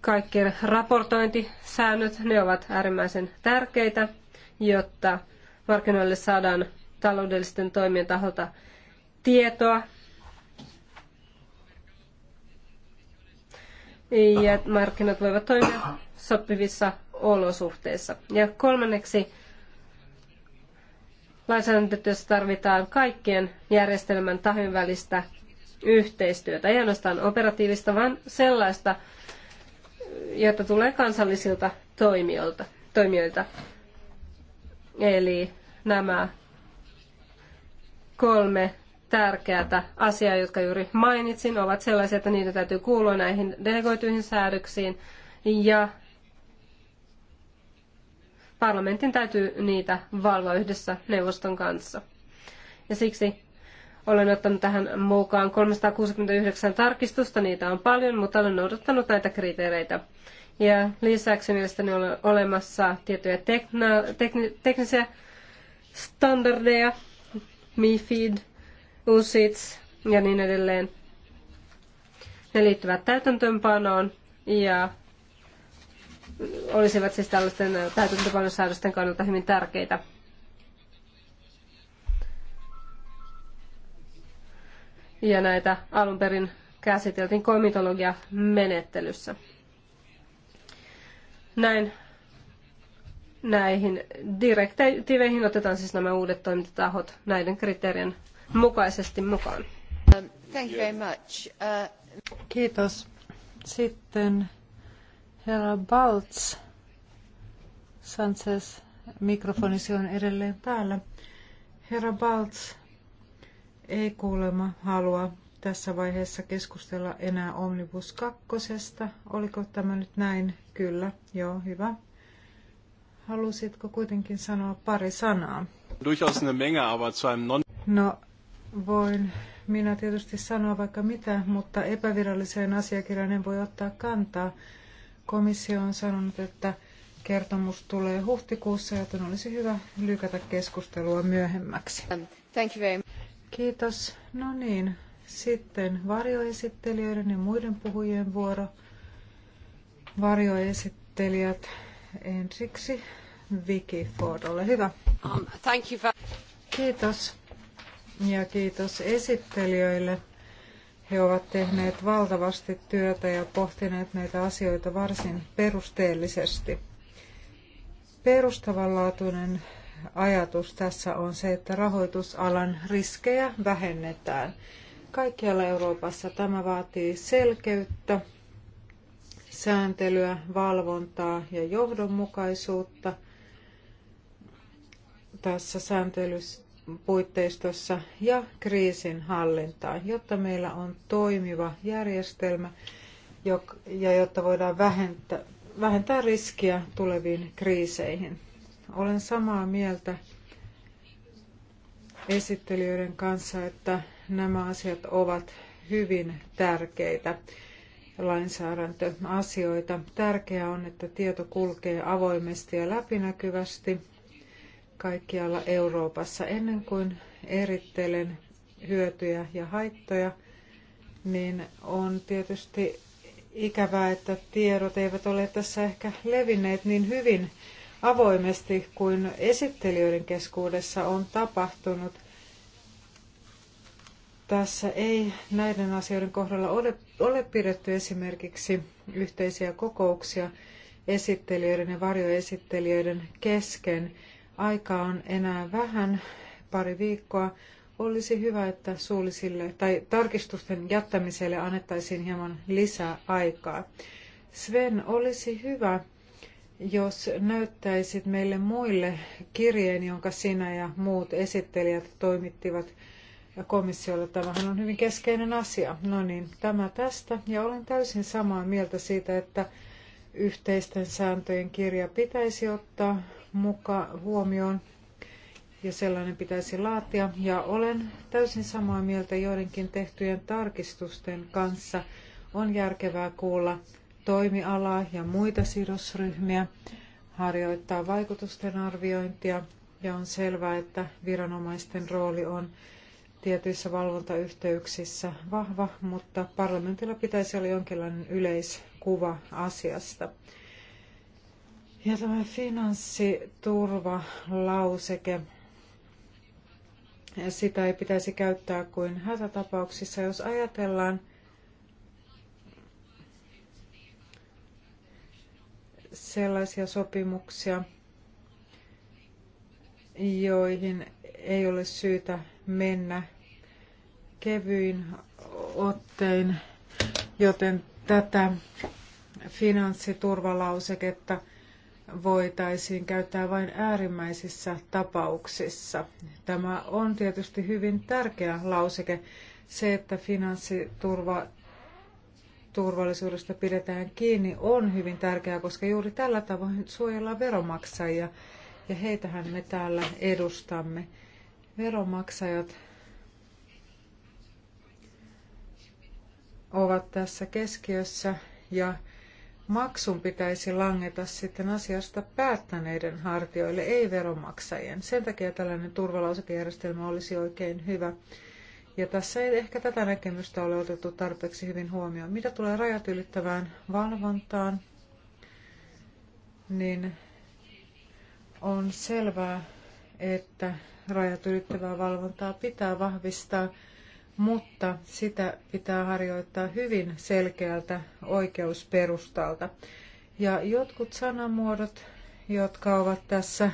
kaikki raportointisäännöt, ne ovat äärimmäisen tärkeitä, jotta markkinoille saadaan taloudellisten toimien taholta tietoa ja markkinat voivat toimia sopivissa olosuhteissa. Ja kolmanneksi lainsäädäntötyössä tarvitaan kaikkien järjestelmän tahojen välistä yhteistyötä, ei ainoastaan operatiivista, vaan sellaista, jota tulee kansallisilta toimijoilta. toimijoilta. Eli nämä kolme tärkeätä asiaa, jotka juuri mainitsin, ovat sellaisia, että niitä täytyy kuulua näihin delegoituihin säädöksiin ja parlamentin täytyy niitä valvoa yhdessä neuvoston kanssa. Ja siksi olen ottanut tähän mukaan 369 tarkistusta, niitä on paljon, mutta olen noudattanut näitä kriteereitä. Ja lisäksi mielestäni on olemassa tiettyjä tekna, teknisiä standardeja, MIFID USITS ja niin edelleen. Ne liittyvät täytäntöönpanoon ja olisivat siis tällaisten täytäntöönpanosäädösten kannalta hyvin tärkeitä. Ja näitä alun perin käsiteltiin komitologia-menettelyssä. Näin näihin direktiiveihin otetaan siis nämä uudet toimintatahot näiden kriteerien mukaisesti mukaan. Um, thank you very much. Uh, Kiitos. Sitten herra Baltz. Sanchez, mikrofonisi on edelleen päällä. Herra Baltz ei kuulemma halua tässä vaiheessa keskustella enää Omnibus kakkosesta. Oliko tämä nyt näin? Kyllä, joo, hyvä. Halusitko kuitenkin sanoa pari sanaa? Durchaus eine Menge, aber zu einem non No, voin minä tietysti sanoa vaikka mitä, mutta epäviralliseen asiakirjaan en voi ottaa kantaa. Komissio on sanonut, että kertomus tulee huhtikuussa, joten olisi hyvä lykätä keskustelua myöhemmäksi. Thank you very much. Kiitos. No niin, sitten varjoesittelijöiden ja muiden puhujien vuoro. Varjoesittelijät ensiksi. Vicky Ford, ole hyvä. Um, thank you for... Kiitos ja kiitos esittelijöille. He ovat tehneet valtavasti työtä ja pohtineet näitä asioita varsin perusteellisesti. Perustavanlaatuinen ajatus tässä on se, että rahoitusalan riskejä vähennetään. Kaikkialla Euroopassa tämä vaatii selkeyttä, sääntelyä, valvontaa ja johdonmukaisuutta. Tässä sääntelyssä puitteistossa ja kriisin hallintaan, jotta meillä on toimiva järjestelmä ja jotta voidaan vähentää, vähentää riskiä tuleviin kriiseihin. Olen samaa mieltä esittelijöiden kanssa, että nämä asiat ovat hyvin tärkeitä lainsäädäntöasioita. Tärkeää on, että tieto kulkee avoimesti ja läpinäkyvästi kaikkialla Euroopassa. Ennen kuin erittelen hyötyjä ja haittoja, niin on tietysti ikävää, että tiedot eivät ole tässä ehkä levinneet niin hyvin avoimesti kuin esittelijöiden keskuudessa on tapahtunut. Tässä ei näiden asioiden kohdalla ole, ole pidetty esimerkiksi yhteisiä kokouksia esittelijöiden ja varjoesittelijöiden kesken. Aika on enää vähän, pari viikkoa. Olisi hyvä, että suullisille tai tarkistusten jättämiselle annettaisiin hieman lisää aikaa. Sven, olisi hyvä, jos näyttäisit meille muille kirjeen, jonka sinä ja muut esittelijät toimittivat komissiolle. Tämähän on hyvin keskeinen asia. No niin, tämä tästä. Ja olen täysin samaa mieltä siitä, että yhteisten sääntöjen kirja pitäisi ottaa muka huomioon ja sellainen pitäisi laatia. Ja olen täysin samaa mieltä joidenkin tehtyjen tarkistusten kanssa. On järkevää kuulla toimialaa ja muita sidosryhmiä, harjoittaa vaikutusten arviointia ja on selvää, että viranomaisten rooli on tietyissä valvontayhteyksissä vahva, mutta parlamentilla pitäisi olla jonkinlainen yleiskuva asiasta. Ja tämä finanssiturvalauseke, sitä ei pitäisi käyttää kuin hätätapauksissa. Jos ajatellaan sellaisia sopimuksia, joihin ei ole syytä mennä kevyin ottein, joten tätä finanssiturvalauseketta – voitaisiin käyttää vain äärimmäisissä tapauksissa. Tämä on tietysti hyvin tärkeä lauseke, se, että finanssiturva turvallisuudesta pidetään kiinni on hyvin tärkeää, koska juuri tällä tavoin suojellaan veromaksajia ja heitähän me täällä edustamme. Veromaksajat ovat tässä keskiössä ja maksun pitäisi langeta sitten asiasta päättäneiden hartioille, ei veronmaksajien. Sen takia tällainen turvalausekejärjestelmä olisi oikein hyvä. Ja tässä ei ehkä tätä näkemystä ole otettu tarpeeksi hyvin huomioon. Mitä tulee rajat ylittävään valvontaan, niin on selvää, että rajat ylittävää valvontaa pitää vahvistaa – mutta sitä pitää harjoittaa hyvin selkeältä oikeusperustalta. Ja jotkut sanamuodot, jotka ovat tässä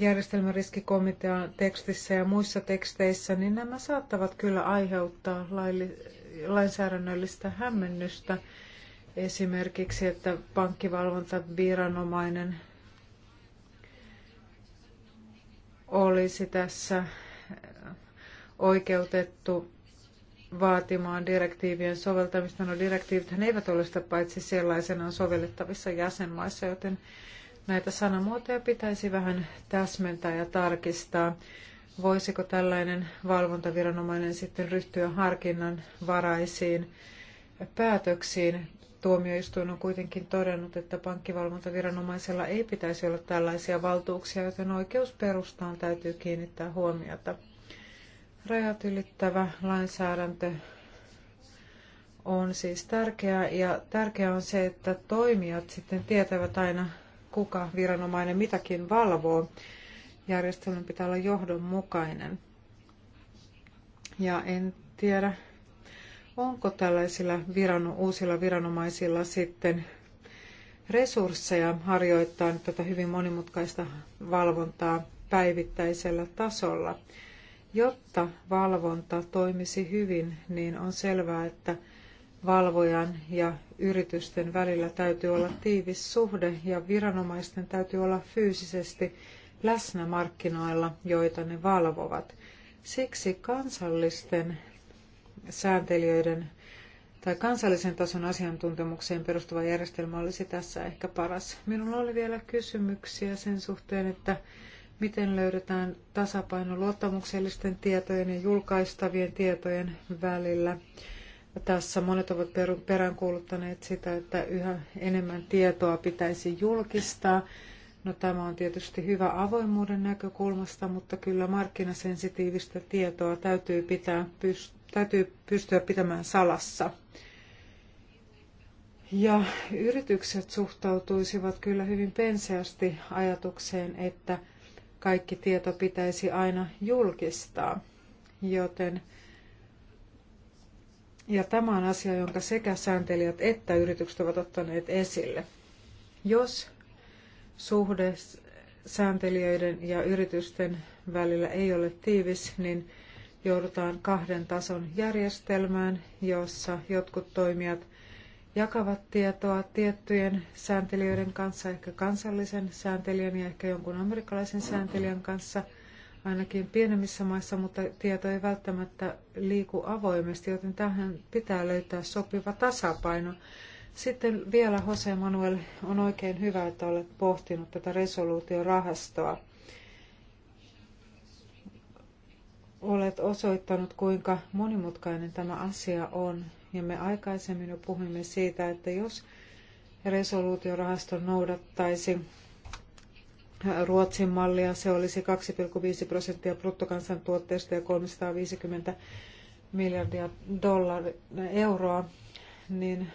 järjestelmäriskikomitean tekstissä ja muissa teksteissä, niin nämä saattavat kyllä aiheuttaa lainsäädännöllistä hämmennystä. Esimerkiksi, että pankkivalvontaviranomainen olisi tässä oikeutettu vaatimaan direktiivien soveltamista. No direktiivithän eivät ole sitä paitsi sellaisenaan sovellettavissa jäsenmaissa, joten näitä sanamuotoja pitäisi vähän täsmentää ja tarkistaa. Voisiko tällainen valvontaviranomainen sitten ryhtyä harkinnan varaisiin päätöksiin? Tuomioistuin on kuitenkin todennut, että pankkivalvontaviranomaisella ei pitäisi olla tällaisia valtuuksia, joten oikeusperustaan täytyy kiinnittää huomiota. Rajat ylittävä lainsäädäntö on siis tärkeää ja tärkeää on se, että toimijat sitten tietävät aina, kuka viranomainen mitäkin valvoo. Järjestelmän pitää olla johdonmukainen. Ja en tiedä, onko tällaisilla viran, uusilla viranomaisilla sitten resursseja harjoittaa tätä hyvin monimutkaista valvontaa päivittäisellä tasolla. Jotta valvonta toimisi hyvin, niin on selvää, että valvojan ja yritysten välillä täytyy olla tiivis suhde ja viranomaisten täytyy olla fyysisesti läsnä markkinoilla, joita ne valvovat. Siksi kansallisten sääntelijöiden tai kansallisen tason asiantuntemukseen perustuva järjestelmä olisi tässä ehkä paras. Minulla oli vielä kysymyksiä sen suhteen, että miten löydetään tasapaino luottamuksellisten tietojen ja julkaistavien tietojen välillä. Tässä monet ovat peräänkuuluttaneet sitä, että yhä enemmän tietoa pitäisi julkistaa. No tämä on tietysti hyvä avoimuuden näkökulmasta, mutta kyllä markkinasensitiivistä tietoa täytyy, pitää, täytyy pystyä pitämään salassa. Ja yritykset suhtautuisivat kyllä hyvin penseästi ajatukseen, että – kaikki tieto pitäisi aina julkistaa. Joten ja tämä on asia, jonka sekä sääntelijät että yritykset ovat ottaneet esille. Jos suhde sääntelijöiden ja yritysten välillä ei ole tiivis, niin joudutaan kahden tason järjestelmään, jossa jotkut toimijat jakavat tietoa tiettyjen sääntelijöiden kanssa, ehkä kansallisen sääntelijän ja ehkä jonkun amerikkalaisen sääntelijän kanssa, ainakin pienemmissä maissa, mutta tieto ei välttämättä liiku avoimesti, joten tähän pitää löytää sopiva tasapaino. Sitten vielä Jose Manuel, on oikein hyvä, että olet pohtinut tätä resoluutiorahastoa. Olet osoittanut, kuinka monimutkainen tämä asia on ja me aikaisemmin jo puhuimme siitä, että jos resoluutiorahasto noudattaisi Ruotsin mallia, se olisi 2,5 prosenttia bruttokansantuotteesta ja 350 miljardia dollari, euroa, niin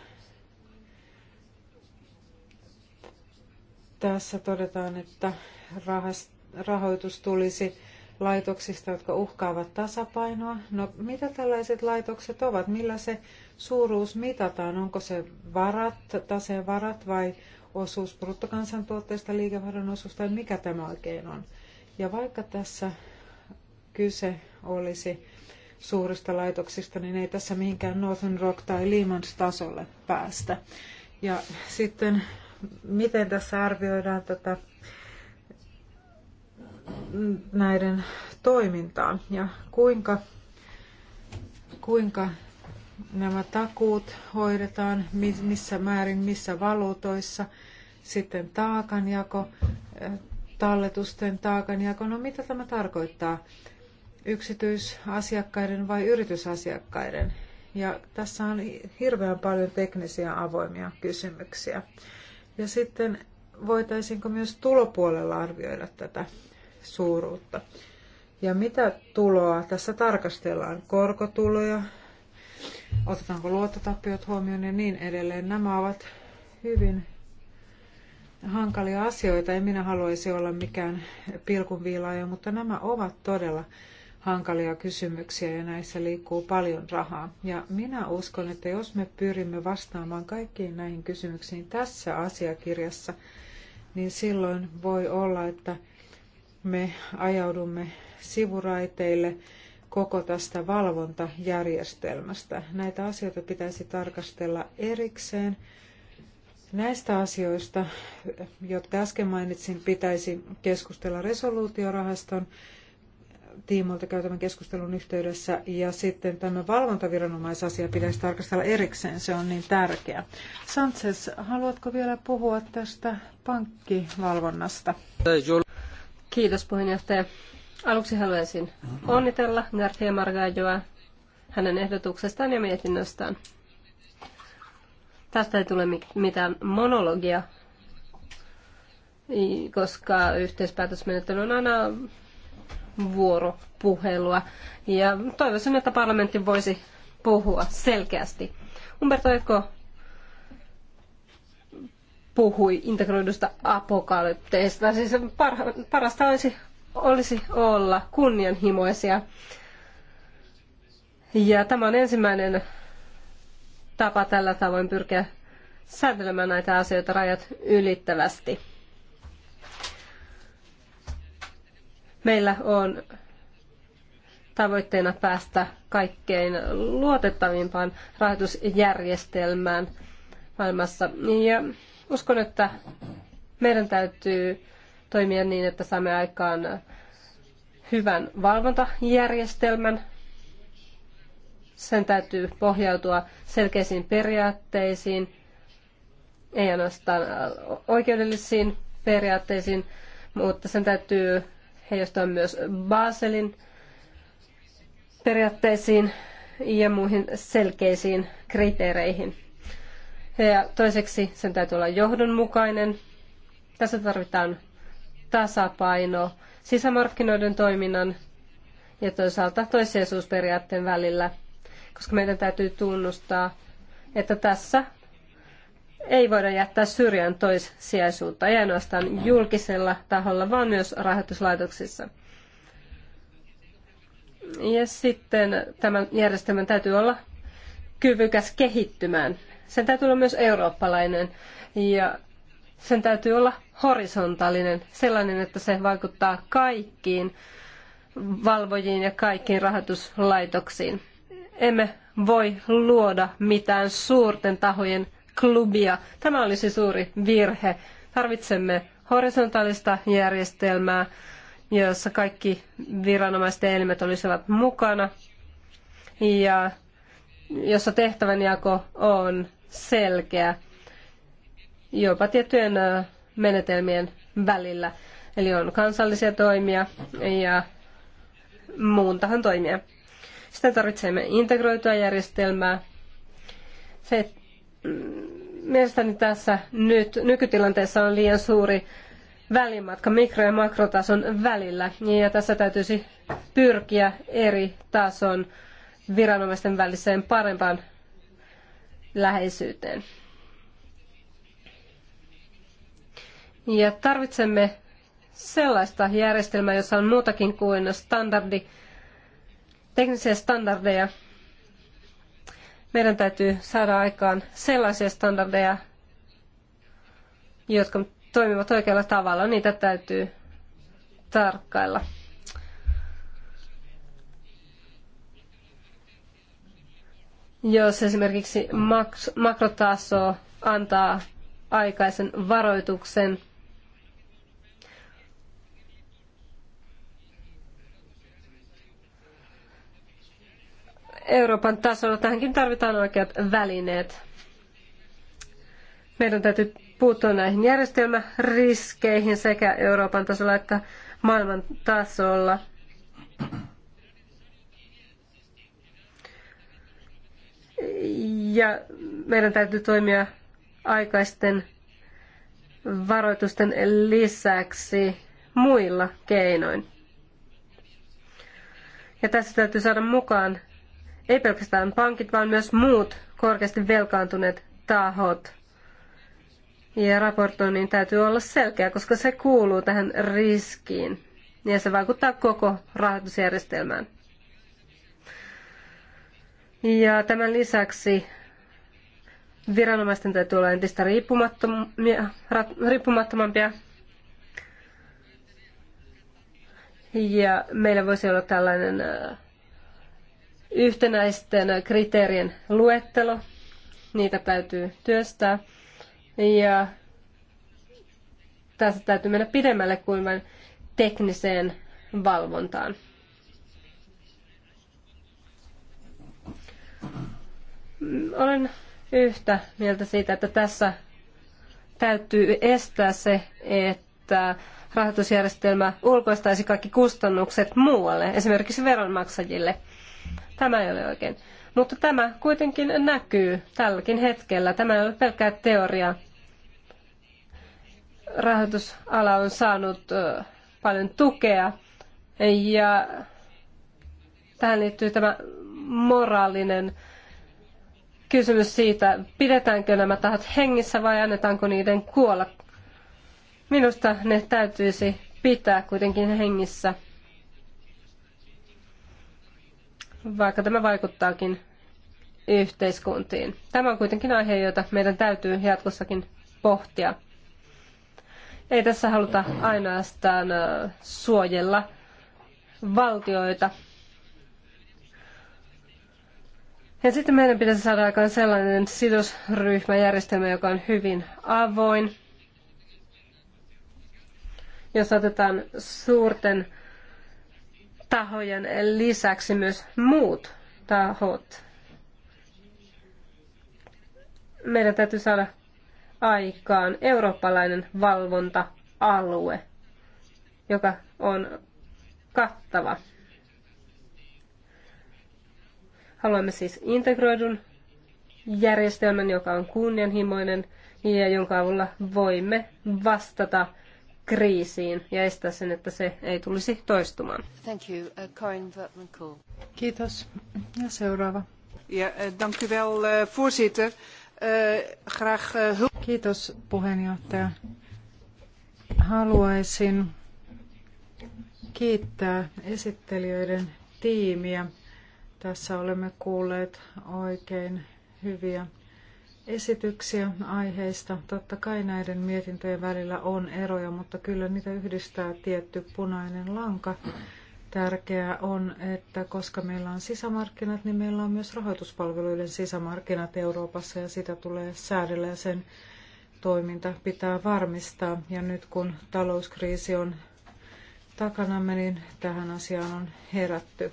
tässä todetaan, että rahoitus tulisi laitoksista, jotka uhkaavat tasapainoa. No mitä tällaiset laitokset ovat? Millä se suuruus mitataan? Onko se varat, taseen varat vai osuus bruttokansantuotteesta, liikevaihdon osuus tai mikä tämä oikein on? Ja vaikka tässä kyse olisi suurista laitoksista, niin ei tässä mihinkään Northern Rock tai Lehman tasolle päästä. Ja sitten miten tässä arvioidaan tätä näiden toimintaan ja kuinka, kuinka nämä takuut hoidetaan, missä määrin, missä valuutoissa, sitten taakanjako, talletusten taakanjako, no mitä tämä tarkoittaa yksityisasiakkaiden vai yritysasiakkaiden? Ja tässä on hirveän paljon teknisiä avoimia kysymyksiä. Ja sitten voitaisiinko myös tulopuolella arvioida tätä suuruutta. Ja mitä tuloa tässä tarkastellaan? Korkotuloja, otetaanko luottotappiot huomioon ja niin edelleen. Nämä ovat hyvin hankalia asioita. En minä haluaisi olla mikään pilkunviilaaja, mutta nämä ovat todella hankalia kysymyksiä ja näissä liikkuu paljon rahaa. Ja minä uskon, että jos me pyrimme vastaamaan kaikkiin näihin kysymyksiin tässä asiakirjassa, niin silloin voi olla, että me ajaudumme sivuraiteille koko tästä valvontajärjestelmästä. Näitä asioita pitäisi tarkastella erikseen. Näistä asioista, jotka äsken mainitsin, pitäisi keskustella resoluutiorahaston tiimoilta käytävän keskustelun yhteydessä. Ja sitten tämä valvontaviranomaisasia pitäisi tarkastella erikseen, se on niin tärkeä. Sanchez, haluatko vielä puhua tästä pankkivalvonnasta? Kiitos puheenjohtaja. Aluksi haluaisin onnitella Garcia Margalloa hänen ehdotuksestaan ja mietinnöstään. Tästä ei tule mitään monologia, koska yhteispäätösmenettely on aina vuoropuhelua. Ja toivoisin, että parlamentti voisi puhua selkeästi. Umberto Eco puhui integroidusta apokalypteesta. Siis parha, parasta olisi, olisi olla kunnianhimoisia. Ja tämä on ensimmäinen tapa tällä tavoin pyrkiä sääntelemään näitä asioita rajat ylittävästi. Meillä on tavoitteena päästä kaikkein luotettavimpaan rahoitusjärjestelmään maailmassa. Ja Uskon, että meidän täytyy toimia niin, että saamme aikaan hyvän valvontajärjestelmän. Sen täytyy pohjautua selkeisiin periaatteisiin, ei ainoastaan äh, oikeudellisiin periaatteisiin, mutta sen täytyy heijastua myös Baselin periaatteisiin ja muihin selkeisiin kriteereihin. Ja toiseksi sen täytyy olla johdonmukainen. Tässä tarvitaan tasapaino sisämarkkinoiden toiminnan ja toisaalta toissijaisuusperiaatteen välillä, koska meidän täytyy tunnustaa, että tässä ei voida jättää syrjään toissijaisuutta, ei ainoastaan julkisella taholla, vaan myös rahoituslaitoksissa. Ja sitten tämän järjestelmän täytyy olla kyvykäs kehittymään. Sen täytyy olla myös eurooppalainen ja sen täytyy olla horisontaalinen, sellainen, että se vaikuttaa kaikkiin valvojiin ja kaikkiin rahoituslaitoksiin. Emme voi luoda mitään suurten tahojen klubia. Tämä olisi suuri virhe. Tarvitsemme horisontaalista järjestelmää, jossa kaikki viranomaiset ja elimet olisivat mukana ja jossa tehtävänjako on selkeä jopa tiettyjen menetelmien välillä. Eli on kansallisia toimia ja muun tahan toimia. Sitten tarvitsemme integroitua järjestelmää. Se, mm, mielestäni tässä nyt nykytilanteessa on liian suuri välimatka mikro- ja makrotason välillä. Ja tässä täytyisi pyrkiä eri tason viranomaisten väliseen parempaan läheisyyteen. Ja tarvitsemme sellaista järjestelmää, jossa on muutakin kuin standardi, teknisiä standardeja. Meidän täytyy saada aikaan sellaisia standardeja, jotka toimivat oikealla tavalla. Niitä täytyy tarkkailla. Jos esimerkiksi makrotaso antaa aikaisen varoituksen, Euroopan tasolla tähänkin tarvitaan oikeat välineet. Meidän täytyy puuttua näihin järjestelmäriskeihin sekä Euroopan tasolla että maailman tasolla – Ja meidän täytyy toimia aikaisten varoitusten lisäksi muilla keinoin. Ja tässä täytyy saada mukaan ei pelkästään pankit, vaan myös muut korkeasti velkaantuneet tahot. Ja raportoinnin täytyy olla selkeä, koska se kuuluu tähän riskiin. Ja se vaikuttaa koko rahoitusjärjestelmään. Ja tämän lisäksi viranomaisten täytyy olla entistä riippumattomampia. Ja meillä voisi olla tällainen äh, yhtenäisten kriteerien luettelo. Niitä täytyy työstää. Ja tässä täytyy mennä pidemmälle kuin vain tekniseen valvontaan. Olen yhtä mieltä siitä, että tässä täytyy estää se, että rahoitusjärjestelmä ulkoistaisi kaikki kustannukset muualle, esimerkiksi veronmaksajille. Tämä ei ole oikein. Mutta tämä kuitenkin näkyy tälläkin hetkellä. Tämä ei ole pelkkää teoriaa. Rahoitusala on saanut paljon tukea ja tähän liittyy tämä moraalinen kysymys siitä, pidetäänkö nämä tahot hengissä vai annetaanko niiden kuolla. Minusta ne täytyisi pitää kuitenkin hengissä, vaikka tämä vaikuttaakin yhteiskuntiin. Tämä on kuitenkin aihe, jota meidän täytyy jatkossakin pohtia. Ei tässä haluta ainoastaan suojella valtioita, Ja sitten meidän pitäisi saada aikaan sellainen sidosryhmäjärjestelmä, joka on hyvin avoin, jossa otetaan suurten tahojen lisäksi myös muut tahot. Meidän täytyy saada aikaan eurooppalainen valvonta-alue, joka on kattava. Haluamme siis integroidun järjestelmän, joka on kunnianhimoinen ja jonka avulla voimme vastata kriisiin ja estää sen, että se ei tulisi toistumaan. Thank you. Uh, Corin Kiitos. Ja seuraava. Ja, uh, dank u wel, uh, voorzitter. Uh, graag uh, Kiitos puheenjohtaja. Haluaisin kiittää esittelijöiden tiimiä tässä olemme kuulleet oikein hyviä esityksiä aiheista. Totta kai näiden mietintöjen välillä on eroja, mutta kyllä niitä yhdistää tietty punainen lanka. Tärkeää on, että koska meillä on sisämarkkinat, niin meillä on myös rahoituspalveluiden sisämarkkinat Euroopassa ja sitä tulee säädellä ja sen toiminta pitää varmistaa. Ja nyt kun talouskriisi on takanamme, niin tähän asiaan on herätty.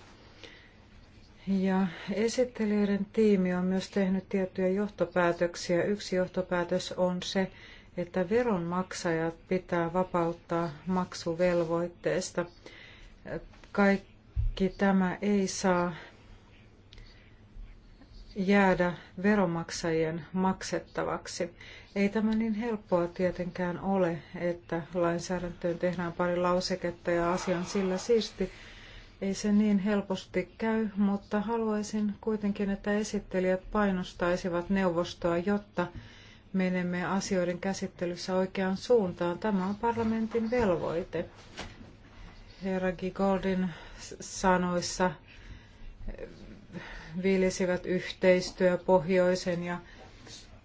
Ja esittelijöiden tiimi on myös tehnyt tiettyjä johtopäätöksiä. Yksi johtopäätös on se, että veronmaksajat pitää vapauttaa maksuvelvoitteesta. Kaikki tämä ei saa jäädä veronmaksajien maksettavaksi. Ei tämä niin helppoa tietenkään ole, että lainsäädäntöön tehdään pari lauseketta ja asian sillä siisti, ei se niin helposti käy, mutta haluaisin kuitenkin, että esittelijät painostaisivat neuvostoa, jotta menemme asioiden käsittelyssä oikeaan suuntaan. Tämä on parlamentin velvoite. Herra Goldin sanoissa viilisivät yhteistyö pohjoisen ja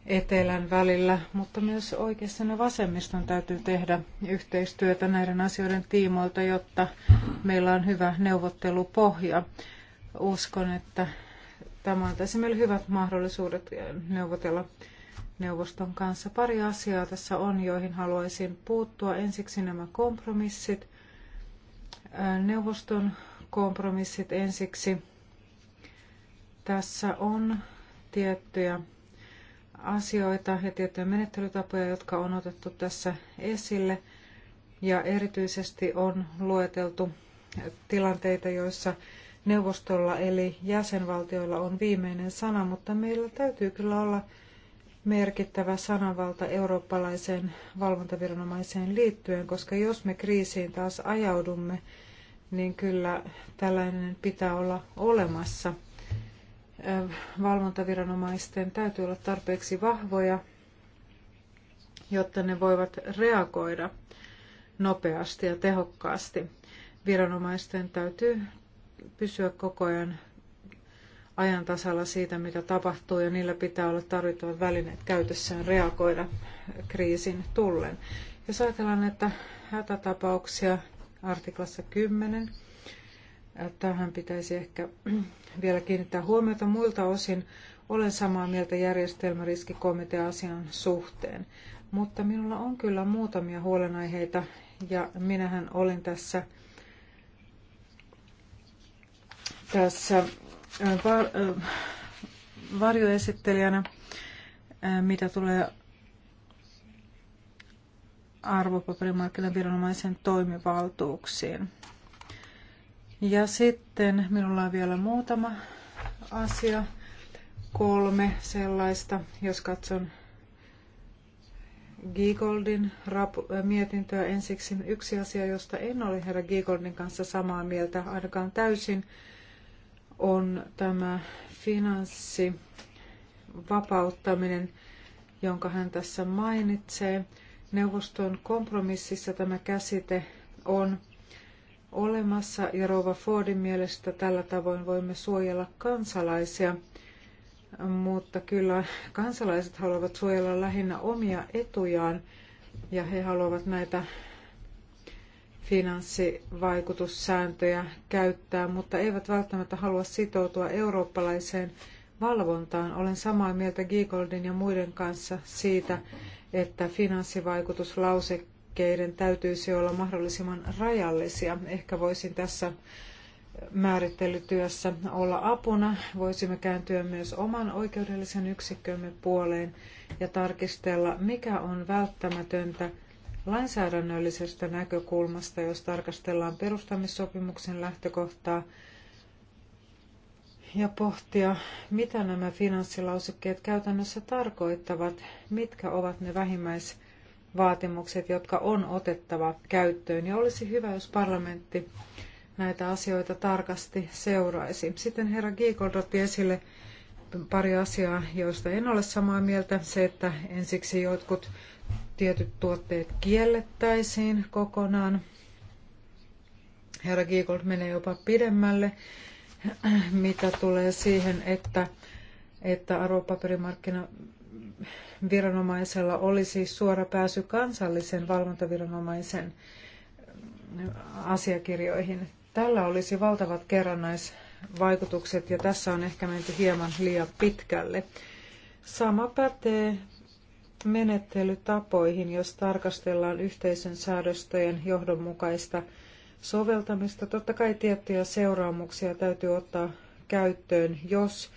etelän välillä, mutta myös oikeastaan ja vasemmiston täytyy tehdä yhteistyötä näiden asioiden tiimoilta, jotta meillä on hyvä neuvottelupohja. Uskon, että tämä antaisi meille hyvät mahdollisuudet neuvotella neuvoston kanssa. Pari asiaa tässä on, joihin haluaisin puuttua. Ensiksi nämä kompromissit. Neuvoston kompromissit ensiksi. Tässä on tiettyjä asioita ja tiettyjä menettelytapoja, jotka on otettu tässä esille. Ja erityisesti on lueteltu tilanteita, joissa neuvostolla eli jäsenvaltioilla on viimeinen sana, mutta meillä täytyy kyllä olla merkittävä sananvalta eurooppalaiseen valvontaviranomaiseen liittyen, koska jos me kriisiin taas ajaudumme, niin kyllä tällainen pitää olla olemassa – valvontaviranomaisten täytyy olla tarpeeksi vahvoja, jotta ne voivat reagoida nopeasti ja tehokkaasti. Viranomaisten täytyy pysyä koko ajan ajan tasalla siitä, mitä tapahtuu, ja niillä pitää olla tarvittavat välineet käytössään reagoida kriisin tullen. Jos ajatellaan, että hätätapauksia artiklassa 10 Tähän pitäisi ehkä vielä kiinnittää huomiota muilta osin. Olen samaa mieltä asian suhteen, mutta minulla on kyllä muutamia huolenaiheita ja minähän olin tässä, tässä var, varjoesittelijänä, mitä tulee arvopaperimarkkinaviranomaisen toimivaltuuksiin. Ja sitten minulla on vielä muutama asia, kolme sellaista, jos katson Giegoldin mietintöä ensiksi. Yksi asia, josta en ole herra Giegoldin kanssa samaa mieltä ainakaan täysin, on tämä finanssi vapauttaminen, jonka hän tässä mainitsee. Neuvoston kompromississa tämä käsite on olemassa ja Rova Fordin mielestä tällä tavoin voimme suojella kansalaisia, mutta kyllä kansalaiset haluavat suojella lähinnä omia etujaan ja he haluavat näitä finanssivaikutussääntöjä käyttää, mutta eivät välttämättä halua sitoutua eurooppalaiseen valvontaan. Olen samaa mieltä Giegoldin ja muiden kanssa siitä, että finanssivaikutuslause hankkeiden täytyisi olla mahdollisimman rajallisia. Ehkä voisin tässä määrittelytyössä olla apuna. Voisimme kääntyä myös oman oikeudellisen yksikkömme puoleen ja tarkistella, mikä on välttämätöntä lainsäädännöllisestä näkökulmasta, jos tarkastellaan perustamissopimuksen lähtökohtaa ja pohtia, mitä nämä finanssilausekkeet käytännössä tarkoittavat, mitkä ovat ne vähimmäis vaatimukset, jotka on otettava käyttöön. Ja olisi hyvä, jos parlamentti näitä asioita tarkasti seuraisi. Sitten herra Giegold otti esille pari asiaa, joista en ole samaa mieltä. Se, että ensiksi jotkut tietyt tuotteet kiellettäisiin kokonaan. Herra Giegold menee jopa pidemmälle, mitä tulee siihen, että, että arvopaperimarkkina viranomaisella olisi suora pääsy kansallisen valvontaviranomaisen asiakirjoihin. Tällä olisi valtavat kerrannaisvaikutukset ja tässä on ehkä menty hieman liian pitkälle. Sama pätee menettelytapoihin, jos tarkastellaan yhteisön säädöstöjen johdonmukaista soveltamista. Totta kai tiettyjä seuraamuksia täytyy ottaa käyttöön, jos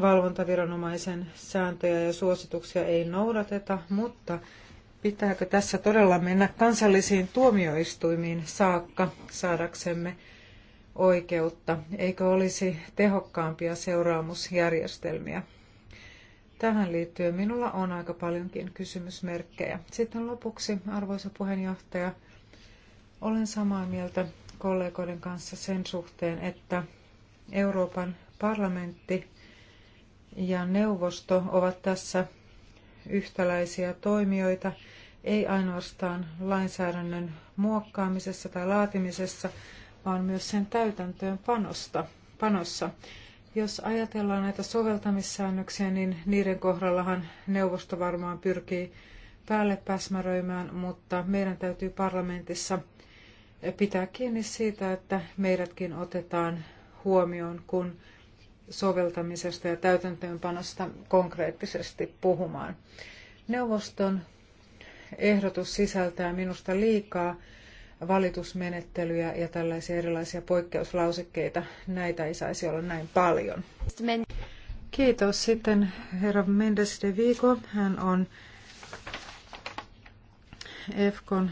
valvontaviranomaisen sääntöjä ja suosituksia ei noudateta, mutta pitääkö tässä todella mennä kansallisiin tuomioistuimiin saakka saadaksemme oikeutta? Eikö olisi tehokkaampia seuraamusjärjestelmiä? Tähän liittyen minulla on aika paljonkin kysymysmerkkejä. Sitten lopuksi, arvoisa puheenjohtaja, olen samaa mieltä kollegoiden kanssa sen suhteen, että Euroopan parlamentti ja neuvosto ovat tässä yhtäläisiä toimijoita, ei ainoastaan lainsäädännön muokkaamisessa tai laatimisessa, vaan myös sen täytäntöön panosta, panossa. Jos ajatellaan näitä soveltamissäännöksiä, niin niiden kohdallahan neuvosto varmaan pyrkii päälle päsmäröimään, mutta meidän täytyy parlamentissa pitää kiinni siitä, että meidätkin otetaan huomioon, kun soveltamisesta ja täytäntöönpanosta konkreettisesti puhumaan. Neuvoston ehdotus sisältää minusta liikaa valitusmenettelyjä ja tällaisia erilaisia poikkeuslausekkeita. Näitä ei saisi olla näin paljon. Kiitos. Sitten herra Mendes de Vigo. Hän on EFKon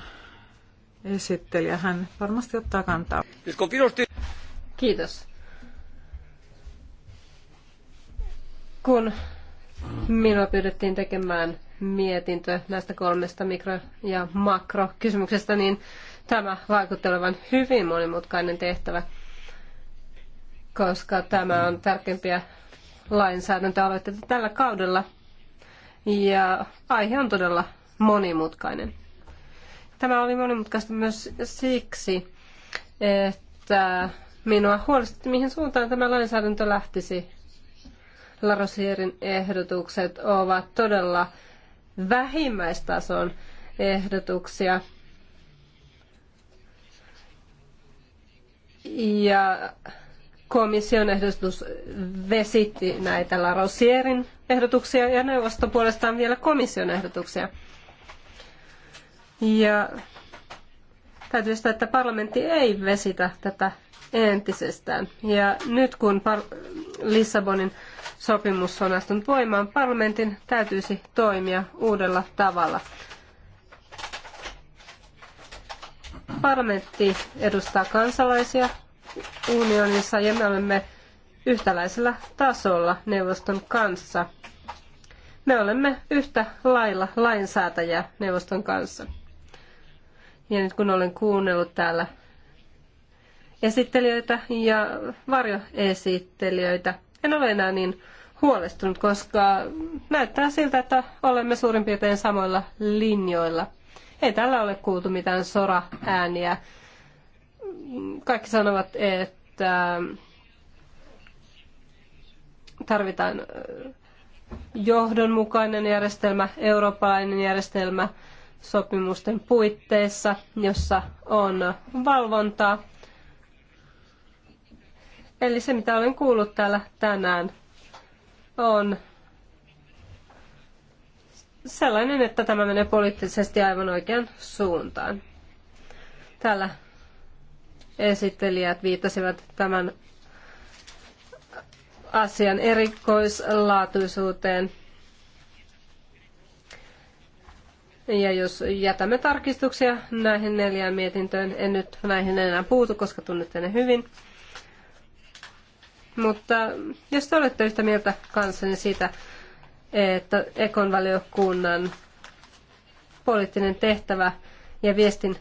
esittelijä. Hän varmasti ottaa kantaa. Kiitos. Kun minua pyydettiin tekemään mietintö näistä kolmesta mikro- ja makrokysymyksestä, niin tämä vaikutti olevan hyvin monimutkainen tehtävä, koska tämä on tärkeimpiä lainsäädäntöaloitteita tällä kaudella ja aihe on todella monimutkainen. Tämä oli monimutkaista myös siksi, että minua huolesti, mihin suuntaan tämä lainsäädäntö lähtisi Larosierin ehdotukset ovat todella vähimmäistason ehdotuksia. Ja komission ehdotus vesitti näitä Larosierin ehdotuksia ja neuvosto puolestaan vielä komission ehdotuksia. Ja täytyy sanoa, että parlamentti ei vesitä tätä entisestään. Ja nyt kun Lissabonin sopimus on astunut voimaan, parlamentin täytyisi toimia uudella tavalla. Parlamentti edustaa kansalaisia unionissa ja me olemme yhtäläisellä tasolla neuvoston kanssa. Me olemme yhtä lailla lainsäätäjä neuvoston kanssa. Ja nyt kun olen kuunnellut täällä esittelijöitä ja varjoesittelijöitä, en ole enää niin huolestunut, koska näyttää siltä, että olemme suurin piirtein samoilla linjoilla. Ei tällä ole kuultu mitään sora-ääniä. Kaikki sanovat, että tarvitaan johdonmukainen järjestelmä, eurooppalainen järjestelmä sopimusten puitteissa, jossa on valvontaa Eli se, mitä olen kuullut täällä tänään, on sellainen, että tämä menee poliittisesti aivan oikean suuntaan. Täällä esittelijät viittasivat tämän asian erikoislaatuisuuteen. Ja jos jätämme tarkistuksia näihin neljään mietintöön, en nyt näihin enää puutu, koska tunnette ne hyvin, mutta jos te olette yhtä mieltä kanssani siitä, että ekonvaliokunnan poliittinen tehtävä ja viestin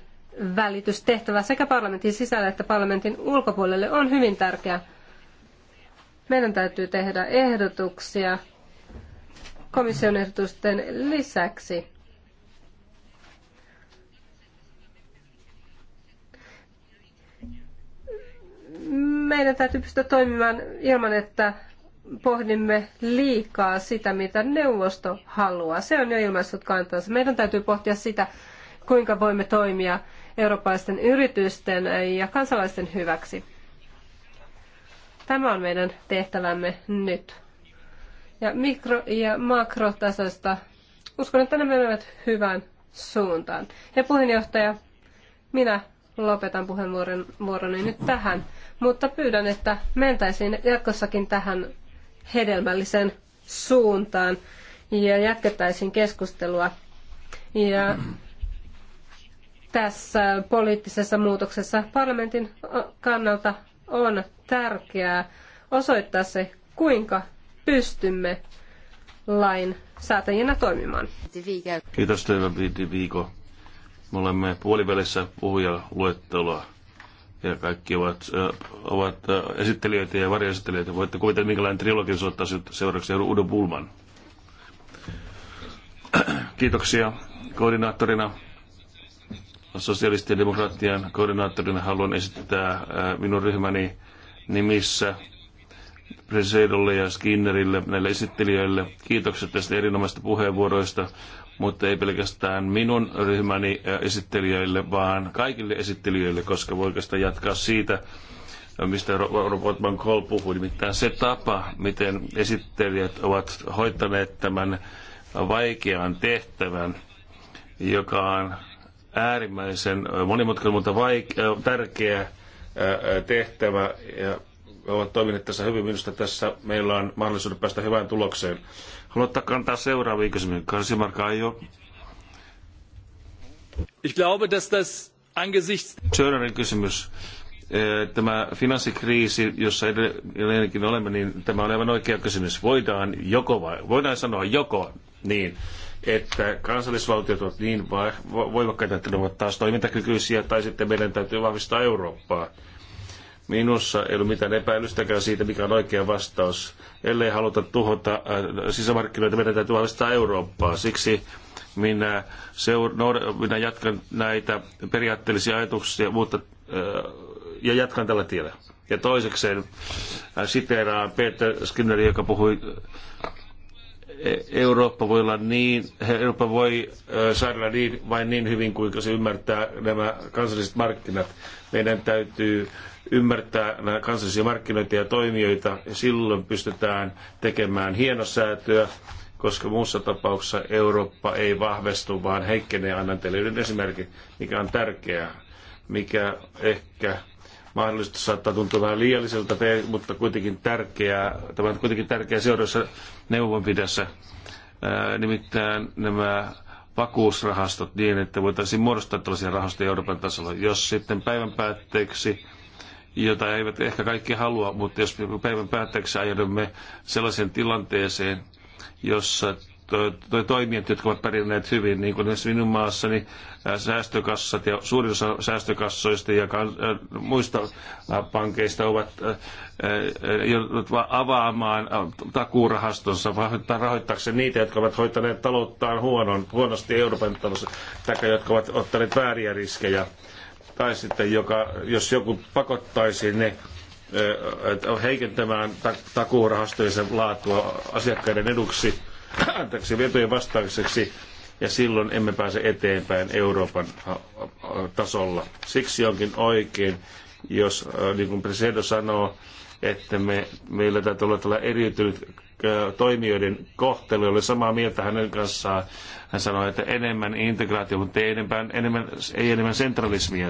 välitystehtävä sekä parlamentin sisällä että parlamentin ulkopuolelle on hyvin tärkeä. Meidän täytyy tehdä ehdotuksia komission ehdotusten lisäksi. meidän täytyy pystyä toimimaan ilman, että pohdimme liikaa sitä, mitä neuvosto haluaa. Se on jo ilmaissut kantansa. Meidän täytyy pohtia sitä, kuinka voimme toimia eurooppalaisten yritysten ja kansalaisten hyväksi. Tämä on meidän tehtävämme nyt. Ja mikro- ja makrotasosta uskon, että ne menevät hyvään suuntaan. Ja puheenjohtaja, minä lopetan puheenvuoroni nyt tähän mutta pyydän, että mentäisiin jatkossakin tähän hedelmällisen suuntaan ja jatkettaisiin keskustelua. Ja tässä poliittisessa muutoksessa parlamentin kannalta on tärkeää osoittaa se, kuinka pystymme lain säätäjinä toimimaan. Kiitos teille, Viiko. Me olemme puolivälissä puhujaluetteloa ja kaikki ovat, ovat esittelijöitä ja varjoesittelijöitä. Voitte kuvitella, minkälainen trilogi se ottaa seuraavaksi Udo Bulman. Kiitoksia koordinaattorina, sosialistien demokraattien koordinaattorina haluan esittää minun ryhmäni nimissä Presedolle ja Skinnerille, näille esittelijöille. Kiitokset tästä erinomaisesta puheenvuoroista mutta ei pelkästään minun ryhmäni esittelijöille, vaan kaikille esittelijöille, koska voi oikeastaan jatkaa siitä, mistä Robert Van Cole puhui, nimittäin se tapa, miten esittelijät ovat hoitaneet tämän vaikean tehtävän, joka on äärimmäisen monimutkainen, mutta vaike- tärkeä tehtävä. Ja ovat toimineet tässä hyvin. Minusta tässä meillä on mahdollisuus päästä hyvään tulokseen. Haluat kantaa seuraaviin kysymyksiin. Kansimar Kaijo. Ich glaube, dass das angesichts... Schönerin kysymys. Tämä finanssikriisi, jossa edelleenkin olemme, niin tämä on aivan oikea kysymys. Voidaan, joko vai, voidaan sanoa joko niin, että kansallisvaltiot ovat niin voimakkaita, että ne ovat taas toimintakykyisiä, tai sitten meidän täytyy vahvistaa Eurooppaa Minussa ei ole mitään epäilystäkään siitä, mikä on oikea vastaus. Ellei haluta tuhota äh, sisämarkkinoita, meidän täytyy vahvistaa Eurooppaa. Siksi minä, seur- no, minä jatkan näitä periaatteellisia ajatuksia mutta, äh, ja jatkan tällä tiellä. Ja toisekseen äh, siteeraan Peter Skinneri, joka puhui äh, Eurooppa voi olla niin, Eurooppa voi äh, saada niin, vain niin hyvin, kuinka se ymmärtää nämä kansalliset markkinat. Meidän täytyy ymmärtää näitä kansallisia markkinoita ja toimijoita, ja silloin pystytään tekemään hienosäätöä, koska muussa tapauksessa Eurooppa ei vahvistu, vaan heikkenee. Annan teille yhden esimerkin, mikä on tärkeää, mikä ehkä mahdollisesti saattaa tuntua vähän liialliselta, mutta kuitenkin tärkeää, tämä on kuitenkin tärkeää seuraavassa neuvonpidessä, nimittäin nämä vakuusrahastot niin, että voitaisiin muodostaa tällaisia rahastoja Euroopan tasolla. Jos sitten päivän päätteeksi jota eivät ehkä kaikki halua, mutta jos päivän päätteeksi ajaudumme sellaiseen tilanteeseen, jossa to, to, toimijat, jotka ovat pärjänneet hyvin, niin kuin esimerkiksi minun maassani säästökassat ja suurin osa säästökassoista ja kan, muista pankeista ovat äh, avaamaan äh, takuurahastonsa rahoittaakseen niitä, jotka ovat hoitaneet talouttaan huonon, huonosti Euroopan talossa, tai jotka ovat ottaneet vääriä riskejä tai sitten joka, jos joku pakottaisi ne heikentämään takuurahastojen laatua asiakkaiden eduksi, anteeksi, vetojen vastaukseksi, ja silloin emme pääse eteenpäin Euroopan tasolla. Siksi onkin oikein, jos, niin kuin Presedo sanoo, että me, meillä täytyy olla tällä eriytynyt toimijoiden kohtelu, oli samaa mieltä hänen kanssaan hän sanoi, että enemmän integraatio, mutta ei enemmän, enemmän, ei enemmän sentralismia.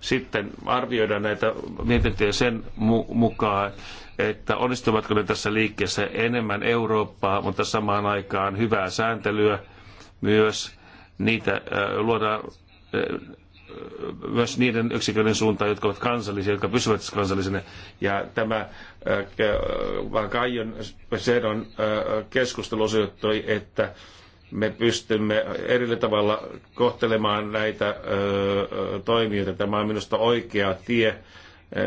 Sitten arvioidaan näitä mietintöjä sen mu- mukaan, että onnistuvatko ne tässä liikkeessä enemmän Eurooppaa, mutta samaan aikaan hyvää sääntelyä myös. Niitä äh, luodaan äh, myös niiden yksiköiden suuntaan, jotka ovat kansallisia, jotka pysyvät kansallisena. Ja tämä äh, äh Kaijon Sedon äh, keskustelu osoittoi, että me pystymme eri tavalla kohtelemaan näitä toimijoita. Tämä on minusta oikea tie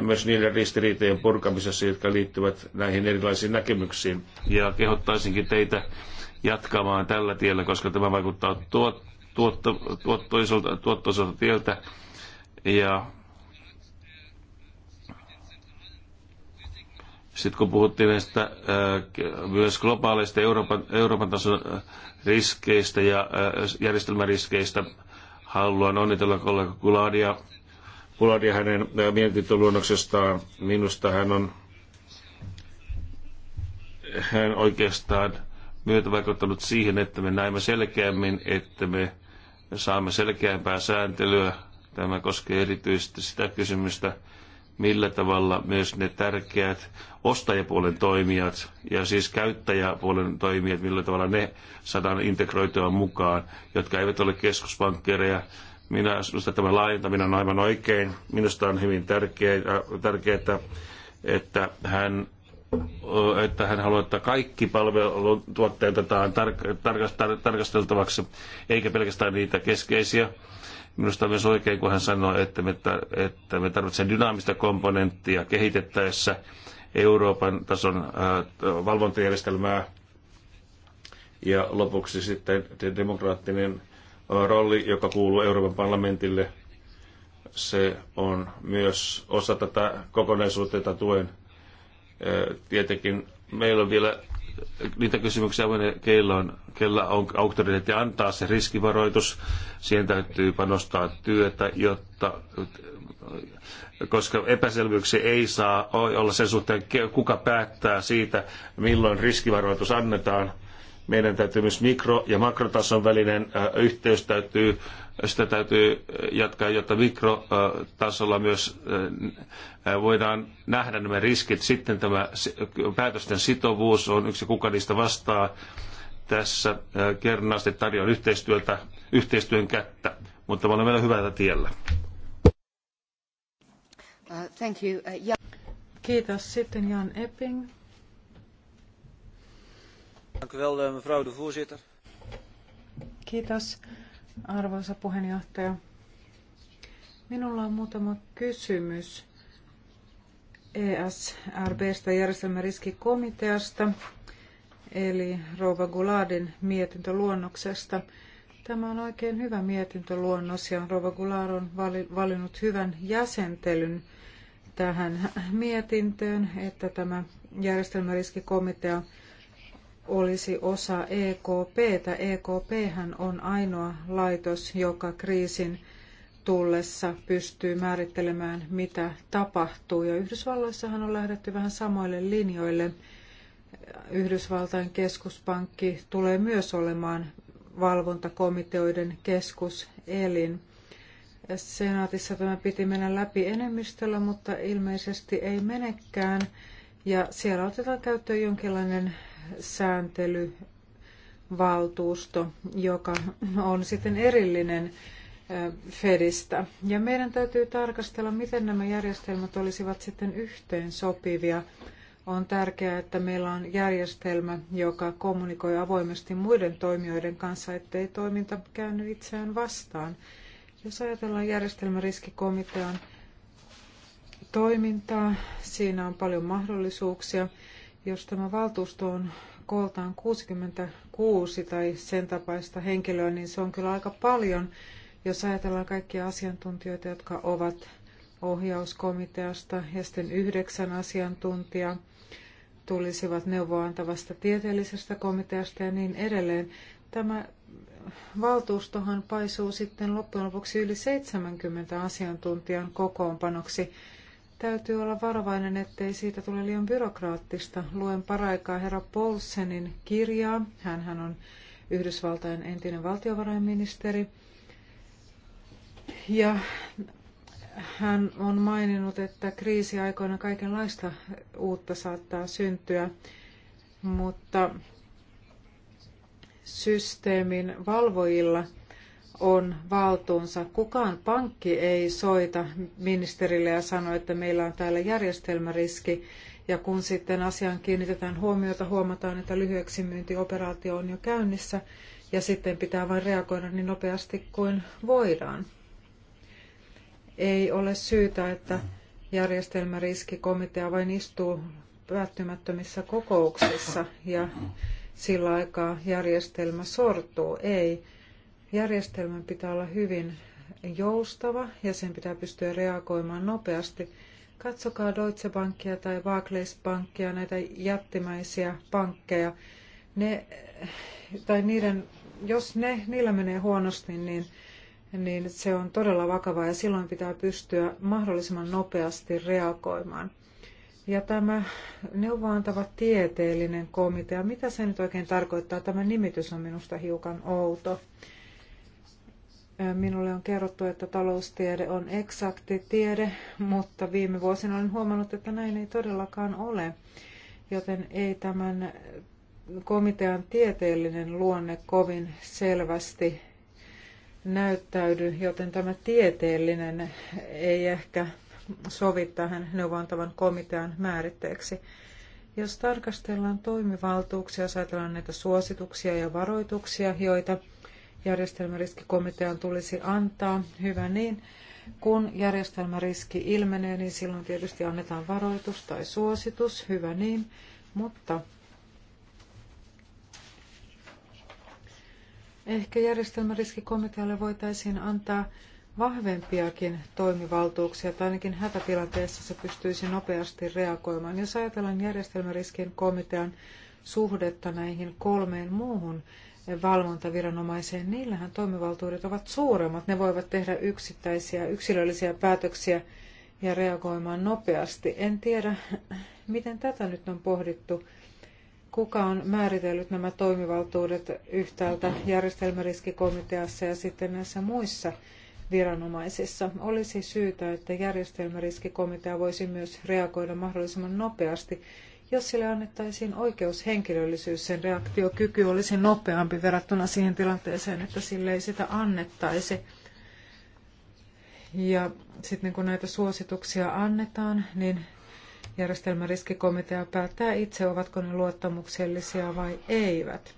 myös niiden ristiriitojen purkamisessa, jotka liittyvät näihin erilaisiin näkemyksiin. Ja kehottaisinkin teitä jatkamaan tällä tiellä, koska tämä vaikuttaa tuot, tuot, tuot, tieltä. Ja sitten kun puhuttiin näistä myös globaaleista Euroopan, Euroopan tason riskeistä ja äh, järjestelmäriskeistä. Haluan onnitella kollega Kuladia, Kuladia hänen äh, mietintöluonnoksestaan. Minusta hän on hän oikeastaan myötävaikuttanut siihen, että me näemme selkeämmin, että me saamme selkeämpää sääntelyä. Tämä koskee erityisesti sitä kysymystä, millä tavalla myös ne tärkeät ostajapuolen toimijat ja siis käyttäjäpuolen toimijat, millä tavalla ne saadaan integroitua mukaan, jotka eivät ole keskuspankkeja. Minä minusta tämä laajentaminen on aivan oikein. Minusta on hyvin äh, tärkeää, että hän että hän haluaa, että kaikki palvelutuotteet otetaan tarkasteltavaksi, eikä pelkästään niitä keskeisiä Minusta on myös oikein, kun hän sanoi, että me, että me tarvitsemme dynaamista komponenttia kehitettäessä Euroopan tason valvontajärjestelmää. Ja lopuksi sitten demokraattinen rooli, joka kuuluu Euroopan parlamentille, se on myös osa tätä kokonaisuutta, jota tuen. Tietenkin meillä on vielä niitä kysymyksiä, keillä on, kella on auktoriteetti antaa se riskivaroitus. Siihen täytyy panostaa työtä, jotta, koska epäselvyyksiä ei saa olla sen suhteen, kuka päättää siitä, milloin riskivaroitus annetaan meidän täytyy myös mikro- ja makrotason välinen yhteys täytyy, sitä täytyy jatkaa, jotta mikrotasolla myös voidaan nähdä nämä riskit. Sitten tämä päätösten sitovuus on yksi, kuka niistä vastaa. Tässä kernaasti tarjoan yhteistyötä, yhteistyön kättä, mutta me olemme vielä hyvällä tiellä. Uh, uh, Kiitos. Sitten Jan Epping. Eh, Kiitos, arvoisa puheenjohtaja. Minulla on muutama kysymys ESRBstä järjestelmäriskikomiteasta, eli Rouva Guladin mietintöluonnoksesta. Tämä on oikein hyvä mietintöluonnos ja Rouva Gulard on valinnut hyvän jäsentelyn tähän mietintöön, että tämä järjestelmäriskikomitea olisi osa EKPtä. EKPhän on ainoa laitos, joka kriisin tullessa pystyy määrittelemään, mitä tapahtuu. Ja Yhdysvalloissahan on lähdetty vähän samoille linjoille. Yhdysvaltain keskuspankki tulee myös olemaan valvontakomiteoiden keskuselin. Senaatissa tämä piti mennä läpi enemmistöllä, mutta ilmeisesti ei menekään. Ja siellä otetaan käyttöön jonkinlainen sääntelyvaltuusto, joka on sitten erillinen Fedistä. Ja meidän täytyy tarkastella, miten nämä järjestelmät olisivat sitten yhteensopivia. On tärkeää, että meillä on järjestelmä, joka kommunikoi avoimesti muiden toimijoiden kanssa, ettei toiminta käänny itseään vastaan. Jos ajatellaan järjestelmäriskikomitean toimintaa, siinä on paljon mahdollisuuksia jos tämä valtuusto on kooltaan 66 tai sen tapaista henkilöä, niin se on kyllä aika paljon, jos ajatellaan kaikkia asiantuntijoita, jotka ovat ohjauskomiteasta ja sitten yhdeksän asiantuntijaa tulisivat neuvoantavasta tieteellisestä komiteasta ja niin edelleen. Tämä valtuustohan paisuu sitten loppujen lopuksi yli 70 asiantuntijan kokoonpanoksi Täytyy olla varovainen, ettei siitä tule liian byrokraattista. Luen paraikaa herra Paulsenin kirjaa. hän on Yhdysvaltain entinen valtiovarainministeri. Ja hän on maininnut, että kriisiaikoina kaikenlaista uutta saattaa syntyä, mutta systeemin valvojilla – on valtuunsa. Kukaan pankki ei soita ministerille ja sano, että meillä on täällä järjestelmäriski. Ja kun sitten asiaan kiinnitetään huomiota, huomataan, että lyhyeksi myyntioperaatio on jo käynnissä ja sitten pitää vain reagoida niin nopeasti kuin voidaan. Ei ole syytä, että järjestelmäriskikomitea vain istuu päättymättömissä kokouksissa ja sillä aikaa järjestelmä sortuu. Ei Järjestelmän pitää olla hyvin joustava ja sen pitää pystyä reagoimaan nopeasti. Katsokaa Deutsche Bankia tai Barclays Bankia, näitä jättimäisiä pankkeja. Ne, tai niiden, jos ne, niillä menee huonosti, niin, niin se on todella vakavaa ja silloin pitää pystyä mahdollisimman nopeasti reagoimaan. Ja tämä neuvoantava tieteellinen komitea, mitä se nyt oikein tarkoittaa? Tämä nimitys on minusta hiukan outo. Minulle on kerrottu, että taloustiede on eksakti tiede, mutta viime vuosina olen huomannut, että näin ei todellakaan ole. Joten ei tämän komitean tieteellinen luonne kovin selvästi näyttäydy, joten tämä tieteellinen ei ehkä sovi tähän neuvontavan komitean määritteeksi. Jos tarkastellaan toimivaltuuksia, jos ajatellaan näitä suosituksia ja varoituksia, joita järjestelmäriskikomitean tulisi antaa. Hyvä niin. Kun järjestelmäriski ilmenee, niin silloin tietysti annetaan varoitus tai suositus. Hyvä niin. Mutta ehkä järjestelmäriskikomitealle voitaisiin antaa vahvempiakin toimivaltuuksia, tai ainakin hätätilanteessa se pystyisi nopeasti reagoimaan. Jos ajatellaan järjestelmäriskin komitean suhdetta näihin kolmeen muuhun valvontaviranomaiseen, niillähän toimivaltuudet ovat suuremmat. Ne voivat tehdä yksittäisiä, yksilöllisiä päätöksiä ja reagoimaan nopeasti. En tiedä, miten tätä nyt on pohdittu. Kuka on määritellyt nämä toimivaltuudet yhtäältä järjestelmäriskikomiteassa ja sitten näissä muissa viranomaisissa? Olisi syytä, että järjestelmäriskikomitea voisi myös reagoida mahdollisimman nopeasti jos sille annettaisiin oikeus sen reaktiokyky olisi nopeampi verrattuna siihen tilanteeseen, että sille ei sitä annettaisi. Ja sitten niin kun näitä suosituksia annetaan, niin järjestelmäriskikomitea päättää itse, ovatko ne luottamuksellisia vai eivät.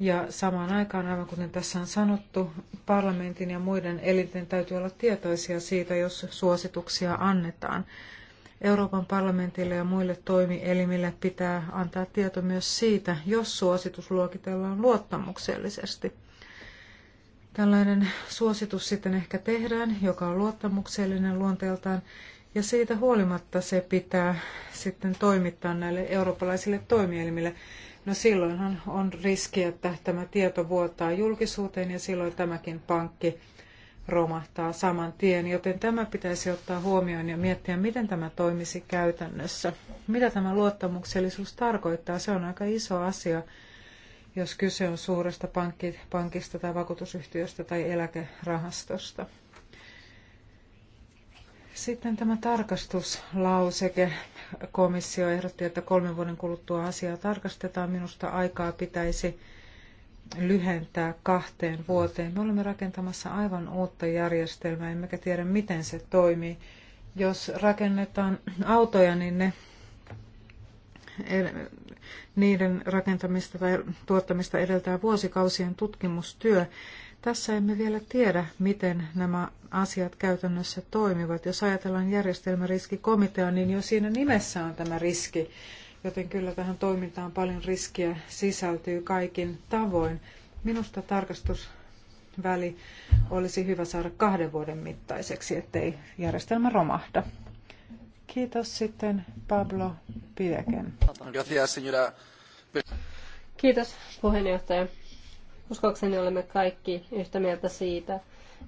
Ja samaan aikaan, aivan kuten tässä on sanottu, parlamentin ja muiden elinten täytyy olla tietoisia siitä, jos suosituksia annetaan. Euroopan parlamentille ja muille toimielimille pitää antaa tieto myös siitä, jos suositus luokitellaan luottamuksellisesti. Tällainen suositus sitten ehkä tehdään, joka on luottamuksellinen luonteeltaan, ja siitä huolimatta se pitää sitten toimittaa näille eurooppalaisille toimielimille. No silloinhan on riski, että tämä tieto vuotaa julkisuuteen ja silloin tämäkin pankki romahtaa saman tien, joten tämä pitäisi ottaa huomioon ja miettiä, miten tämä toimisi käytännössä. Mitä tämä luottamuksellisuus tarkoittaa? Se on aika iso asia, jos kyse on suuresta pankista tai vakuutusyhtiöstä tai eläkerahastosta. Sitten tämä tarkastuslauseke. Komissio ehdotti, että kolmen vuoden kuluttua asiaa tarkastetaan. Minusta aikaa pitäisi lyhentää kahteen vuoteen. Me olemme rakentamassa aivan uutta järjestelmää, emmekä tiedä miten se toimii. Jos rakennetaan autoja, niin ne, niiden rakentamista tai tuottamista edeltää vuosikausien tutkimustyö. Tässä emme vielä tiedä, miten nämä asiat käytännössä toimivat. Jos ajatellaan järjestelmäriskikomiteaa, niin jo siinä nimessä on tämä riski, joten kyllä tähän toimintaan paljon riskiä sisältyy kaikin tavoin. Minusta tarkastusväli olisi hyvä saada kahden vuoden mittaiseksi, ettei järjestelmä romahda. Kiitos sitten Pablo Pideken. Kiitos puheenjohtaja. Uskoakseni olemme kaikki yhtä mieltä siitä,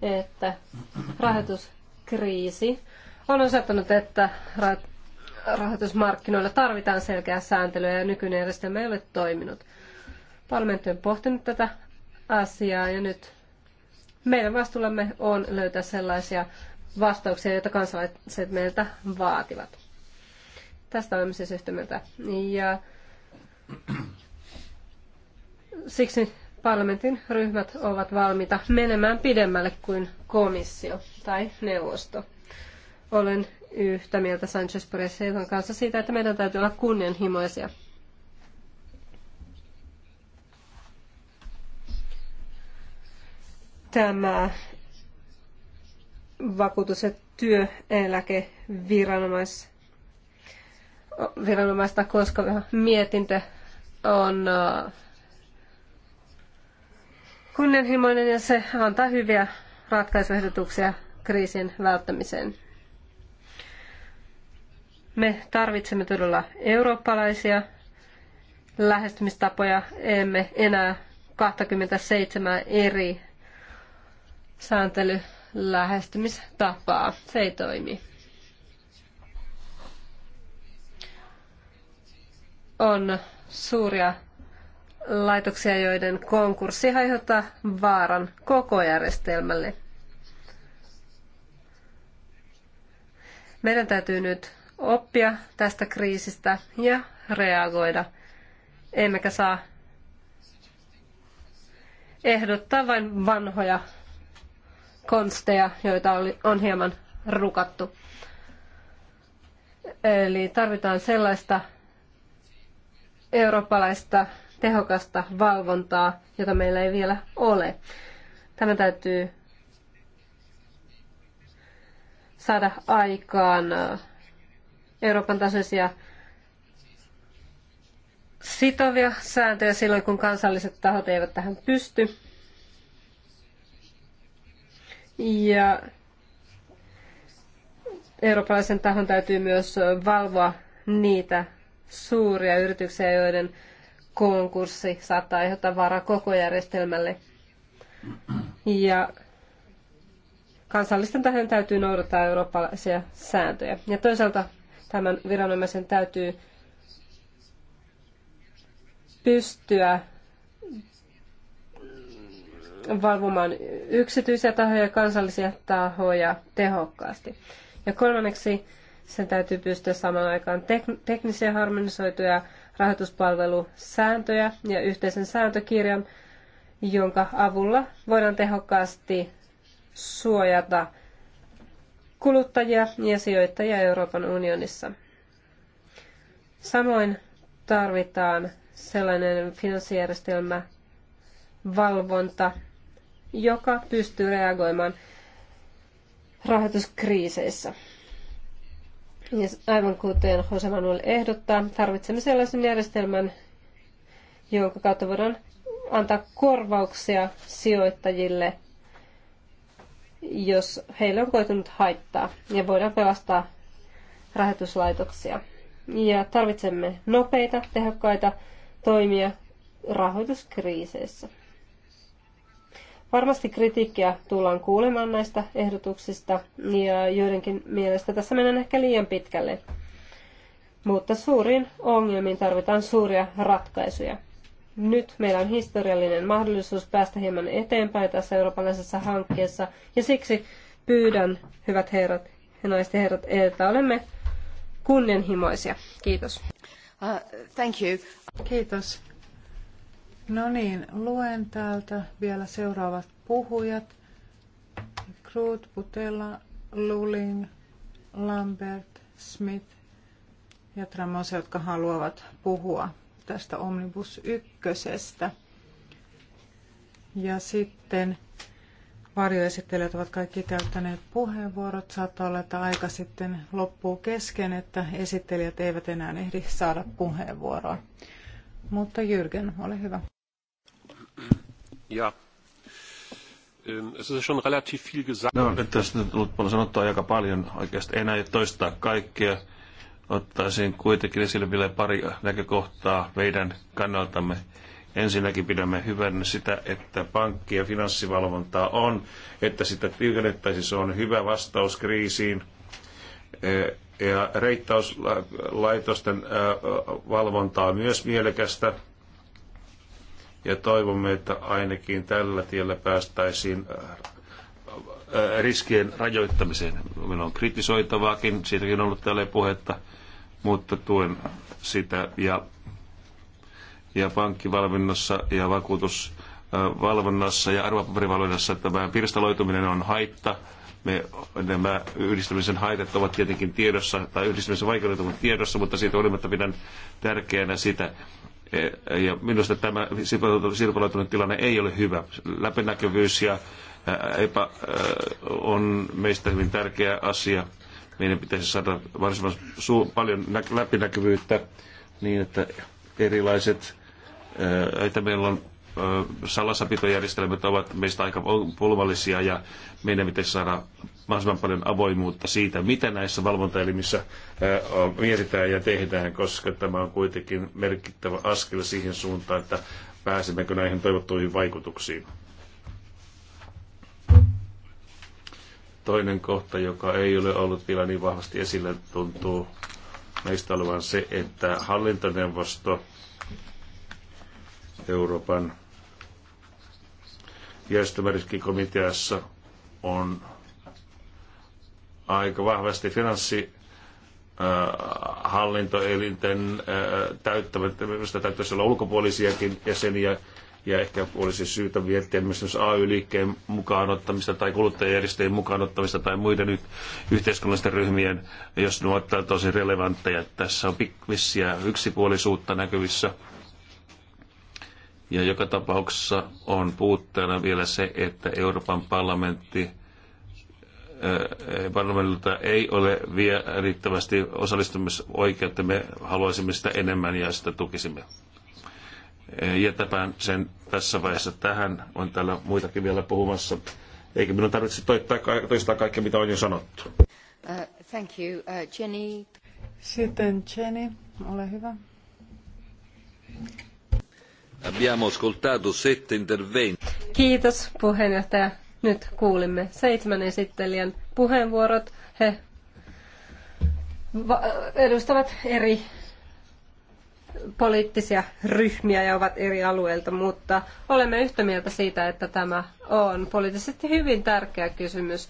että rahoituskriisi on osoittanut, että rahoitusmarkkinoilla tarvitaan selkeää sääntelyä ja nykyinen järjestelmä ei ole toiminut. Parlamentti on pohtinut tätä asiaa ja nyt meidän vastuullamme on löytää sellaisia vastauksia, joita kansalaiset meiltä vaativat. Tästä olemme siis yhtä mieltä. Ja siksi parlamentin ryhmät ovat valmiita menemään pidemmälle kuin komissio tai neuvosto. Olen yhtä mieltä Sanchez Presedon kanssa siitä, että meidän täytyy olla kunnianhimoisia. Tämä vakuutus- ja työeläkeviranomaista koskeva mietintö on äh, kunnianhimoinen ja se antaa hyviä ratkaisuehdotuksia kriisin välttämiseen. Me tarvitsemme todella eurooppalaisia lähestymistapoja, emme enää 27 eri sääntelylähestymistapaa. Se ei toimi. On suuria laitoksia, joiden konkurssi aiheuttaa vaaran koko järjestelmälle. Meidän täytyy nyt oppia tästä kriisistä ja reagoida. Emmekä saa ehdottaa vain vanhoja konsteja, joita on hieman rukattu. Eli tarvitaan sellaista eurooppalaista tehokasta valvontaa, jota meillä ei vielä ole. Tämä täytyy saada aikaan äh, Euroopan tasoisia sitovia sääntöjä silloin, kun kansalliset tahot eivät tähän pysty. Ja eurooppalaisen tahon täytyy myös valvoa niitä suuria yrityksiä, joiden konkurssi saattaa aiheuttaa vaaraa koko järjestelmälle. Ja kansallisten tahojen täytyy noudattaa eurooppalaisia sääntöjä. Ja toisaalta Tämän viranomaisen täytyy pystyä valvomaan yksityisiä tahoja ja kansallisia tahoja tehokkaasti. Ja kolmanneksi sen täytyy pystyä samaan aikaan teknisiä harmonisoituja rahoituspalvelusääntöjä ja yhteisen sääntökirjan, jonka avulla voidaan tehokkaasti suojata kuluttajia ja sijoittajia Euroopan unionissa. Samoin tarvitaan sellainen finanssijärjestelmä, valvonta, joka pystyy reagoimaan rahoituskriiseissä. Ja aivan kuten Jose Manuel ehdottaa, tarvitsemme sellaisen järjestelmän, jonka kautta voidaan antaa korvauksia sijoittajille – jos heille on koitunut haittaa ja voidaan pelastaa rahoituslaitoksia. Ja tarvitsemme nopeita, tehokkaita toimia rahoituskriiseissä. Varmasti kritiikkiä tullaan kuulemaan näistä ehdotuksista ja joidenkin mielestä tässä mennään ehkä liian pitkälle. Mutta suuriin ongelmiin tarvitaan suuria ratkaisuja. Nyt meillä on historiallinen mahdollisuus päästä hieman eteenpäin tässä eurooppalaisessa hankkeessa ja siksi pyydän, hyvät herrat ja naiset herrat, että olemme kunnianhimoisia. Kiitos. Uh, thank you. Kiitos. No niin, luen täältä vielä seuraavat puhujat. Kruut, Putella, Luling, Lambert, Smith ja Tramose, jotka haluavat puhua tästä Omnibus ykkösestä. Ja sitten varjoesittelijät ovat kaikki käyttäneet puheenvuorot. Saattaa olla, että aika sitten loppuu kesken, että esittelijät eivät enää ehdi saada puheenvuoroa. Mutta Jürgen, ole hyvä. Ja. Ähm, no, tässä on ollut paljon sanottua aika paljon. Oikeastaan enää ei toistaa kaikkea ottaisin kuitenkin esille vielä pari näkökohtaa meidän kannaltamme. Ensinnäkin pidämme hyvänä sitä, että pankki- ja finanssivalvontaa on, että sitä tiukennettaisiin. Se on hyvä vastaus kriisiin. E, ja reittauslaitosten e, valvontaa on myös mielekästä. Ja toivomme, että ainakin tällä tiellä päästäisiin e, riskien rajoittamiseen. Meillä on kritisoitavaakin, siitäkin on ollut täällä puhetta mutta tuen sitä ja, ja pankkivalvonnassa ja vakuutusvalvonnassa ja arvopaperivalvonnassa tämä pirstaloituminen on haitta. Me, nämä yhdistämisen haitat ovat tietenkin tiedossa, tai yhdistämisen vaikeudet ovat tiedossa, mutta siitä olimatta pidän tärkeänä sitä, ja minusta tämä sirpaloitunut tilanne ei ole hyvä. Läpinäkyvyys ja epä, on meistä hyvin tärkeä asia meidän pitäisi saada varsinkin paljon läpinäkyvyyttä niin, että erilaiset, että meillä on salasapitojärjestelmät ovat meistä aika pulmallisia ja meidän pitäisi saada mahdollisimman paljon avoimuutta siitä, mitä näissä valvontaelimissä mietitään ja tehdään, koska tämä on kuitenkin merkittävä askel siihen suuntaan, että pääsemmekö näihin toivottuihin vaikutuksiin. Toinen kohta, joka ei ole ollut vielä niin vahvasti esillä, tuntuu meistä olevan se, että hallintoneuvosto Euroopan järjestelmäriskikomiteassa on aika vahvasti finanssi äh, hallintoelinten äh, täyttämättä, täyttäisi olla ulkopuolisiakin jäseniä, ja ehkä olisi syytä miettiä myös AY-liikkeen mukaanottamista tai kuluttajajärjestöjen mukaanottamista tai muiden yhteiskunnallisten ryhmien, jos ne ovat tosi relevantteja. Tässä on pikvissiä yksipuolisuutta näkyvissä. Ja joka tapauksessa on puutteena vielä se, että Euroopan parlamentti äh, parlamentilta ei ole vielä riittävästi osallistumisoikeutta. Me haluaisimme sitä enemmän ja sitä tukisimme. Eh, jätäpään sen tässä vaiheessa tähän. On täällä muitakin vielä puhumassa. Eikä minun tarvitse toistaa kaikkea, mitä on jo sanottu. Uh, thank you. Uh, Jenny. Sitten Jenny, ole hyvä. Abbiamo ascoltato sette interventi. Kiitos puheenjohtaja. Nyt kuulimme seitsemän esittelijän puheenvuorot. He edustavat eri poliittisia ryhmiä ja ovat eri alueilta, mutta olemme yhtä mieltä siitä, että tämä on poliittisesti hyvin tärkeä kysymys.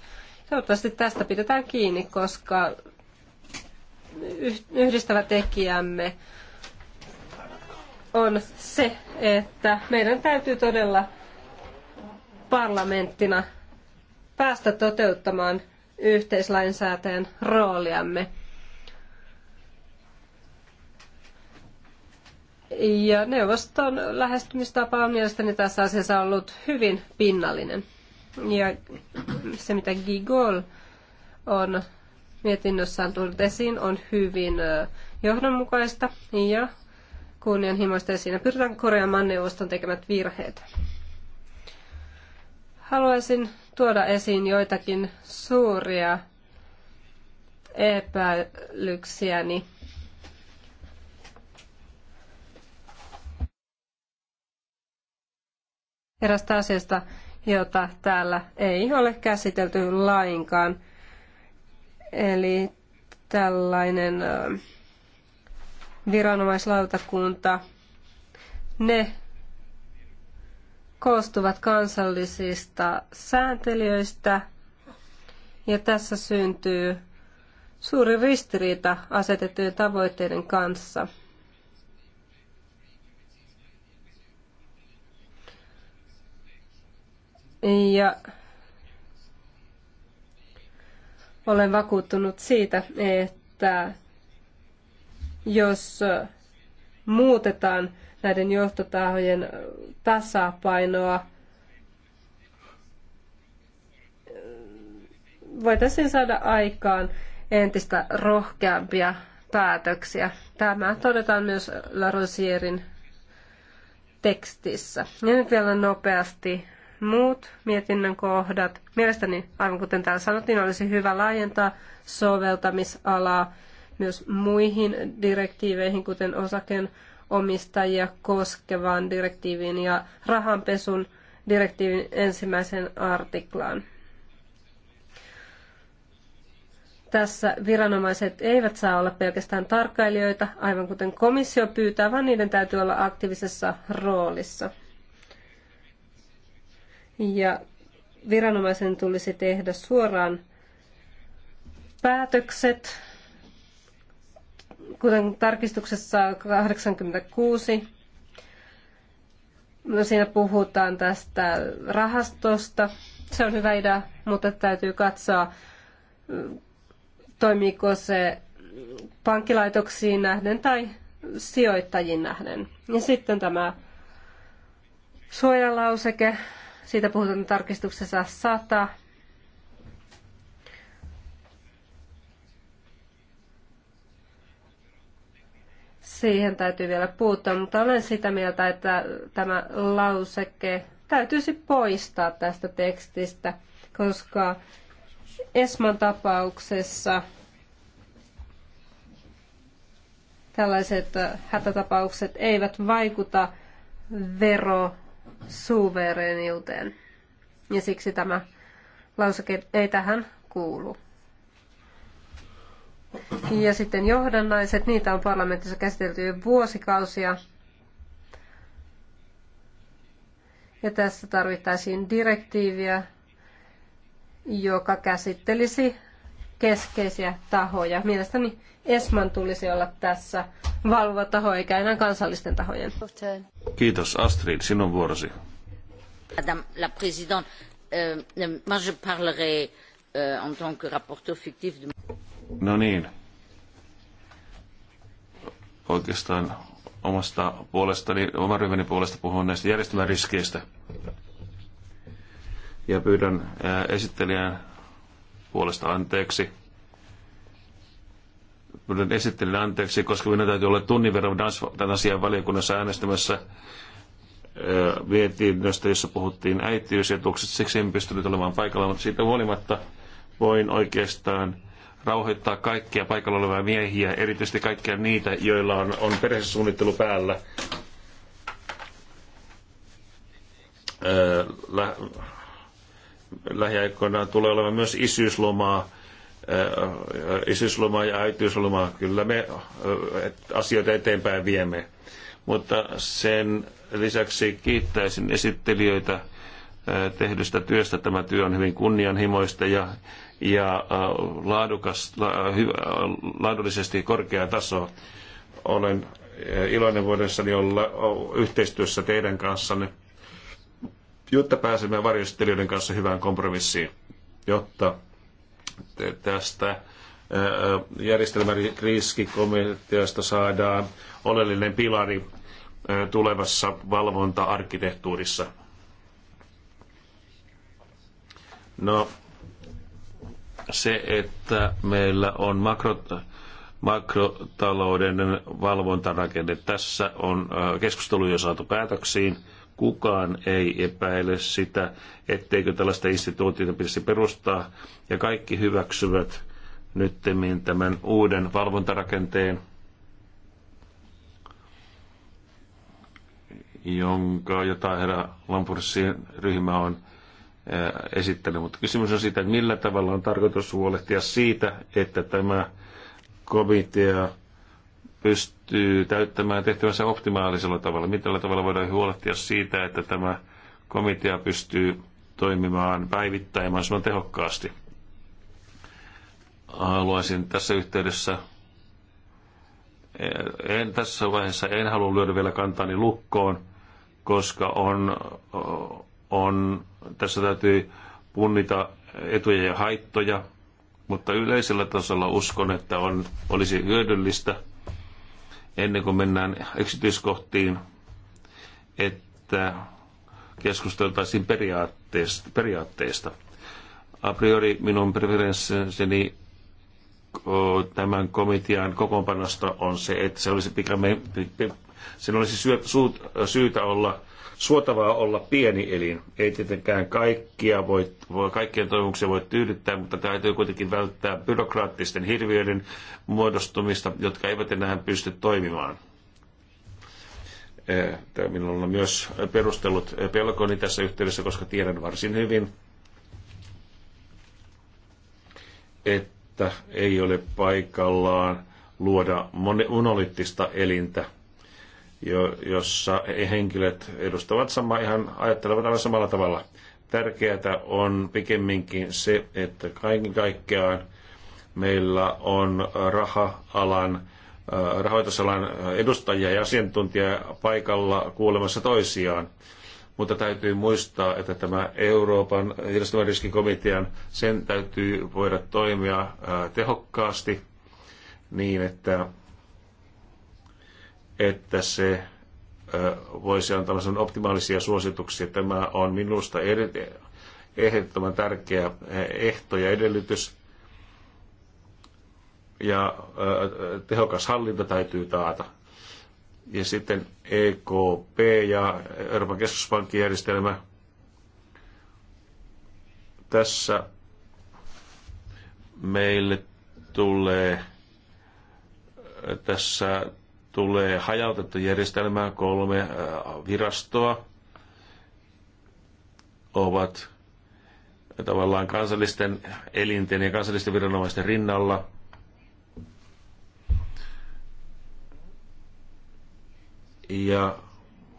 Toivottavasti tästä pidetään kiinni, koska yhdistävä tekijämme on se, että meidän täytyy todella parlamenttina päästä toteuttamaan yhteislainsäätäjän rooliamme. Ja neuvoston lähestymistapa on mielestäni tässä asiassa ollut hyvin pinnallinen. Ja se, mitä Gigol on mietinnössään tullut esiin, on hyvin johdonmukaista ja kunnianhimoista ja siinä pyritään korjaamaan neuvoston tekemät virheet. Haluaisin tuoda esiin joitakin suuria epäilyksiäni. Niin erästä asiasta, jota täällä ei ole käsitelty lainkaan. Eli tällainen viranomaislautakunta, ne koostuvat kansallisista sääntelijöistä ja tässä syntyy suuri ristiriita asetettujen tavoitteiden kanssa – Ja olen vakuuttunut siitä, että jos muutetaan näiden johtotahojen tasapainoa, voitaisiin saada aikaan entistä rohkeampia päätöksiä. Tämä todetaan myös La Rosierin tekstissä. Ja nyt vielä nopeasti muut mietinnön kohdat. Mielestäni, aivan kuten täällä sanottiin, olisi hyvä laajentaa soveltamisalaa myös muihin direktiiveihin, kuten osaken omistajia koskevaan direktiiviin ja rahanpesun direktiivin ensimmäisen artiklaan. Tässä viranomaiset eivät saa olla pelkästään tarkkailijoita, aivan kuten komissio pyytää, vaan niiden täytyy olla aktiivisessa roolissa ja viranomaisen tulisi tehdä suoraan päätökset, kuten tarkistuksessa 86. No siinä puhutaan tästä rahastosta. Se on hyvä idea, mutta täytyy katsoa, toimiiko se pankkilaitoksiin nähden tai sijoittajiin nähden. Ja sitten tämä suojalauseke siitä puhutaan tarkistuksessa 100. Siihen täytyy vielä puuttua, mutta olen sitä mieltä, että tämä lauseke täytyisi poistaa tästä tekstistä, koska Esman tapauksessa tällaiset hätätapaukset eivät vaikuta vero suvereniuteen. Ja siksi tämä lauseke ei tähän kuulu. Ja sitten johdannaiset, niitä on parlamentissa käsitelty jo vuosikausia. Ja tässä tarvittaisiin direktiiviä, joka käsittelisi keskeisiä tahoja. Mielestäni ESMAN tulisi olla tässä valvova taho, eikä enää kansallisten tahojen. Kiitos Astrid, sinun vuorosi. Madame la Présidente, euh, euh, moi je parlerai euh, en tant que rapporteur fictif de... No niin. Oikeastaan omasta puolestani, oman ryhmäni puolesta puhun näistä järjestelmäriskeistä. Ja pyydän esittelijän puolesta anteeksi. Pyydän esittelen anteeksi, koska minä täytyy olla tunnin verran tämän asian valiokunnassa äänestämässä öö, mietinnöstä, jossa puhuttiin äitiysetuuksista. Siksi en pystynyt olemaan paikalla, mutta siitä huolimatta voin oikeastaan rauhoittaa kaikkia paikalla olevia miehiä, erityisesti kaikkia niitä, joilla on, on perhesuunnittelu päällä. Öö, lä- lähiaikoinaan tulee olemaan myös isyyslomaa, äh, isyyslomaa ja äitiyslomaa. Kyllä me äh, asioita eteenpäin viemme. Mutta sen lisäksi kiittäisin esittelijöitä äh, tehdystä työstä. Tämä työ on hyvin kunnianhimoista ja, ja laadukas, la, hyvä, laadullisesti korkea taso. Olen iloinen voidessani olla yhteistyössä teidän kanssanne jotta pääsemme varjostelijoiden kanssa hyvään kompromissiin, jotta tästä järjestelmäriskikomiteasta saadaan oleellinen pilari tulevassa valvonta-arkkitehtuurissa. No, se, että meillä on makro, makrotalouden valvontarakenne. Tässä on keskustelu jo saatu päätöksiin Kukaan ei epäile sitä, etteikö tällaista instituutiota pitäisi perustaa, ja kaikki hyväksyvät nyttemmin tämän uuden valvontarakenteen, jonka, jota herra Lampurssin ryhmä on äh, esittänyt. Mutta kysymys on siitä, että millä tavalla on tarkoitus huolehtia siitä, että tämä komitea pystyy täyttämään tehtävänsä optimaalisella tavalla? Millä tavalla voidaan huolehtia siitä, että tämä komitea pystyy toimimaan päivittäin mahdollisimman tehokkaasti? Haluaisin tässä yhteydessä, en tässä vaiheessa en halua lyödä vielä kantaani lukkoon, koska on, on, tässä täytyy punnita etuja ja haittoja, mutta yleisellä tasolla uskon, että on, olisi hyödyllistä – ennen kuin mennään yksityiskohtiin, että keskusteltaisiin periaatteista. periaatteista. A priori minun preferenssini tämän komitean kokoonpanosta on se, että se olisi pikamme, sen olisi syytä olla suotavaa olla pieni elin. Ei tietenkään kaikkia voi, voi kaikkien toivomuksia voi tyydyttää, mutta täytyy kuitenkin välttää byrokraattisten hirviöiden muodostumista, jotka eivät enää pysty toimimaan. Eh, minulla on myös perustellut pelkoni tässä yhteydessä, koska tiedän varsin hyvin, että ei ole paikallaan luoda monoliittista elintä – jo, jossa henkilöt edustavat sama, ihan ajattelevat aivan samalla tavalla. Tärkeää on pikemminkin se, että kaiken kaikkiaan meillä on raha-alan, äh, rahoitusalan edustajia ja asiantuntija paikalla kuulemassa toisiaan. Mutta täytyy muistaa, että tämä Euroopan ilmastoriskikomitean, sen täytyy voida toimia äh, tehokkaasti niin, että että se voisi antaa sen optimaalisia suosituksia. Tämä on minusta ehdottoman tärkeä e, ehto ja edellytys. Ja tehokas hallinta täytyy taata. Ja sitten EKP ja Euroopan keskuspankkijärjestelmä. Tässä meille tulee tässä tulee hajautettu järjestelmää, kolme äh, virastoa ovat tavallaan kansallisten elinten ja kansallisten viranomaisten rinnalla. Ja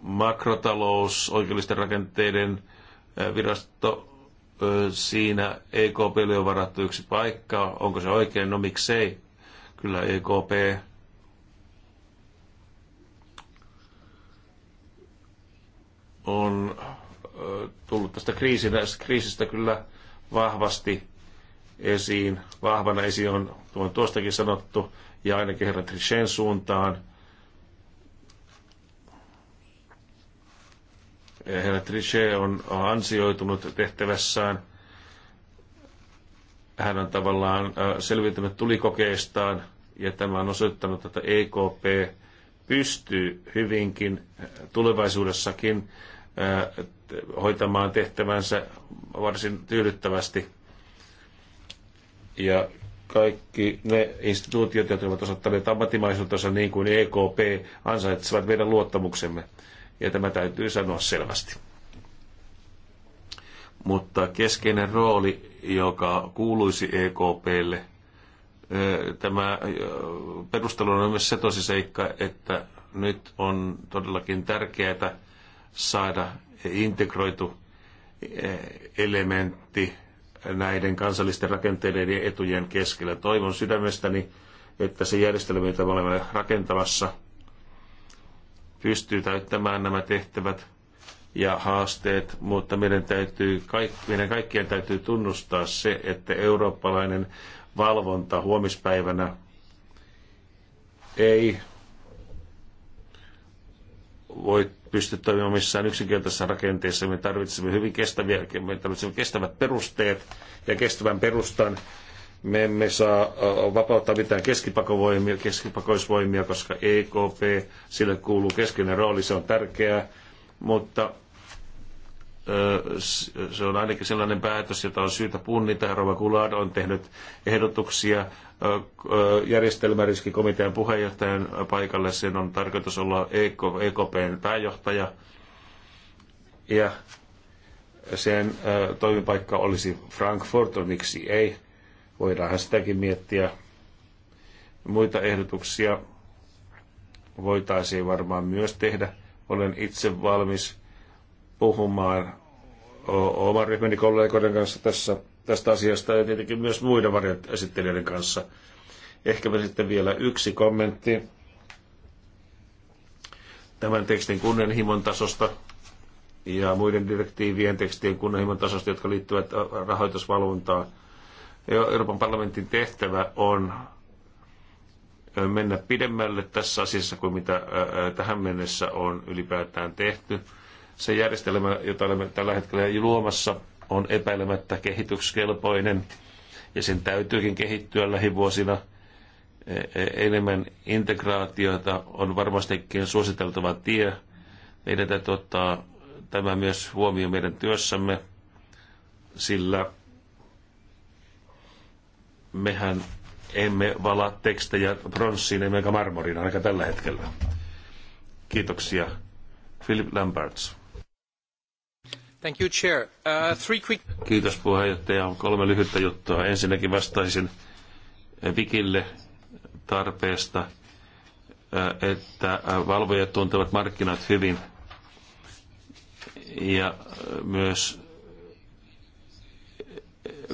makrotalous, oikeudellisten rakenteiden äh, virasto, siinä EKP on varattu yksi paikka. Onko se oikein? No miksei. Kyllä EKP on tullut tästä kriisistä, kyllä vahvasti esiin. Vahvana esiin on, on tuostakin sanottu, ja ainakin herra Trichen suuntaan. Herra Trichet on ansioitunut tehtävässään. Hän on tavallaan selvittänyt tulikokeistaan, ja tämä on osoittanut, että EKP pystyy hyvinkin tulevaisuudessakin hoitamaan tehtävänsä varsin tyydyttävästi. Ja kaikki ne instituutiot, jotka ovat osoittaneet ammattimaisuutensa niin kuin EKP, ansaitsevat meidän luottamuksemme. Ja tämä täytyy sanoa selvästi. Mutta keskeinen rooli, joka kuuluisi EKPlle, tämä perustelu on myös se tosiseikka, että nyt on todellakin tärkeää, saada integroitu eh, elementti näiden kansallisten rakenteiden ja etujen keskellä. Toivon sydämestäni, että se järjestelmä, jota me olemme rakentamassa, pystyy täyttämään nämä tehtävät ja haasteet, mutta meidän, täytyy, meidän kaikkien täytyy tunnustaa se, että eurooppalainen valvonta huomispäivänä ei voi pystyä toimimaan missään yksinkertaisessa rakenteessa. Me tarvitsemme hyvin kestäviä, me tarvitsemme kestävät perusteet ja kestävän perustan. Me emme saa vapauttaa mitään keskipakovoimia, keskipakoisvoimia, koska EKP, sille kuuluu keskeinen rooli, se on tärkeää, mutta se on ainakin sellainen päätös, jota on syytä punnita. Rova Kulad on tehnyt ehdotuksia järjestelmäriskikomitean puheenjohtajan paikalle. Sen on tarkoitus olla EKPn e pääjohtaja. Ja sen toimipaikka olisi Frankfurt, no miksi ei. Voidaan sitäkin miettiä. Muita ehdotuksia voitaisiin varmaan myös tehdä. Olen itse valmis puhumaan oman ryhmäni kollegoiden kanssa tässä tästä asiasta ja tietenkin myös muiden varjoesittelijöiden kanssa. Ehkäpä sitten vielä yksi kommentti tämän tekstin kunnianhimon tasosta ja muiden direktiivien tekstien kunnianhimon tasosta, jotka liittyvät rahoitusvalvontaan. Euroopan parlamentin tehtävä on mennä pidemmälle tässä asiassa kuin mitä tähän mennessä on ylipäätään tehty. Se järjestelmä, jota olemme tällä hetkellä luomassa, on epäilemättä kehityskelpoinen ja sen täytyykin kehittyä lähivuosina. E, e, enemmän integraatiota on varmastikin suositeltava tie. Meidän täytyy ottaa tämä myös huomio meidän työssämme, sillä mehän emme vala tekstejä bronssiin emmekä marmoriin ainakaan tällä hetkellä. Kiitoksia. Philip Lamberts. Thank you, Chair. Uh, three quick... Kiitos puheenjohtaja. Kolme lyhyttä juttua. Ensinnäkin vastaisin eh, Vikille tarpeesta, eh, että eh, valvojat tuntevat markkinat hyvin ja myös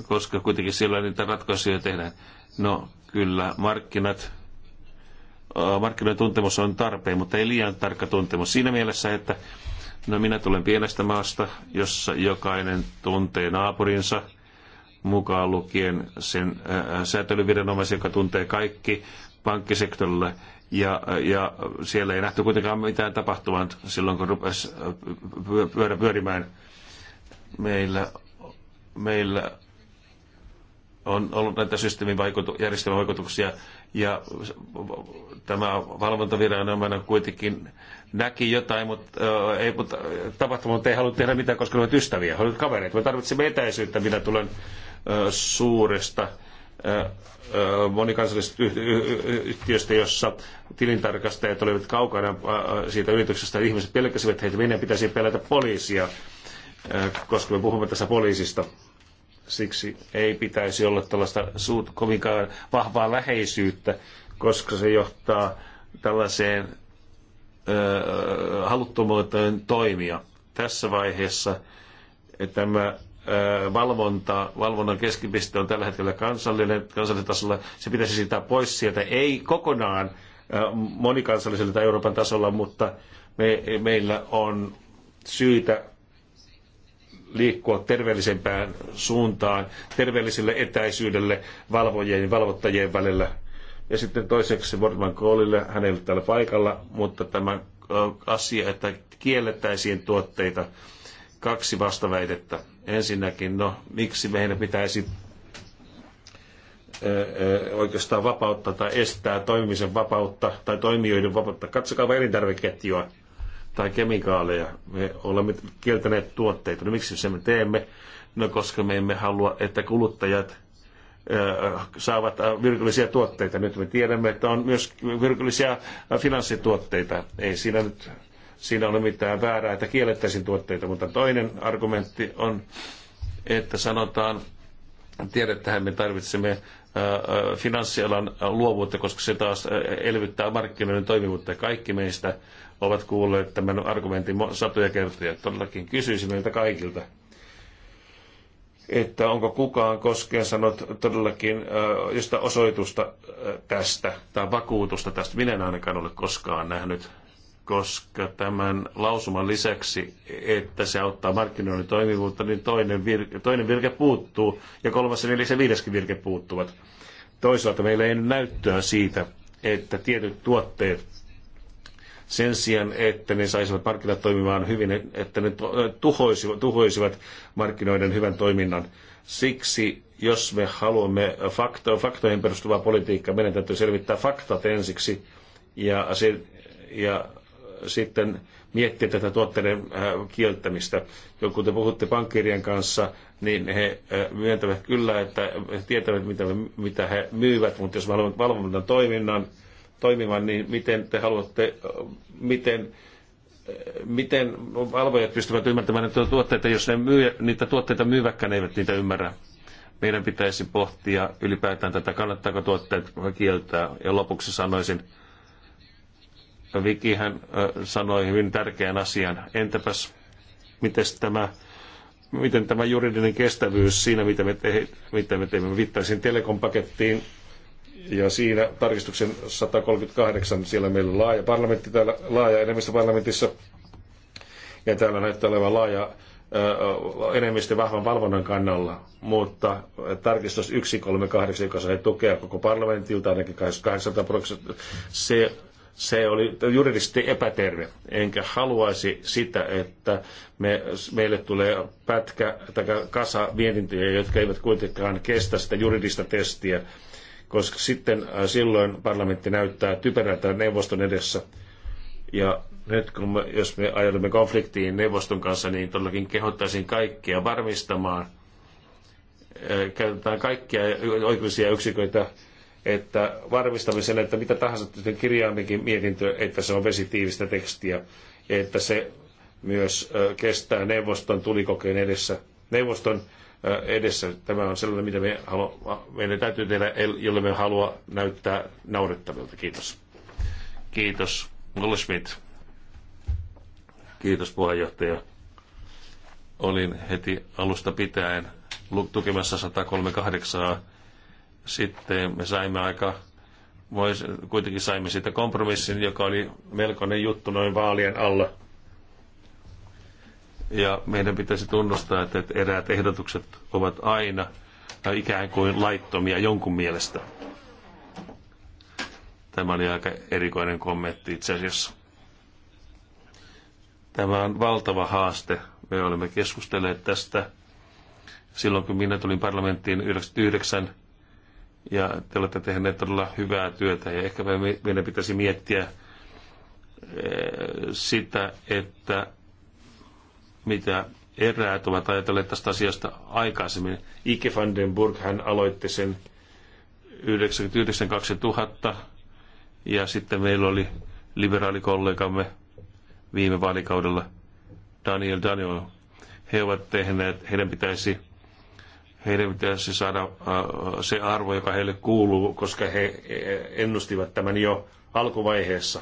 koska kuitenkin siellä niitä ratkaisuja tehdään. No kyllä, markkinat, markkinoiden tuntemus on tarpeen, mutta ei liian tarkka tuntemus. Siinä mielessä, että No minä tulen pienestä maasta, jossa jokainen tuntee naapurinsa, mukaan lukien sen ää, äh, äh, säätelyviranomaisen, joka tuntee kaikki pankkisektorilla. Ja, äh, ja siellä ei nähty kuitenkaan mitään tapahtuvan silloin, kun rupesi pyörä pyörimään. Meillä, meillä on ollut näitä systeemijärjestelmävaikutuksia ja tämä valvontaviranomainen kuitenkin näki jotain, mutta, äh, ei, mutta tapahtuma, mutta ei halunnut tehdä mitään, koska ne olivat ystäviä, he olivat kavereita. Me tarvitsemme etäisyyttä, minä tulen äh, suuresta äh, monikansallisesta yhtiöstä, jossa tilintarkastajat olivat kaukana siitä yrityksestä. Ihmiset pelkäsivät heitä, meidän pitäisi pelätä poliisia, koska me puhumme tässä poliisista. Siksi ei pitäisi olla tällaista suut, kovinkaan vahvaa läheisyyttä, koska se johtaa tällaiseen Äh, haluttomuuteen toimia. Tässä vaiheessa tämä äh, valvonta, valvonnan keskipiste on tällä hetkellä kansallinen, kansallisella tasolla. Se pitäisi sitä pois sieltä, ei kokonaan äh, monikansallisella tai Euroopan tasolla, mutta me, meillä on syytä liikkua terveellisempään suuntaan, terveelliselle etäisyydelle valvojien ja valvottajien välillä ja sitten toiseksi Mortman Koolille, hän ei ollut täällä paikalla, mutta tämä asia, että kiellettäisiin tuotteita, kaksi vastaväitettä. Ensinnäkin, no miksi meidän pitäisi oikeastaan vapautta tai estää toimimisen vapautta tai toimijoiden vapautta. Katsokaa elintarviketjua tai kemikaaleja. Me olemme kieltäneet tuotteita. No miksi se me teemme? No koska me emme halua, että kuluttajat saavat virkullisia tuotteita. Nyt me tiedämme, että on myös virkullisia finanssituotteita. Ei siinä nyt siinä ole mitään väärää, että kiellettäisiin tuotteita, mutta toinen argumentti on, että sanotaan, tiedettähän me tarvitsemme finanssialan luovuutta, koska se taas elvyttää markkinoiden toimivuutta. Kaikki meistä ovat kuulleet tämän argumentin satoja kertoja. Todellakin kysyisin meiltä kaikilta, että onko kukaan koskien sanonut todellakin josta osoitusta tästä tai vakuutusta tästä. Minä en ainakaan ole koskaan nähnyt, koska tämän lausuman lisäksi, että se auttaa markkinoinnin toimivuutta, niin toinen virke, toinen virke puuttuu ja kolmas ja neljäs ja viideskin virke puuttuvat. Toisaalta meillä ei näyttöä siitä, että tietyt tuotteet sen sijaan, että ne saisivat markkinat toimimaan hyvin, että ne tuhoisivat, tuhoisivat markkinoiden hyvän toiminnan. Siksi, jos me haluamme fakto, faktoihin perustuvaa politiikkaa, meidän täytyy selvittää faktat ensiksi ja, se, ja sitten miettiä tätä tuotteiden äh, kieltämistä. Ja kun te puhutte pankkirien kanssa, niin he äh, myöntävät kyllä, että he tietävät, mitä, mitä he myyvät, mutta jos me haluamme valvonnan toiminnan, toimimaan, niin miten te haluatte, miten miten valvojat pystyvät ymmärtämään näitä tuotteita, jos ne myy, niitä tuotteita myyväkään eivät niitä ymmärrä. Meidän pitäisi pohtia ylipäätään tätä, kannattaako tuotteet kieltää. Ja lopuksi sanoisin, Vikihän sanoi hyvin tärkeän asian. Entäpäs, mites tämä, miten tämä juridinen kestävyys siinä, mitä me, te, mitä me teemme viittaisin telekompakettiin ja siinä tarkistuksen 138, siellä meillä on laaja parlamentti täällä, laaja enemmistö parlamentissa. Ja täällä näyttää olevan laaja enemmistö vahvan valvonnan kannalla, mutta tarkistus 138, joka sai tukea koko parlamentilta, ainakin 800 prosenttia, se, se oli juridisesti epäterve. Enkä haluaisi sitä, että me, meille tulee pätkä tai kasa mietintöjä, jotka eivät kuitenkaan kestä sitä juridista testiä koska sitten äh, silloin parlamentti näyttää typerältä neuvoston edessä. Ja nyt kun me, jos me ajaudumme konfliktiin neuvoston kanssa, niin todellakin kehottaisin kaikkia varmistamaan, äh, käytetään kaikkia oikeudellisia yksiköitä, että varmistamme sen, että mitä tahansa kirjaammekin mietintö, että se on vesitiivistä tekstiä, että se myös äh, kestää neuvoston tulikokeen edessä, neuvoston edessä. Tämä on sellainen, mitä me halu- meidän täytyy tehdä, jolle me halua näyttää naurettavilta. Kiitos. Kiitos. Mulle Schmidt. Kiitos puheenjohtaja. Olin heti alusta pitäen tukemassa 138. Sitten me saimme aika, kuitenkin saimme siitä kompromissin, joka oli melkoinen juttu noin vaalien alla ja meidän pitäisi tunnustaa, että eräät ehdotukset ovat aina äh, ikään kuin laittomia jonkun mielestä. Tämä oli aika erikoinen kommentti itse asiassa. Tämä on valtava haaste. Me olemme keskustelleet tästä silloin, kun minä tulin parlamenttiin 99 ja te olette tehneet todella hyvää työtä ja ehkä meidän pitäisi miettiä äh, sitä, että mitä eräät ovat ajatelleet tästä asiasta aikaisemmin. Ike van den Burg, hän aloitti sen 99-2000 ja sitten meillä oli liberaalikollegamme viime vaalikaudella Daniel Daniel. He ovat tehneet, heidän pitäisi, heidän pitäisi saada äh, se arvo, joka heille kuuluu, koska he eh, ennustivat tämän jo alkuvaiheessa.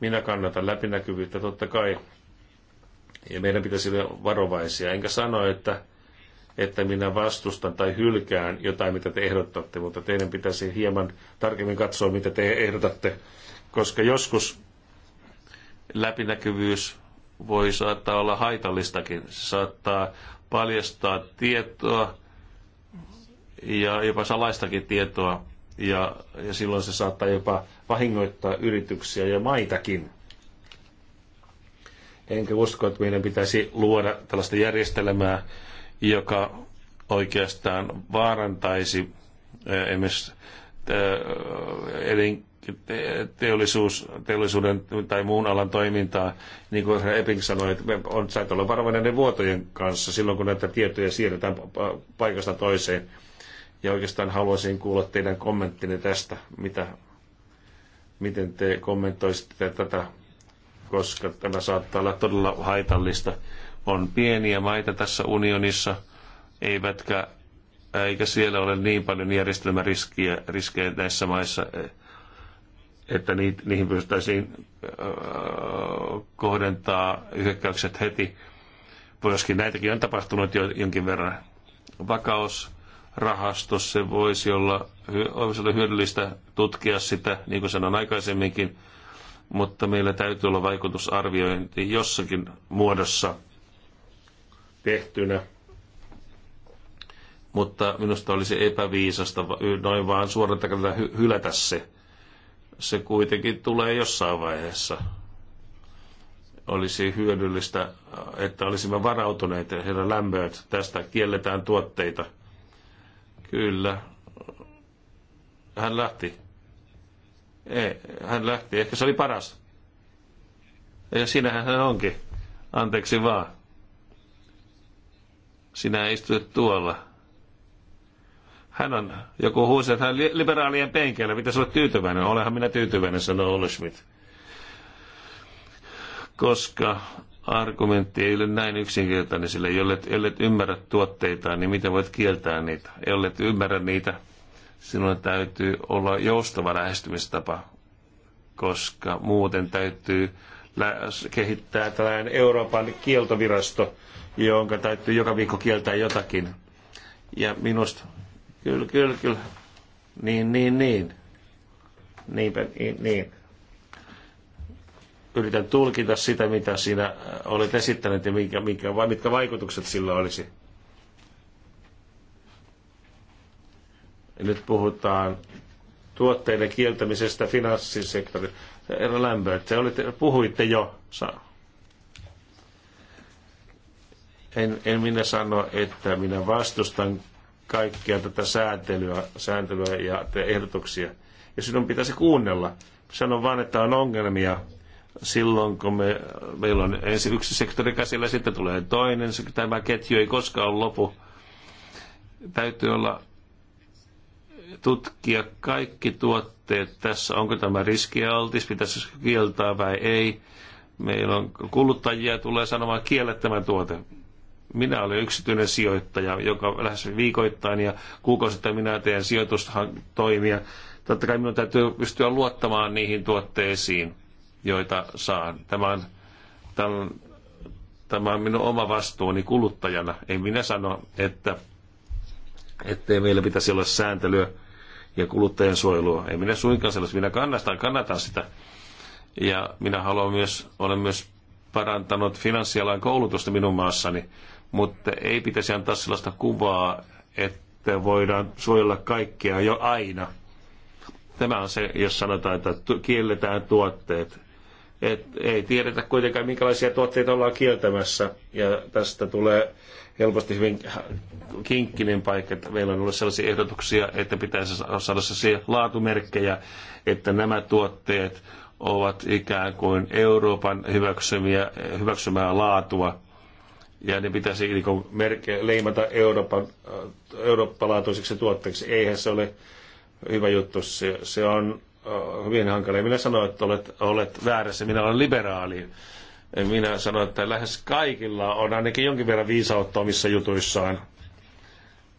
Minä kannatan läpinäkyvyyttä totta kai ja meidän pitäisi olla varovaisia. Enkä sano, että, että minä vastustan tai hylkään jotain, mitä te ehdottatte, mutta teidän pitäisi hieman tarkemmin katsoa, mitä te ehdotatte, koska joskus läpinäkyvyys voi saattaa olla haitallistakin. Se saattaa paljastaa tietoa ja jopa salaistakin tietoa ja, ja silloin se saattaa jopa vahingoittaa yrityksiä ja maitakin. Enkä usko, että meidän pitäisi luoda tällaista järjestelmää, joka oikeastaan vaarantaisi eh, esimerkiksi eh, teollisuus, teollisuuden tai muun alan toimintaa, niin kuin Epping sanoi, että on, sä olla varovainen vuotojen kanssa silloin, kun näitä tietoja siirretään paikasta toiseen. Ja oikeastaan haluaisin kuulla teidän kommenttinne tästä, mitä, miten te kommentoisitte tätä koska tämä saattaa olla todella haitallista. On pieniä maita tässä unionissa, eivätkä, eikä siellä ole niin paljon järjestelmäriskiä riskejä näissä maissa, että niitä, niihin pystyttäisiin öö, kohdentaa hyökkäykset heti. Voisikin näitäkin on tapahtunut jo jonkin verran. Vakaus, se voisi olla, voisi olla hyödyllistä tutkia sitä, niin kuin sanoin aikaisemminkin, mutta meillä täytyy olla vaikutusarviointi jossakin muodossa tehtynä. Mutta minusta olisi epäviisasta noin vaan suoralta hy- hylätä se. Se kuitenkin tulee jossain vaiheessa. Olisi hyödyllistä, että olisimme varautuneet, herra Lambert, tästä kielletään tuotteita. Kyllä. Hän lähti. Ei, hän lähti. Ehkä se oli paras. Ja sinähän hän onkin. Anteeksi vaan. Sinä istut tuolla. Hän on, joku huusi, että hän liberaalien penkeillä. Pitäisi olla tyytyväinen. Olehan minä tyytyväinen, sanoo Olle Schmidt. Koska argumentti ei ole näin yksinkertainen sille, jollet, jollet ymmärrä tuotteita, niin miten voit kieltää niitä? Jollet ymmärrä niitä, silloin täytyy olla joustava lähestymistapa, koska muuten täytyy kehittää tällainen Euroopan kieltovirasto, jonka täytyy joka viikko kieltää jotakin. Ja minusta, kyllä, kyllä, kyllä, niin, niin, niin, niinpä, niin, niin. Yritän tulkita sitä, mitä siinä olet esittänyt ja mitkä vaikutukset sillä olisi Nyt puhutaan tuotteiden kieltämisestä finanssisektorilla. Herra Lambert, te olitte, puhuitte jo. En, en minä sano, että minä vastustan kaikkea tätä sääntelyä, sääntelyä ja ehdotuksia. Ja sinun pitäisi kuunnella. Sanon vaan, että on ongelmia silloin, kun me, meillä on ensin yksi sektori käsillä, sitten tulee toinen. Tämä ketju ei koskaan lopu. Täytyy olla tutkia kaikki tuotteet tässä, onko tämä riskialtis, pitäisi kieltää vai ei. Meillä on kuluttajia tulee sanomaan kiellä tämä tuote. Minä olen yksityinen sijoittaja, joka lähes viikoittain ja kuukausittain minä teen sijoitustoimia. Totta kai minun täytyy pystyä luottamaan niihin tuotteisiin, joita saan. Tämä on, tämän, tämä on minun oma vastuuni kuluttajana. Ei minä sano, että ettei meillä pitäisi olla sääntelyä ja kuluttajan suojelua. Ei minä suinkaan sellaista, minä kannatan, kannatan sitä. Ja minä haluan myös, olen myös parantanut finanssialan koulutusta minun maassani, mutta ei pitäisi antaa sellaista kuvaa, että voidaan suojella kaikkea jo aina. Tämä on se, jos sanotaan, että kielletään tuotteet et ei tiedetä kuitenkaan, minkälaisia tuotteita ollaan kieltämässä. Ja tästä tulee helposti hyvin kinkkinen paikka. Että meillä on ollut sellaisia ehdotuksia, että pitäisi saada sellaisia laatumerkkejä, että nämä tuotteet ovat ikään kuin Euroopan hyväksymiä, hyväksymää laatua. Ja ne pitäisi niin merke, leimata Euroopan, äh, eurooppalaatuiseksi tuotteeksi. Eihän se ole hyvä juttu. Se, se on Oh, hyvin hankala. Minä sanoin, että olet, olet väärässä, minä olen liberaali. Minä sanoin, että lähes kaikilla on ainakin jonkin verran viisautta omissa jutuissaan.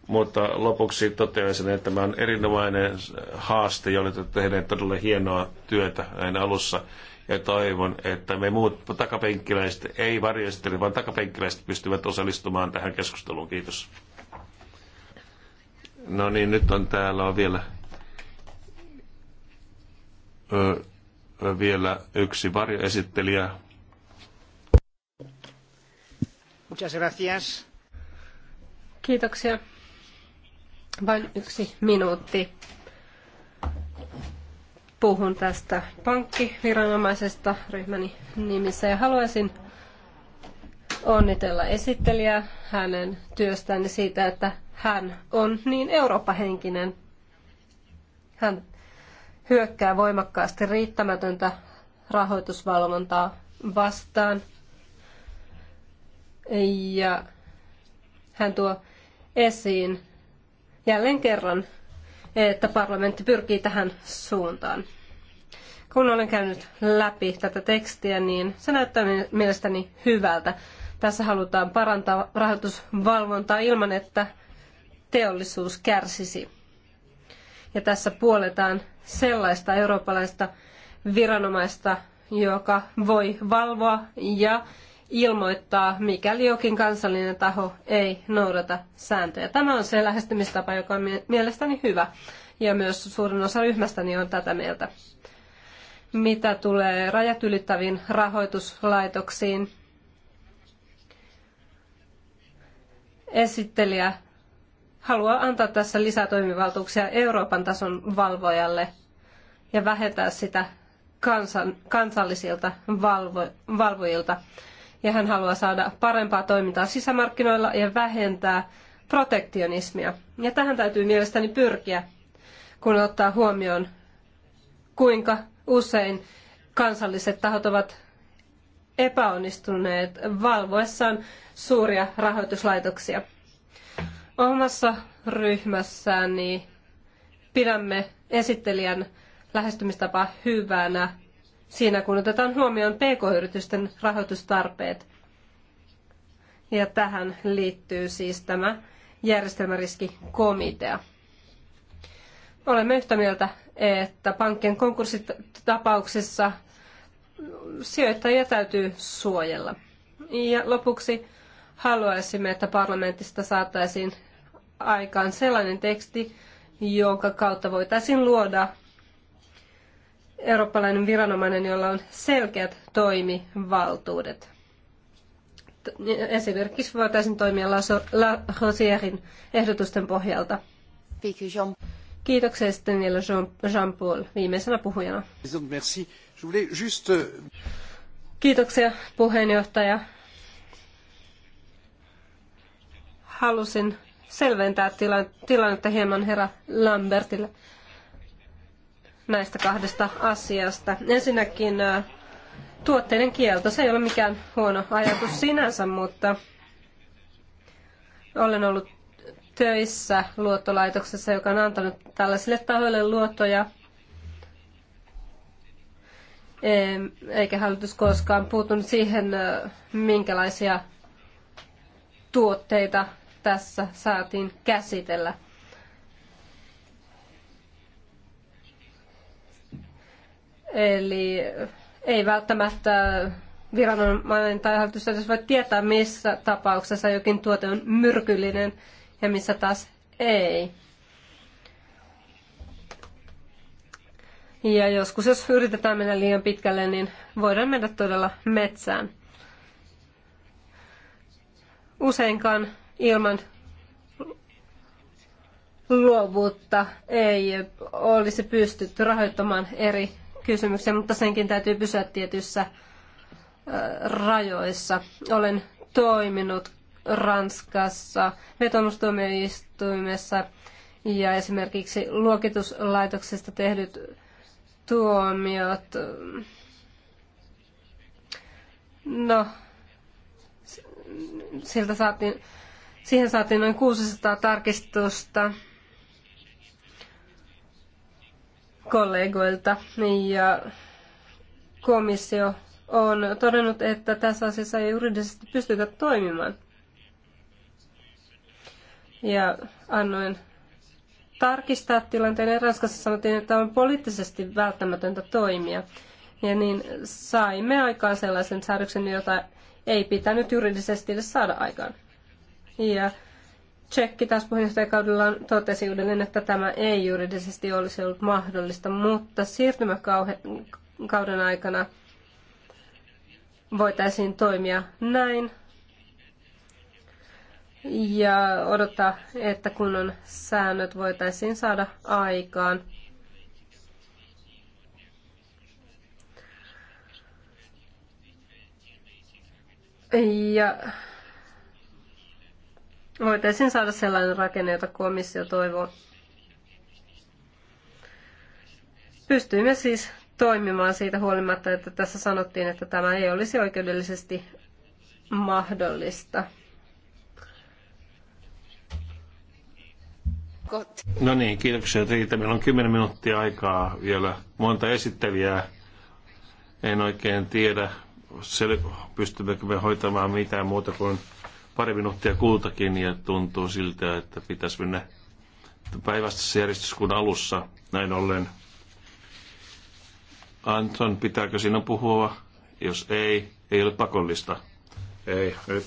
Mutta lopuksi toteaisin, että tämä on erinomainen haaste, jolle olette tehneet todella hienoa työtä näin alussa. Ja toivon, että me muut takapenkkiläiset, ei varjostelijat, vaan takapenkkiläiset pystyvät osallistumaan tähän keskusteluun. Kiitos. No niin, nyt on täällä on vielä vielä yksi varjoesittelijä. Muchas gracias. Kiitoksia. Vain yksi minuutti. Puhun tästä pankkiviranomaisesta ryhmäni nimissä ja haluaisin onnitella esittelijää hänen työstään siitä, että hän on niin eurooppahenkinen. Hän hyökkää voimakkaasti riittämätöntä rahoitusvalvontaa vastaan. Ja hän tuo esiin jälleen kerran, että parlamentti pyrkii tähän suuntaan. Kun olen käynyt läpi tätä tekstiä, niin se näyttää mielestäni hyvältä. Tässä halutaan parantaa rahoitusvalvontaa ilman, että teollisuus kärsisi. Ja tässä puoletaan sellaista eurooppalaista viranomaista, joka voi valvoa ja ilmoittaa, mikäli jokin kansallinen taho ei noudata sääntöjä. Tämä on se lähestymistapa, joka on mielestäni hyvä. Ja myös suurin osa ryhmästäni on tätä mieltä. Mitä tulee rajat ylittäviin rahoituslaitoksiin, esittelijä haluaa antaa tässä lisätoimivaltuuksia Euroopan tason valvojalle ja vähentää sitä kansan, kansallisilta valvo, valvojilta. Ja hän haluaa saada parempaa toimintaa sisämarkkinoilla ja vähentää protektionismia. Ja tähän täytyy mielestäni pyrkiä, kun ottaa huomioon, kuinka usein kansalliset tahot ovat epäonnistuneet valvoessaan suuria rahoituslaitoksia. Omassa ryhmässäni pidämme esittelijän lähestymistapaa hyvänä siinä, kun otetaan huomioon pk-yritysten rahoitustarpeet. Ja tähän liittyy siis tämä järjestelmäriskikomitea. Olemme yhtä mieltä, että pankkien konkurssitapauksissa sijoittajia täytyy suojella. Ja lopuksi haluaisimme, että parlamentista saataisiin aikaan sellainen teksti, jonka kautta voitaisiin luoda eurooppalainen viranomainen, jolla on selkeät toimivaltuudet. Esimerkiksi voitaisiin toimia La Rosierin ehdotusten pohjalta. Kiitoksia sitten vielä Jean-Paul viimeisenä puhujana. Kiitoksia puheenjohtaja. Halusin selventää tilannetta hieman herra Lambertille näistä kahdesta asiasta. Ensinnäkin äh, tuotteiden kielto. Se ei ole mikään huono ajatus sinänsä, mutta olen ollut töissä luottolaitoksessa, joka on antanut tällaisille tahoille luottoja, eikä hallitus koskaan puuttunut siihen, äh, minkälaisia tuotteita tässä saatiin käsitellä. Eli ei välttämättä viranomainen tai hallitus edes voi tietää, missä tapauksessa jokin tuote on myrkyllinen ja missä taas ei. Ja joskus, jos yritetään mennä liian pitkälle, niin voidaan mennä todella metsään. Useinkaan ilman luovuutta ei olisi pystytty rahoittamaan eri kysymyksiä, mutta senkin täytyy pysyä tietyissä rajoissa. Olen toiminut Ranskassa vetomustuomioistuimessa ja esimerkiksi luokituslaitoksesta tehdyt tuomiot. No, siltä saatiin Siihen saatiin noin 600 tarkistusta kollegoilta ja komissio on todennut, että tässä asiassa ei juridisesti pystytä toimimaan. Ja annoin tarkistaa tilanteen ja Ranskassa sanottiin, että on poliittisesti välttämätöntä toimia. Ja niin saimme aikaan sellaisen säädöksen, jota ei pitänyt juridisesti edes saada aikaan. Ja Tsekki taas puheenjohtajakaudella totesi uudelleen, että tämä ei juridisesti olisi ollut mahdollista, mutta siirtymäkauden aikana voitaisiin toimia näin ja odottaa, että kunnon säännöt voitaisiin saada aikaan. Ja voitaisiin saada sellainen rakenne, jota komissio toivoo. Pystyimme siis toimimaan siitä huolimatta, että tässä sanottiin, että tämä ei olisi oikeudellisesti mahdollista. No niin, kiitoksia Riita. Meillä on 10 minuuttia aikaa vielä. Monta esittelijää. En oikein tiedä, pystymmekö me hoitamaan mitään muuta kuin pari minuuttia kultakin ja tuntuu siltä, että pitäisi mennä päivästä järjestyskuun alussa näin ollen. Anton, pitääkö sinä puhua? Jos ei, ei ole pakollista. Ei, nyt.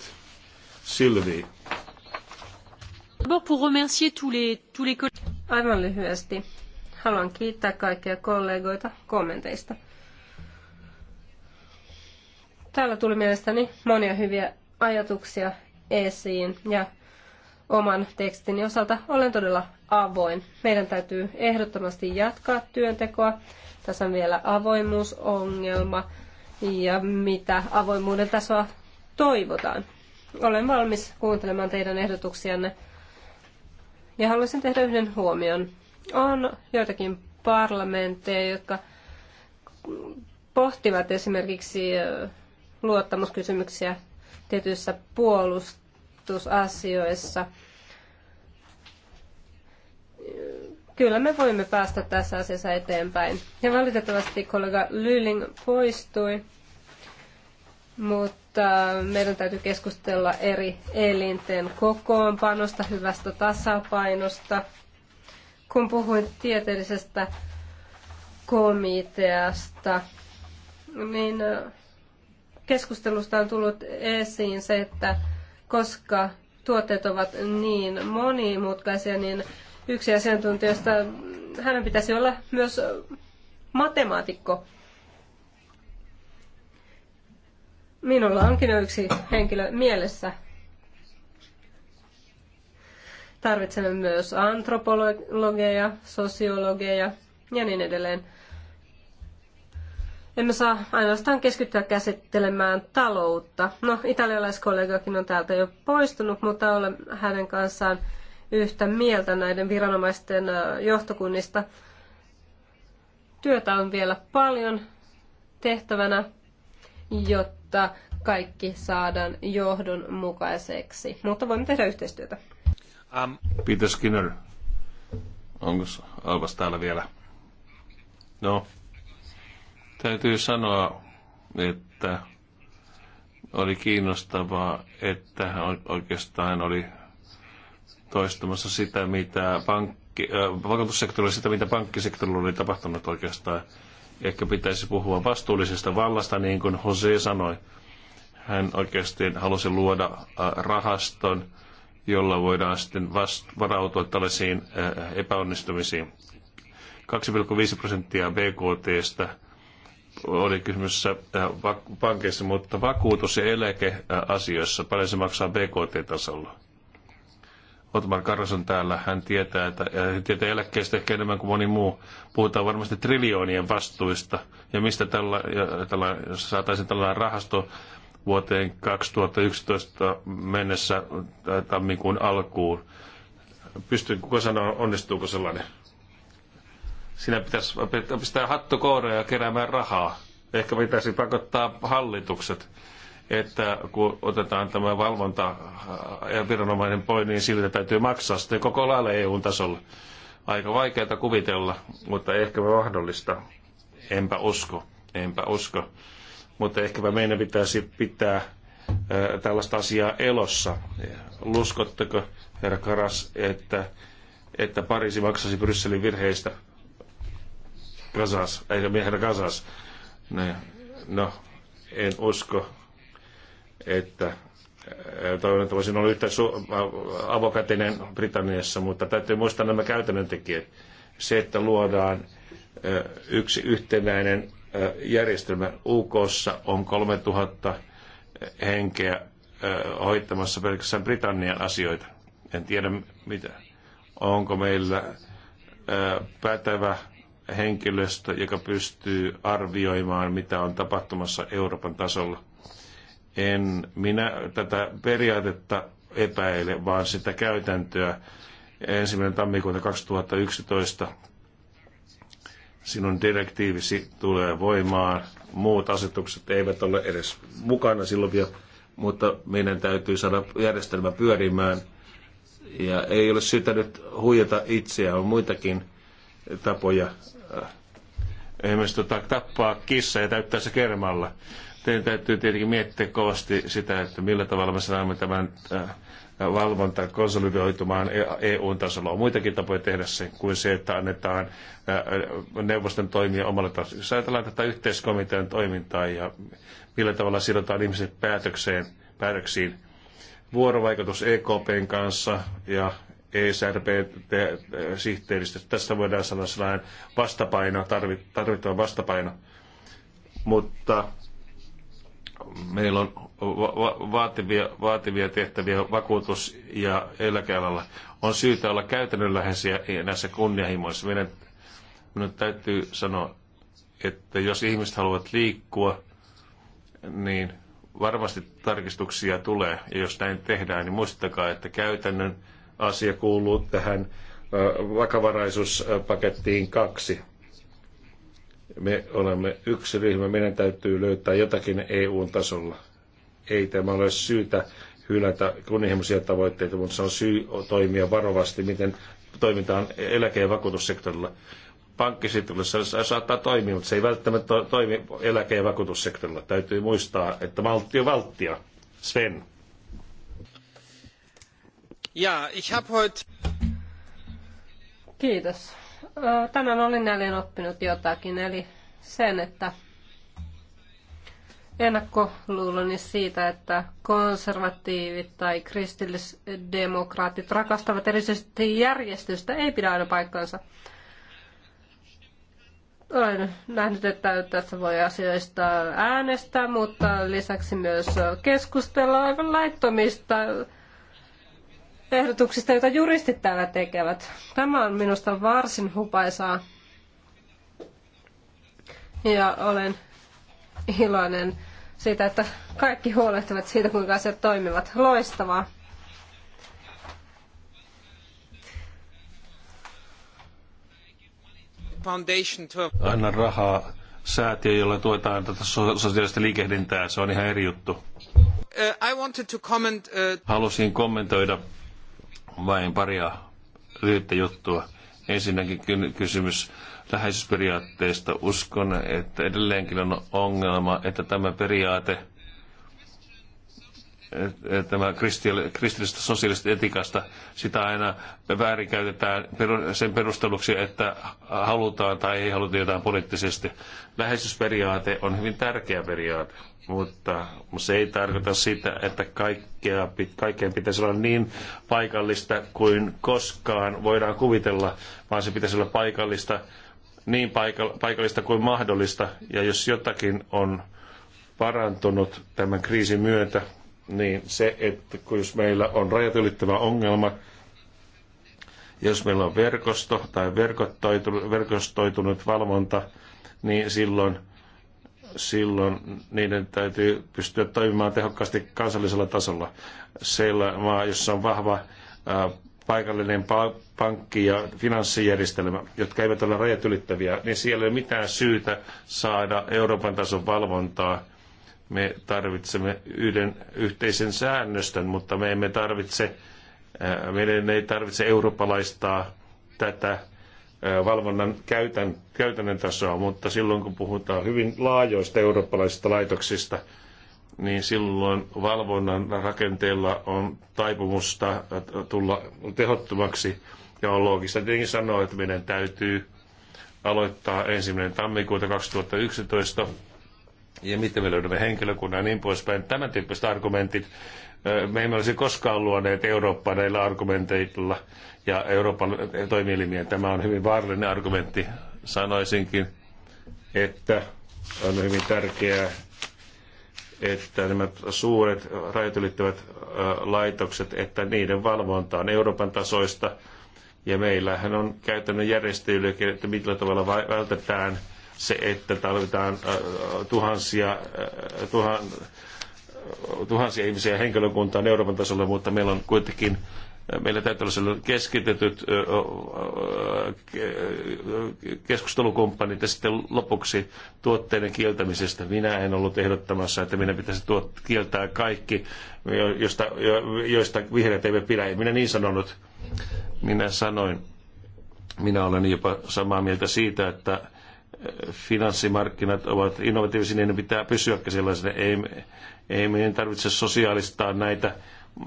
Silvi. Aivan lyhyesti. Haluan kiittää kaikkia kollegoita kommenteista. Täällä tuli mielestäni monia hyviä ajatuksia esiin ja oman tekstini osalta olen todella avoin. Meidän täytyy ehdottomasti jatkaa työntekoa. Tässä on vielä avoimuusongelma ja mitä avoimuuden tasoa toivotaan. Olen valmis kuuntelemaan teidän ehdotuksianne ja haluaisin tehdä yhden huomion. On joitakin parlamentteja, jotka pohtivat esimerkiksi luottamuskysymyksiä tietyissä puolust- vakuutusasioissa. Kyllä me voimme päästä tässä asiassa eteenpäin. Ja valitettavasti kollega Lyling poistui, mutta meidän täytyy keskustella eri elinten kokoonpanosta, hyvästä tasapainosta. Kun puhuin tieteellisestä komiteasta, niin keskustelusta on tullut esiin se, että koska tuotteet ovat niin monimutkaisia, niin yksi asiantuntijoista, hänen pitäisi olla myös matemaatikko. Minulla onkin jo yksi henkilö mielessä. Tarvitsemme myös antropologeja, sosiologeja ja niin edelleen emme saa ainoastaan keskittyä käsittelemään taloutta. No, italialaiskollegakin on täältä jo poistunut, mutta olen hänen kanssaan yhtä mieltä näiden viranomaisten johtokunnista. Työtä on vielä paljon tehtävänä, jotta kaikki saadaan johdonmukaiseksi. Mutta voimme tehdä yhteistyötä. Um, Peter Skinner, onko Alvas täällä vielä? No, Täytyy sanoa, että oli kiinnostavaa, että hän oikeastaan oli toistamassa sitä, mitä pankki, äh, vakuutussektorilla, sitä, mitä pankkisektorilla oli tapahtunut oikeastaan. Ehkä pitäisi puhua vastuullisesta vallasta, niin kuin Jose sanoi. Hän oikeasti halusi luoda äh, rahaston, jolla voidaan sitten vast, varautua tällaisiin äh, epäonnistumisiin. 2,5 prosenttia BKTstä oli kysymys äh, pankeissa, mutta vakuutus- ja eläkeasioissa, paljon se maksaa BKT-tasolla? Otmar Karason täällä, hän tietää, että, hän tietää eläkkeestä ehkä enemmän kuin moni muu. Puhutaan varmasti triljoonien vastuista ja mistä tällä, ja tällä jos saataisiin tällainen rahasto vuoteen 2011 mennessä äh, tammikuun alkuun. Pystyn kuka sanoa, onnistuuko sellainen? Sinä pitäisi pistää hattu ja keräämään rahaa. Ehkä pitäisi pakottaa hallitukset, että kun otetaan tämä valvonta äh, ja viranomainen pois, niin siltä täytyy maksaa sitten koko lailla EU-tasolla. Aika vaikeaa kuvitella, mutta ehkä mahdollista. Enpä usko, enpä usko. Mutta ehkäpä meidän pitäisi pitää äh, tällaista asiaa elossa. Luskotteko, herra Karas, että, että Pariisi maksasi Brysselin virheistä? Gazas, ei miehenä Gazas. Ne, no, en usko, että toivon, että voisin olla yhtä su- äh, avokätinen Britanniassa, mutta täytyy muistaa nämä käytännön tekijät. Se, että luodaan äh, yksi yhtenäinen äh, järjestelmä. UKssa on 3000 henkeä hoitamassa pelkästään Britannian asioita. En tiedä mitä. Onko meillä päätävä henkilöstö, joka pystyy arvioimaan, mitä on tapahtumassa Euroopan tasolla. En minä tätä periaatetta epäile, vaan sitä käytäntöä. Ensimmäinen tammikuuta 2011 sinun direktiivisi tulee voimaan. Muut asetukset eivät ole edes mukana silloin vielä, mutta meidän täytyy saada järjestelmä pyörimään. Ja ei ole syytä nyt huijata itseä, on muitakin tapoja Äh, esimerkiksi tota, tappaa kissa ja täyttää se kermalla. Teidän täytyy tietenkin miettiä kovasti sitä, että millä tavalla me saamme tämän äh, valvonta konsolidoitumaan EU-tasolla. E On muitakin tapoja tehdä se kuin se, että annetaan äh, neuvoston toimia omalla tasolla. Jos ajatellaan tätä yhteiskomitean toimintaa ja millä tavalla sidotaan ihmiset päätökseen, päätöksiin, vuorovaikutus EKPn kanssa ja ESRP-sihteeristä Tässä voidaan sanoa sellainen vastapaino, tarvittava vastapaino. Mutta meillä on va- vaativia, vaativia tehtäviä vakuutus- ja eläkealalla. On syytä olla käytännönläheisiä näissä kunnianhimoissa. Meidän, minun täytyy sanoa, että jos ihmiset haluavat liikkua, niin varmasti tarkistuksia tulee. Ja jos näin tehdään, niin muistakaa, että käytännön asia kuuluu tähän vakavaraisuuspakettiin kaksi. Me olemme yksi ryhmä, meidän täytyy löytää jotakin EUn tasolla. Ei tämä ole syytä hylätä kunnianhimoisia tavoitteita, mutta se on syy toimia varovasti, miten toimitaan eläke- ja vakuutussektorilla. Pankkisituksessa saattaa toimia, mutta se ei välttämättä toimi eläke- ja vakuutussektorilla. Täytyy muistaa, että maltti on valttia. Sven. Ja, ich Kiitos. Tänään olen jälleen oppinut jotakin, eli sen, että ennakkoluuloni siitä, että konservatiivit tai kristillisdemokraatit rakastavat erityisesti järjestystä, ei pidä aina paikkaansa. Olen nähnyt, että tässä voi asioista äänestää, mutta lisäksi myös keskustella aivan laittomista ehdotuksista, joita juristit täällä tekevät. Tämä on minusta varsin hupaisaa. Ja olen iloinen siitä, että kaikki huolehtivat siitä, kuinka asiat toimivat. Loistavaa. Anna rahaa säätiö, jolla tuetaan tätä sosiaalista liikehdintää. Se on ihan eri juttu. Uh, uh, Halusin kommentoida vain paria lyhyttä juttua. Ensinnäkin kysymys läheisyysperiaatteesta. Uskon, että edelleenkin on ongelma, että tämä periaate – Eh, tämä kristillisestä sosiaalisesta etikasta, sitä aina väärinkäytetään sen perusteluksi, että halutaan tai ei haluta jotain poliittisesti. Läheisyysperiaate on hyvin tärkeä periaate, mutta se ei tarkoita sitä, että kaikkea, kaikkeen pitäisi olla niin paikallista kuin koskaan voidaan kuvitella, vaan se pitäisi olla paikallista niin paikallista kuin mahdollista. Ja jos jotakin on parantunut tämän kriisin myötä, niin se, että kun jos meillä on rajat ylittävä ongelma, jos meillä on verkosto tai verkostoitunut, valvonta, niin silloin, silloin niiden täytyy pystyä toimimaan tehokkaasti kansallisella tasolla. Siellä maa, jossa on vahva ää, paikallinen pa- pankki ja finanssijärjestelmä, jotka eivät ole rajat ylittäviä, niin siellä ei ole mitään syytä saada Euroopan tason valvontaa – me tarvitsemme yhden yhteisen säännöstön, mutta me emme tarvitse, meidän ei tarvitse eurooppalaistaa tätä valvonnan käytän, käytännön tasoa, mutta silloin kun puhutaan hyvin laajoista eurooppalaisista laitoksista, niin silloin valvonnan rakenteella on taipumusta tulla tehottomaksi. Ja on loogista tietenkin sanoa, että meidän täytyy aloittaa ensimmäinen tammikuuta 2011 ja miten me löydämme henkilökunnan ja niin poispäin. Tämän tyyppiset argumentit, me emme olisi koskaan luoneet Eurooppaa näillä argumenteilla ja Euroopan toimielimiä. Tämä on hyvin vaarallinen argumentti. Sanoisinkin, että on hyvin tärkeää, että nämä suuret rajat ylittävät laitokset, että niiden valvonta on Euroopan tasoista. Ja meillähän on käytännön järjestelyjä, että millä tavalla vältetään – se, että tarvitaan äh, tuhansia, äh, tuhan, tuhansia ihmisiä henkilökuntaa Euroopan tasolla, mutta meillä on kuitenkin äh, meillä täytyy olla keskitetyt keskustelukumppanit ja sitten lopuksi tuotteiden kieltämisestä. Minä en ollut ehdottamassa, että minä pitäisi tuot, kieltää kaikki, joista joista vihreät eivät pidä. Minä niin sanonut. Minä sanoin, minä olen jopa samaa mieltä siitä, että finanssimarkkinat ovat innovatiivisia, niin ne pitää pysyäkin sellaisena. Ei, ei meidän tarvitse sosiaalistaa näitä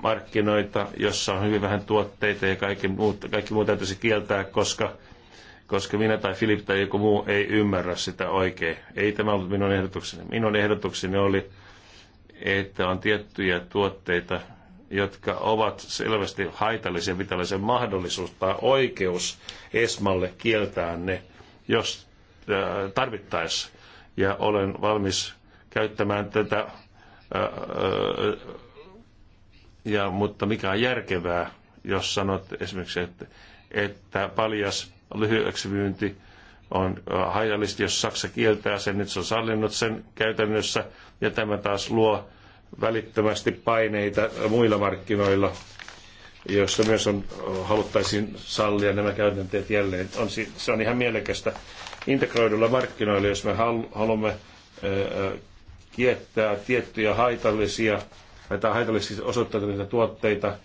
markkinoita, jossa on hyvin vähän tuotteita ja kaikki muut, kaikki muut täytyisi kieltää, koska, koska minä tai Filip tai joku muu ei ymmärrä sitä oikein. Ei tämä ollut minun ehdotukseni. Minun ehdotukseni oli, että on tiettyjä tuotteita, jotka ovat selvästi haitallisia, pitää olla mahdollisuus tai oikeus Esmalle kieltää ne, jos Äh, tarvittaessa. Ja olen valmis käyttämään tätä, äh, äh, ja, mutta mikä on järkevää, jos sanot esimerkiksi, että, että paljas lyhyeksi myynti on haitallista, jos Saksa kieltää sen, nyt se on sallinnut sen käytännössä, ja tämä taas luo välittömästi paineita muilla markkinoilla, joissa myös on, haluttaisiin sallia nämä käytänteet jälleen. On, se on ihan mielekästä integroidulla markkinoilla, jos me haluamme kiettää tiettyjä haitallisia tai haitallisia osoittautuneita tuotteita,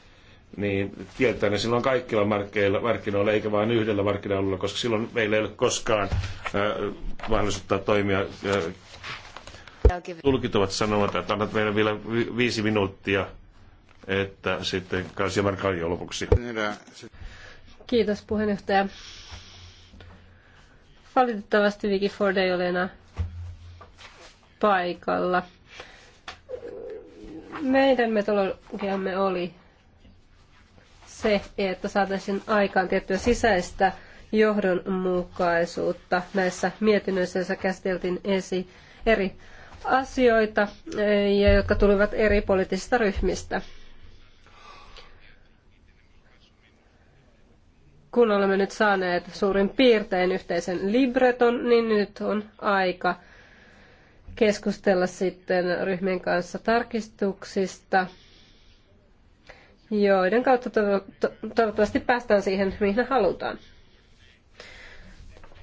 niin kieltää ne silloin kaikilla markkinoilla, markkinoilla eikä vain yhdellä markkinoilla, koska silloin meillä ei ole koskaan äh, mahdollisuutta toimia. Äh, tulkit ovat sanomaan, että annat meille vielä viisi minuuttia, että sitten Kansi Markalio lopuksi. Kiitos puheenjohtaja. Valitettavasti Vicky Ford ei ole enää paikalla. Meidän metologiamme oli se, että saataisiin aikaan tiettyä sisäistä johdonmukaisuutta. Näissä mietinnöissä, joissa käsiteltiin esi eri asioita, ja jotka tulivat eri poliittisista ryhmistä. kun olemme nyt saaneet suurin piirtein yhteisen libreton, niin nyt on aika keskustella sitten ryhmien kanssa tarkistuksista, joiden kautta toivottavasti päästään siihen, mihin halutaan.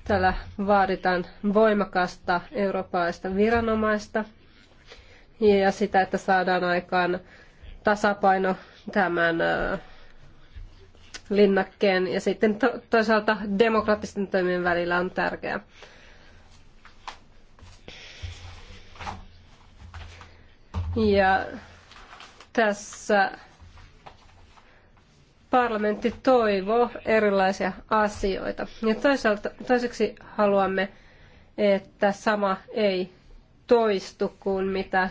Täällä vaaditaan voimakasta eurooppalaista viranomaista ja sitä, että saadaan aikaan tasapaino tämän äh, linnakkeen ja sitten to- toisaalta demokraattisten toimien välillä on tärkeää. Ja tässä parlamentti toivoo erilaisia asioita. Ja toisaalta, toiseksi haluamme, että sama ei toistu kuin mitä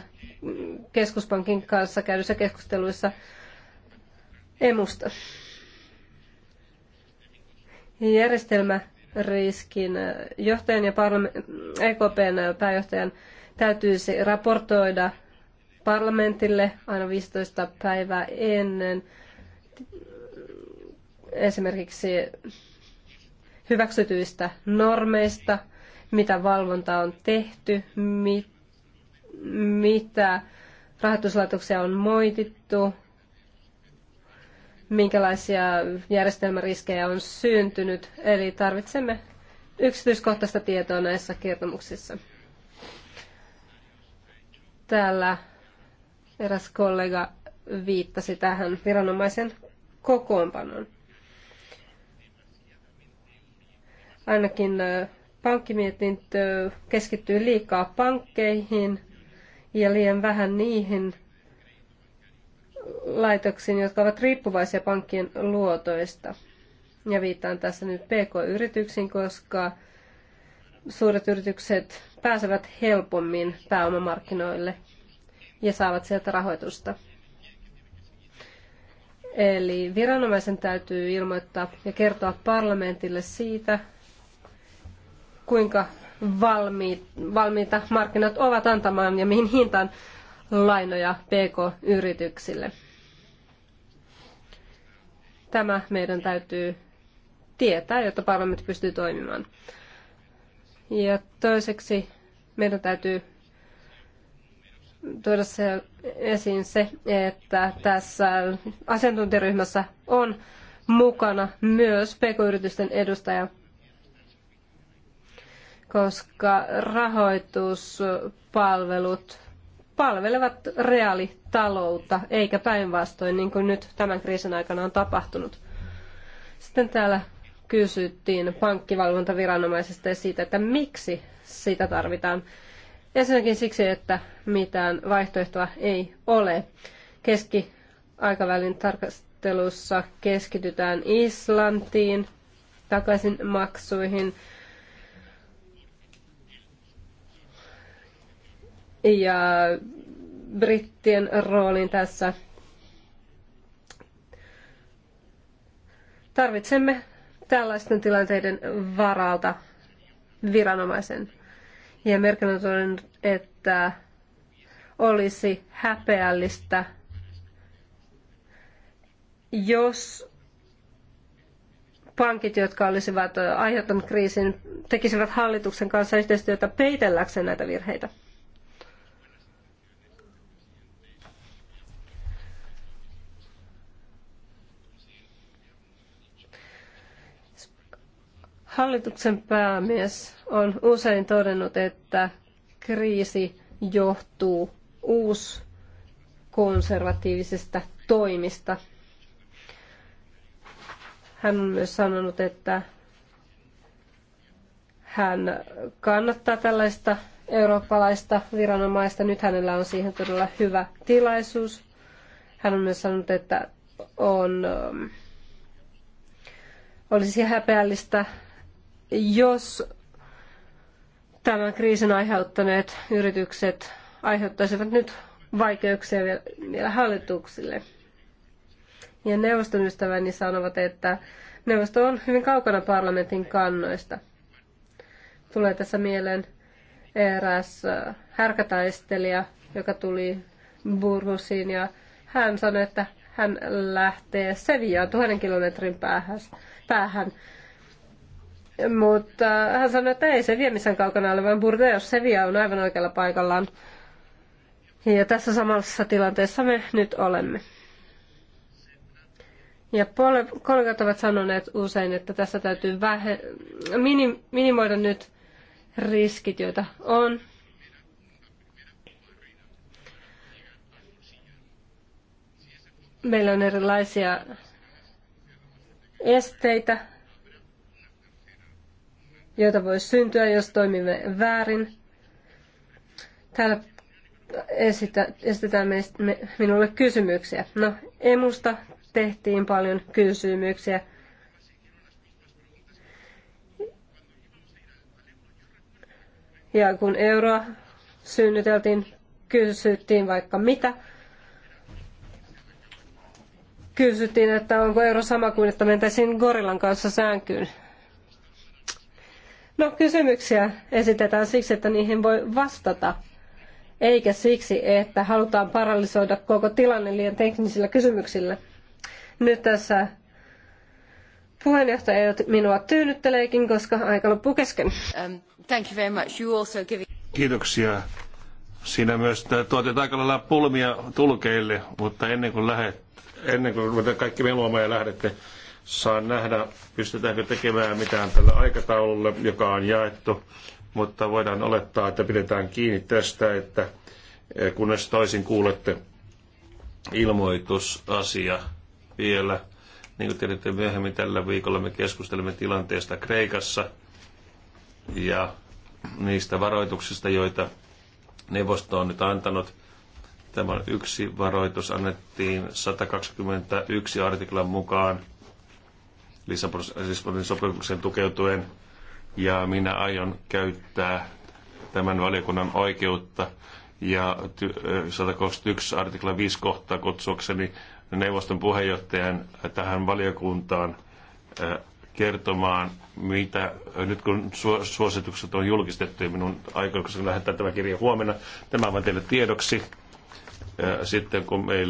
keskuspankin kanssa käydyissä keskusteluissa emusta. Järjestelmäriskin johtajan ja EKPn pääjohtajan täytyisi raportoida parlamentille aina 15 päivää ennen esimerkiksi hyväksytyistä normeista, mitä valvonta on tehty, mit, mitä rahoituslaitoksia on moitittu, minkälaisia järjestelmäriskejä on syntynyt. Eli tarvitsemme yksityiskohtaista tietoa näissä kertomuksissa. Täällä eräs kollega viittasi tähän viranomaisen kokoonpanoon. Ainakin pankkimietintö keskittyy liikaa pankkeihin ja liian vähän niihin laitoksiin, jotka ovat riippuvaisia pankkien luotoista. Ja viittaan tässä nyt PK-yrityksiin, koska suuret yritykset pääsevät helpommin pääomamarkkinoille ja saavat sieltä rahoitusta. Eli viranomaisen täytyy ilmoittaa ja kertoa parlamentille siitä, kuinka valmiit, valmiita markkinat ovat antamaan ja mihin hintaan lainoja PK-yrityksille. Tämä meidän täytyy tietää, jotta parlamentti pystyy toimimaan. Ja toiseksi meidän täytyy tuoda se esiin se, että tässä asiantuntijaryhmässä on mukana myös pk-yritysten edustaja, koska rahoituspalvelut palvelevat reaalitaloutta, eikä päinvastoin, niin kuin nyt tämän kriisin aikana on tapahtunut. Sitten täällä kysyttiin pankkivalvontaviranomaisesta ja siitä, että miksi sitä tarvitaan. Ensinnäkin siksi, että mitään vaihtoehtoa ei ole. Keskiaikavälin tarkastelussa keskitytään Islantiin, takaisin maksuihin, ja brittien roolin tässä. Tarvitsemme tällaisten tilanteiden varalta viranomaisen. Ja Merkel on todennut, että olisi häpeällistä, jos pankit, jotka olisivat aiheuttaneet kriisin, tekisivät hallituksen kanssa yhteistyötä peitelläkseen näitä virheitä. Hallituksen päämies on usein todennut, että kriisi johtuu uuskonservatiivisista toimista. Hän on myös sanonut, että hän kannattaa tällaista eurooppalaista viranomaista. Nyt hänellä on siihen todella hyvä tilaisuus. Hän on myös sanonut, että on, olisi häpeällistä jos tämän kriisin aiheuttaneet yritykset aiheuttaisivat nyt vaikeuksia vielä hallituksille. Ja neuvoston ystäväni sanovat, että neuvosto on hyvin kaukana parlamentin kannoista. Tulee tässä mieleen eräs härkätaistelija, joka tuli Burhusiin ja hän sanoi, että hän lähtee Seviaan tuhannen kilometrin päähän, päähän mutta hän sanoi, että ei se vie missään kaukana ole, vaan Burdeos Sevilla on aivan oikealla paikallaan. Ja tässä samassa tilanteessa me nyt olemme. Ja kollegat ovat sanoneet usein, että tässä täytyy vähe, minim, minimoida nyt riskit, joita on. Meillä on erilaisia esteitä joita voi syntyä, jos toimimme väärin. Täällä esitetään minulle kysymyksiä. No, emusta tehtiin paljon kysymyksiä. Ja kun euroa synnyteltiin, kysyttiin vaikka mitä. Kysyttiin, että onko euro sama kuin, että mentäisiin gorillan kanssa säänkyyn. No kysymyksiä esitetään siksi, että niihin voi vastata, eikä siksi, että halutaan paralysoida koko tilanne liian teknisillä kysymyksillä. Nyt tässä puheenjohtaja minua tyynytteleekin, koska aika loppuu kesken. Um, thank you very much. You also give... Kiitoksia. Siinä myös tuotit aika lailla pulmia tulkeille, mutta ennen kuin lähet, ennen kuin kaikki meluamaan ja lähdette, saa nähdä, pystytäänkö tekemään mitään tällä aikataululla, joka on jaettu, mutta voidaan olettaa, että pidetään kiinni tästä, että e, kunnes toisin kuulette ilmoitusasia vielä. Niin kuin tiedätte, myöhemmin tällä viikolla me keskustelemme tilanteesta Kreikassa ja niistä varoituksista, joita neuvosto on nyt antanut. Tämä yksi varoitus annettiin 121 artiklan mukaan – Lissabonin sopimuksen tukeutuen. Ja minä aion käyttää tämän valiokunnan oikeutta ja 121 artikla 5 kohtaa kutsuakseni neuvoston puheenjohtajan tähän valiokuntaan kertomaan, mitä nyt kun suositukset on julkistettu ja minun aikomukseni lähettää tämä kirja huomenna, tämä on teille tiedoksi. Sitten kun meillä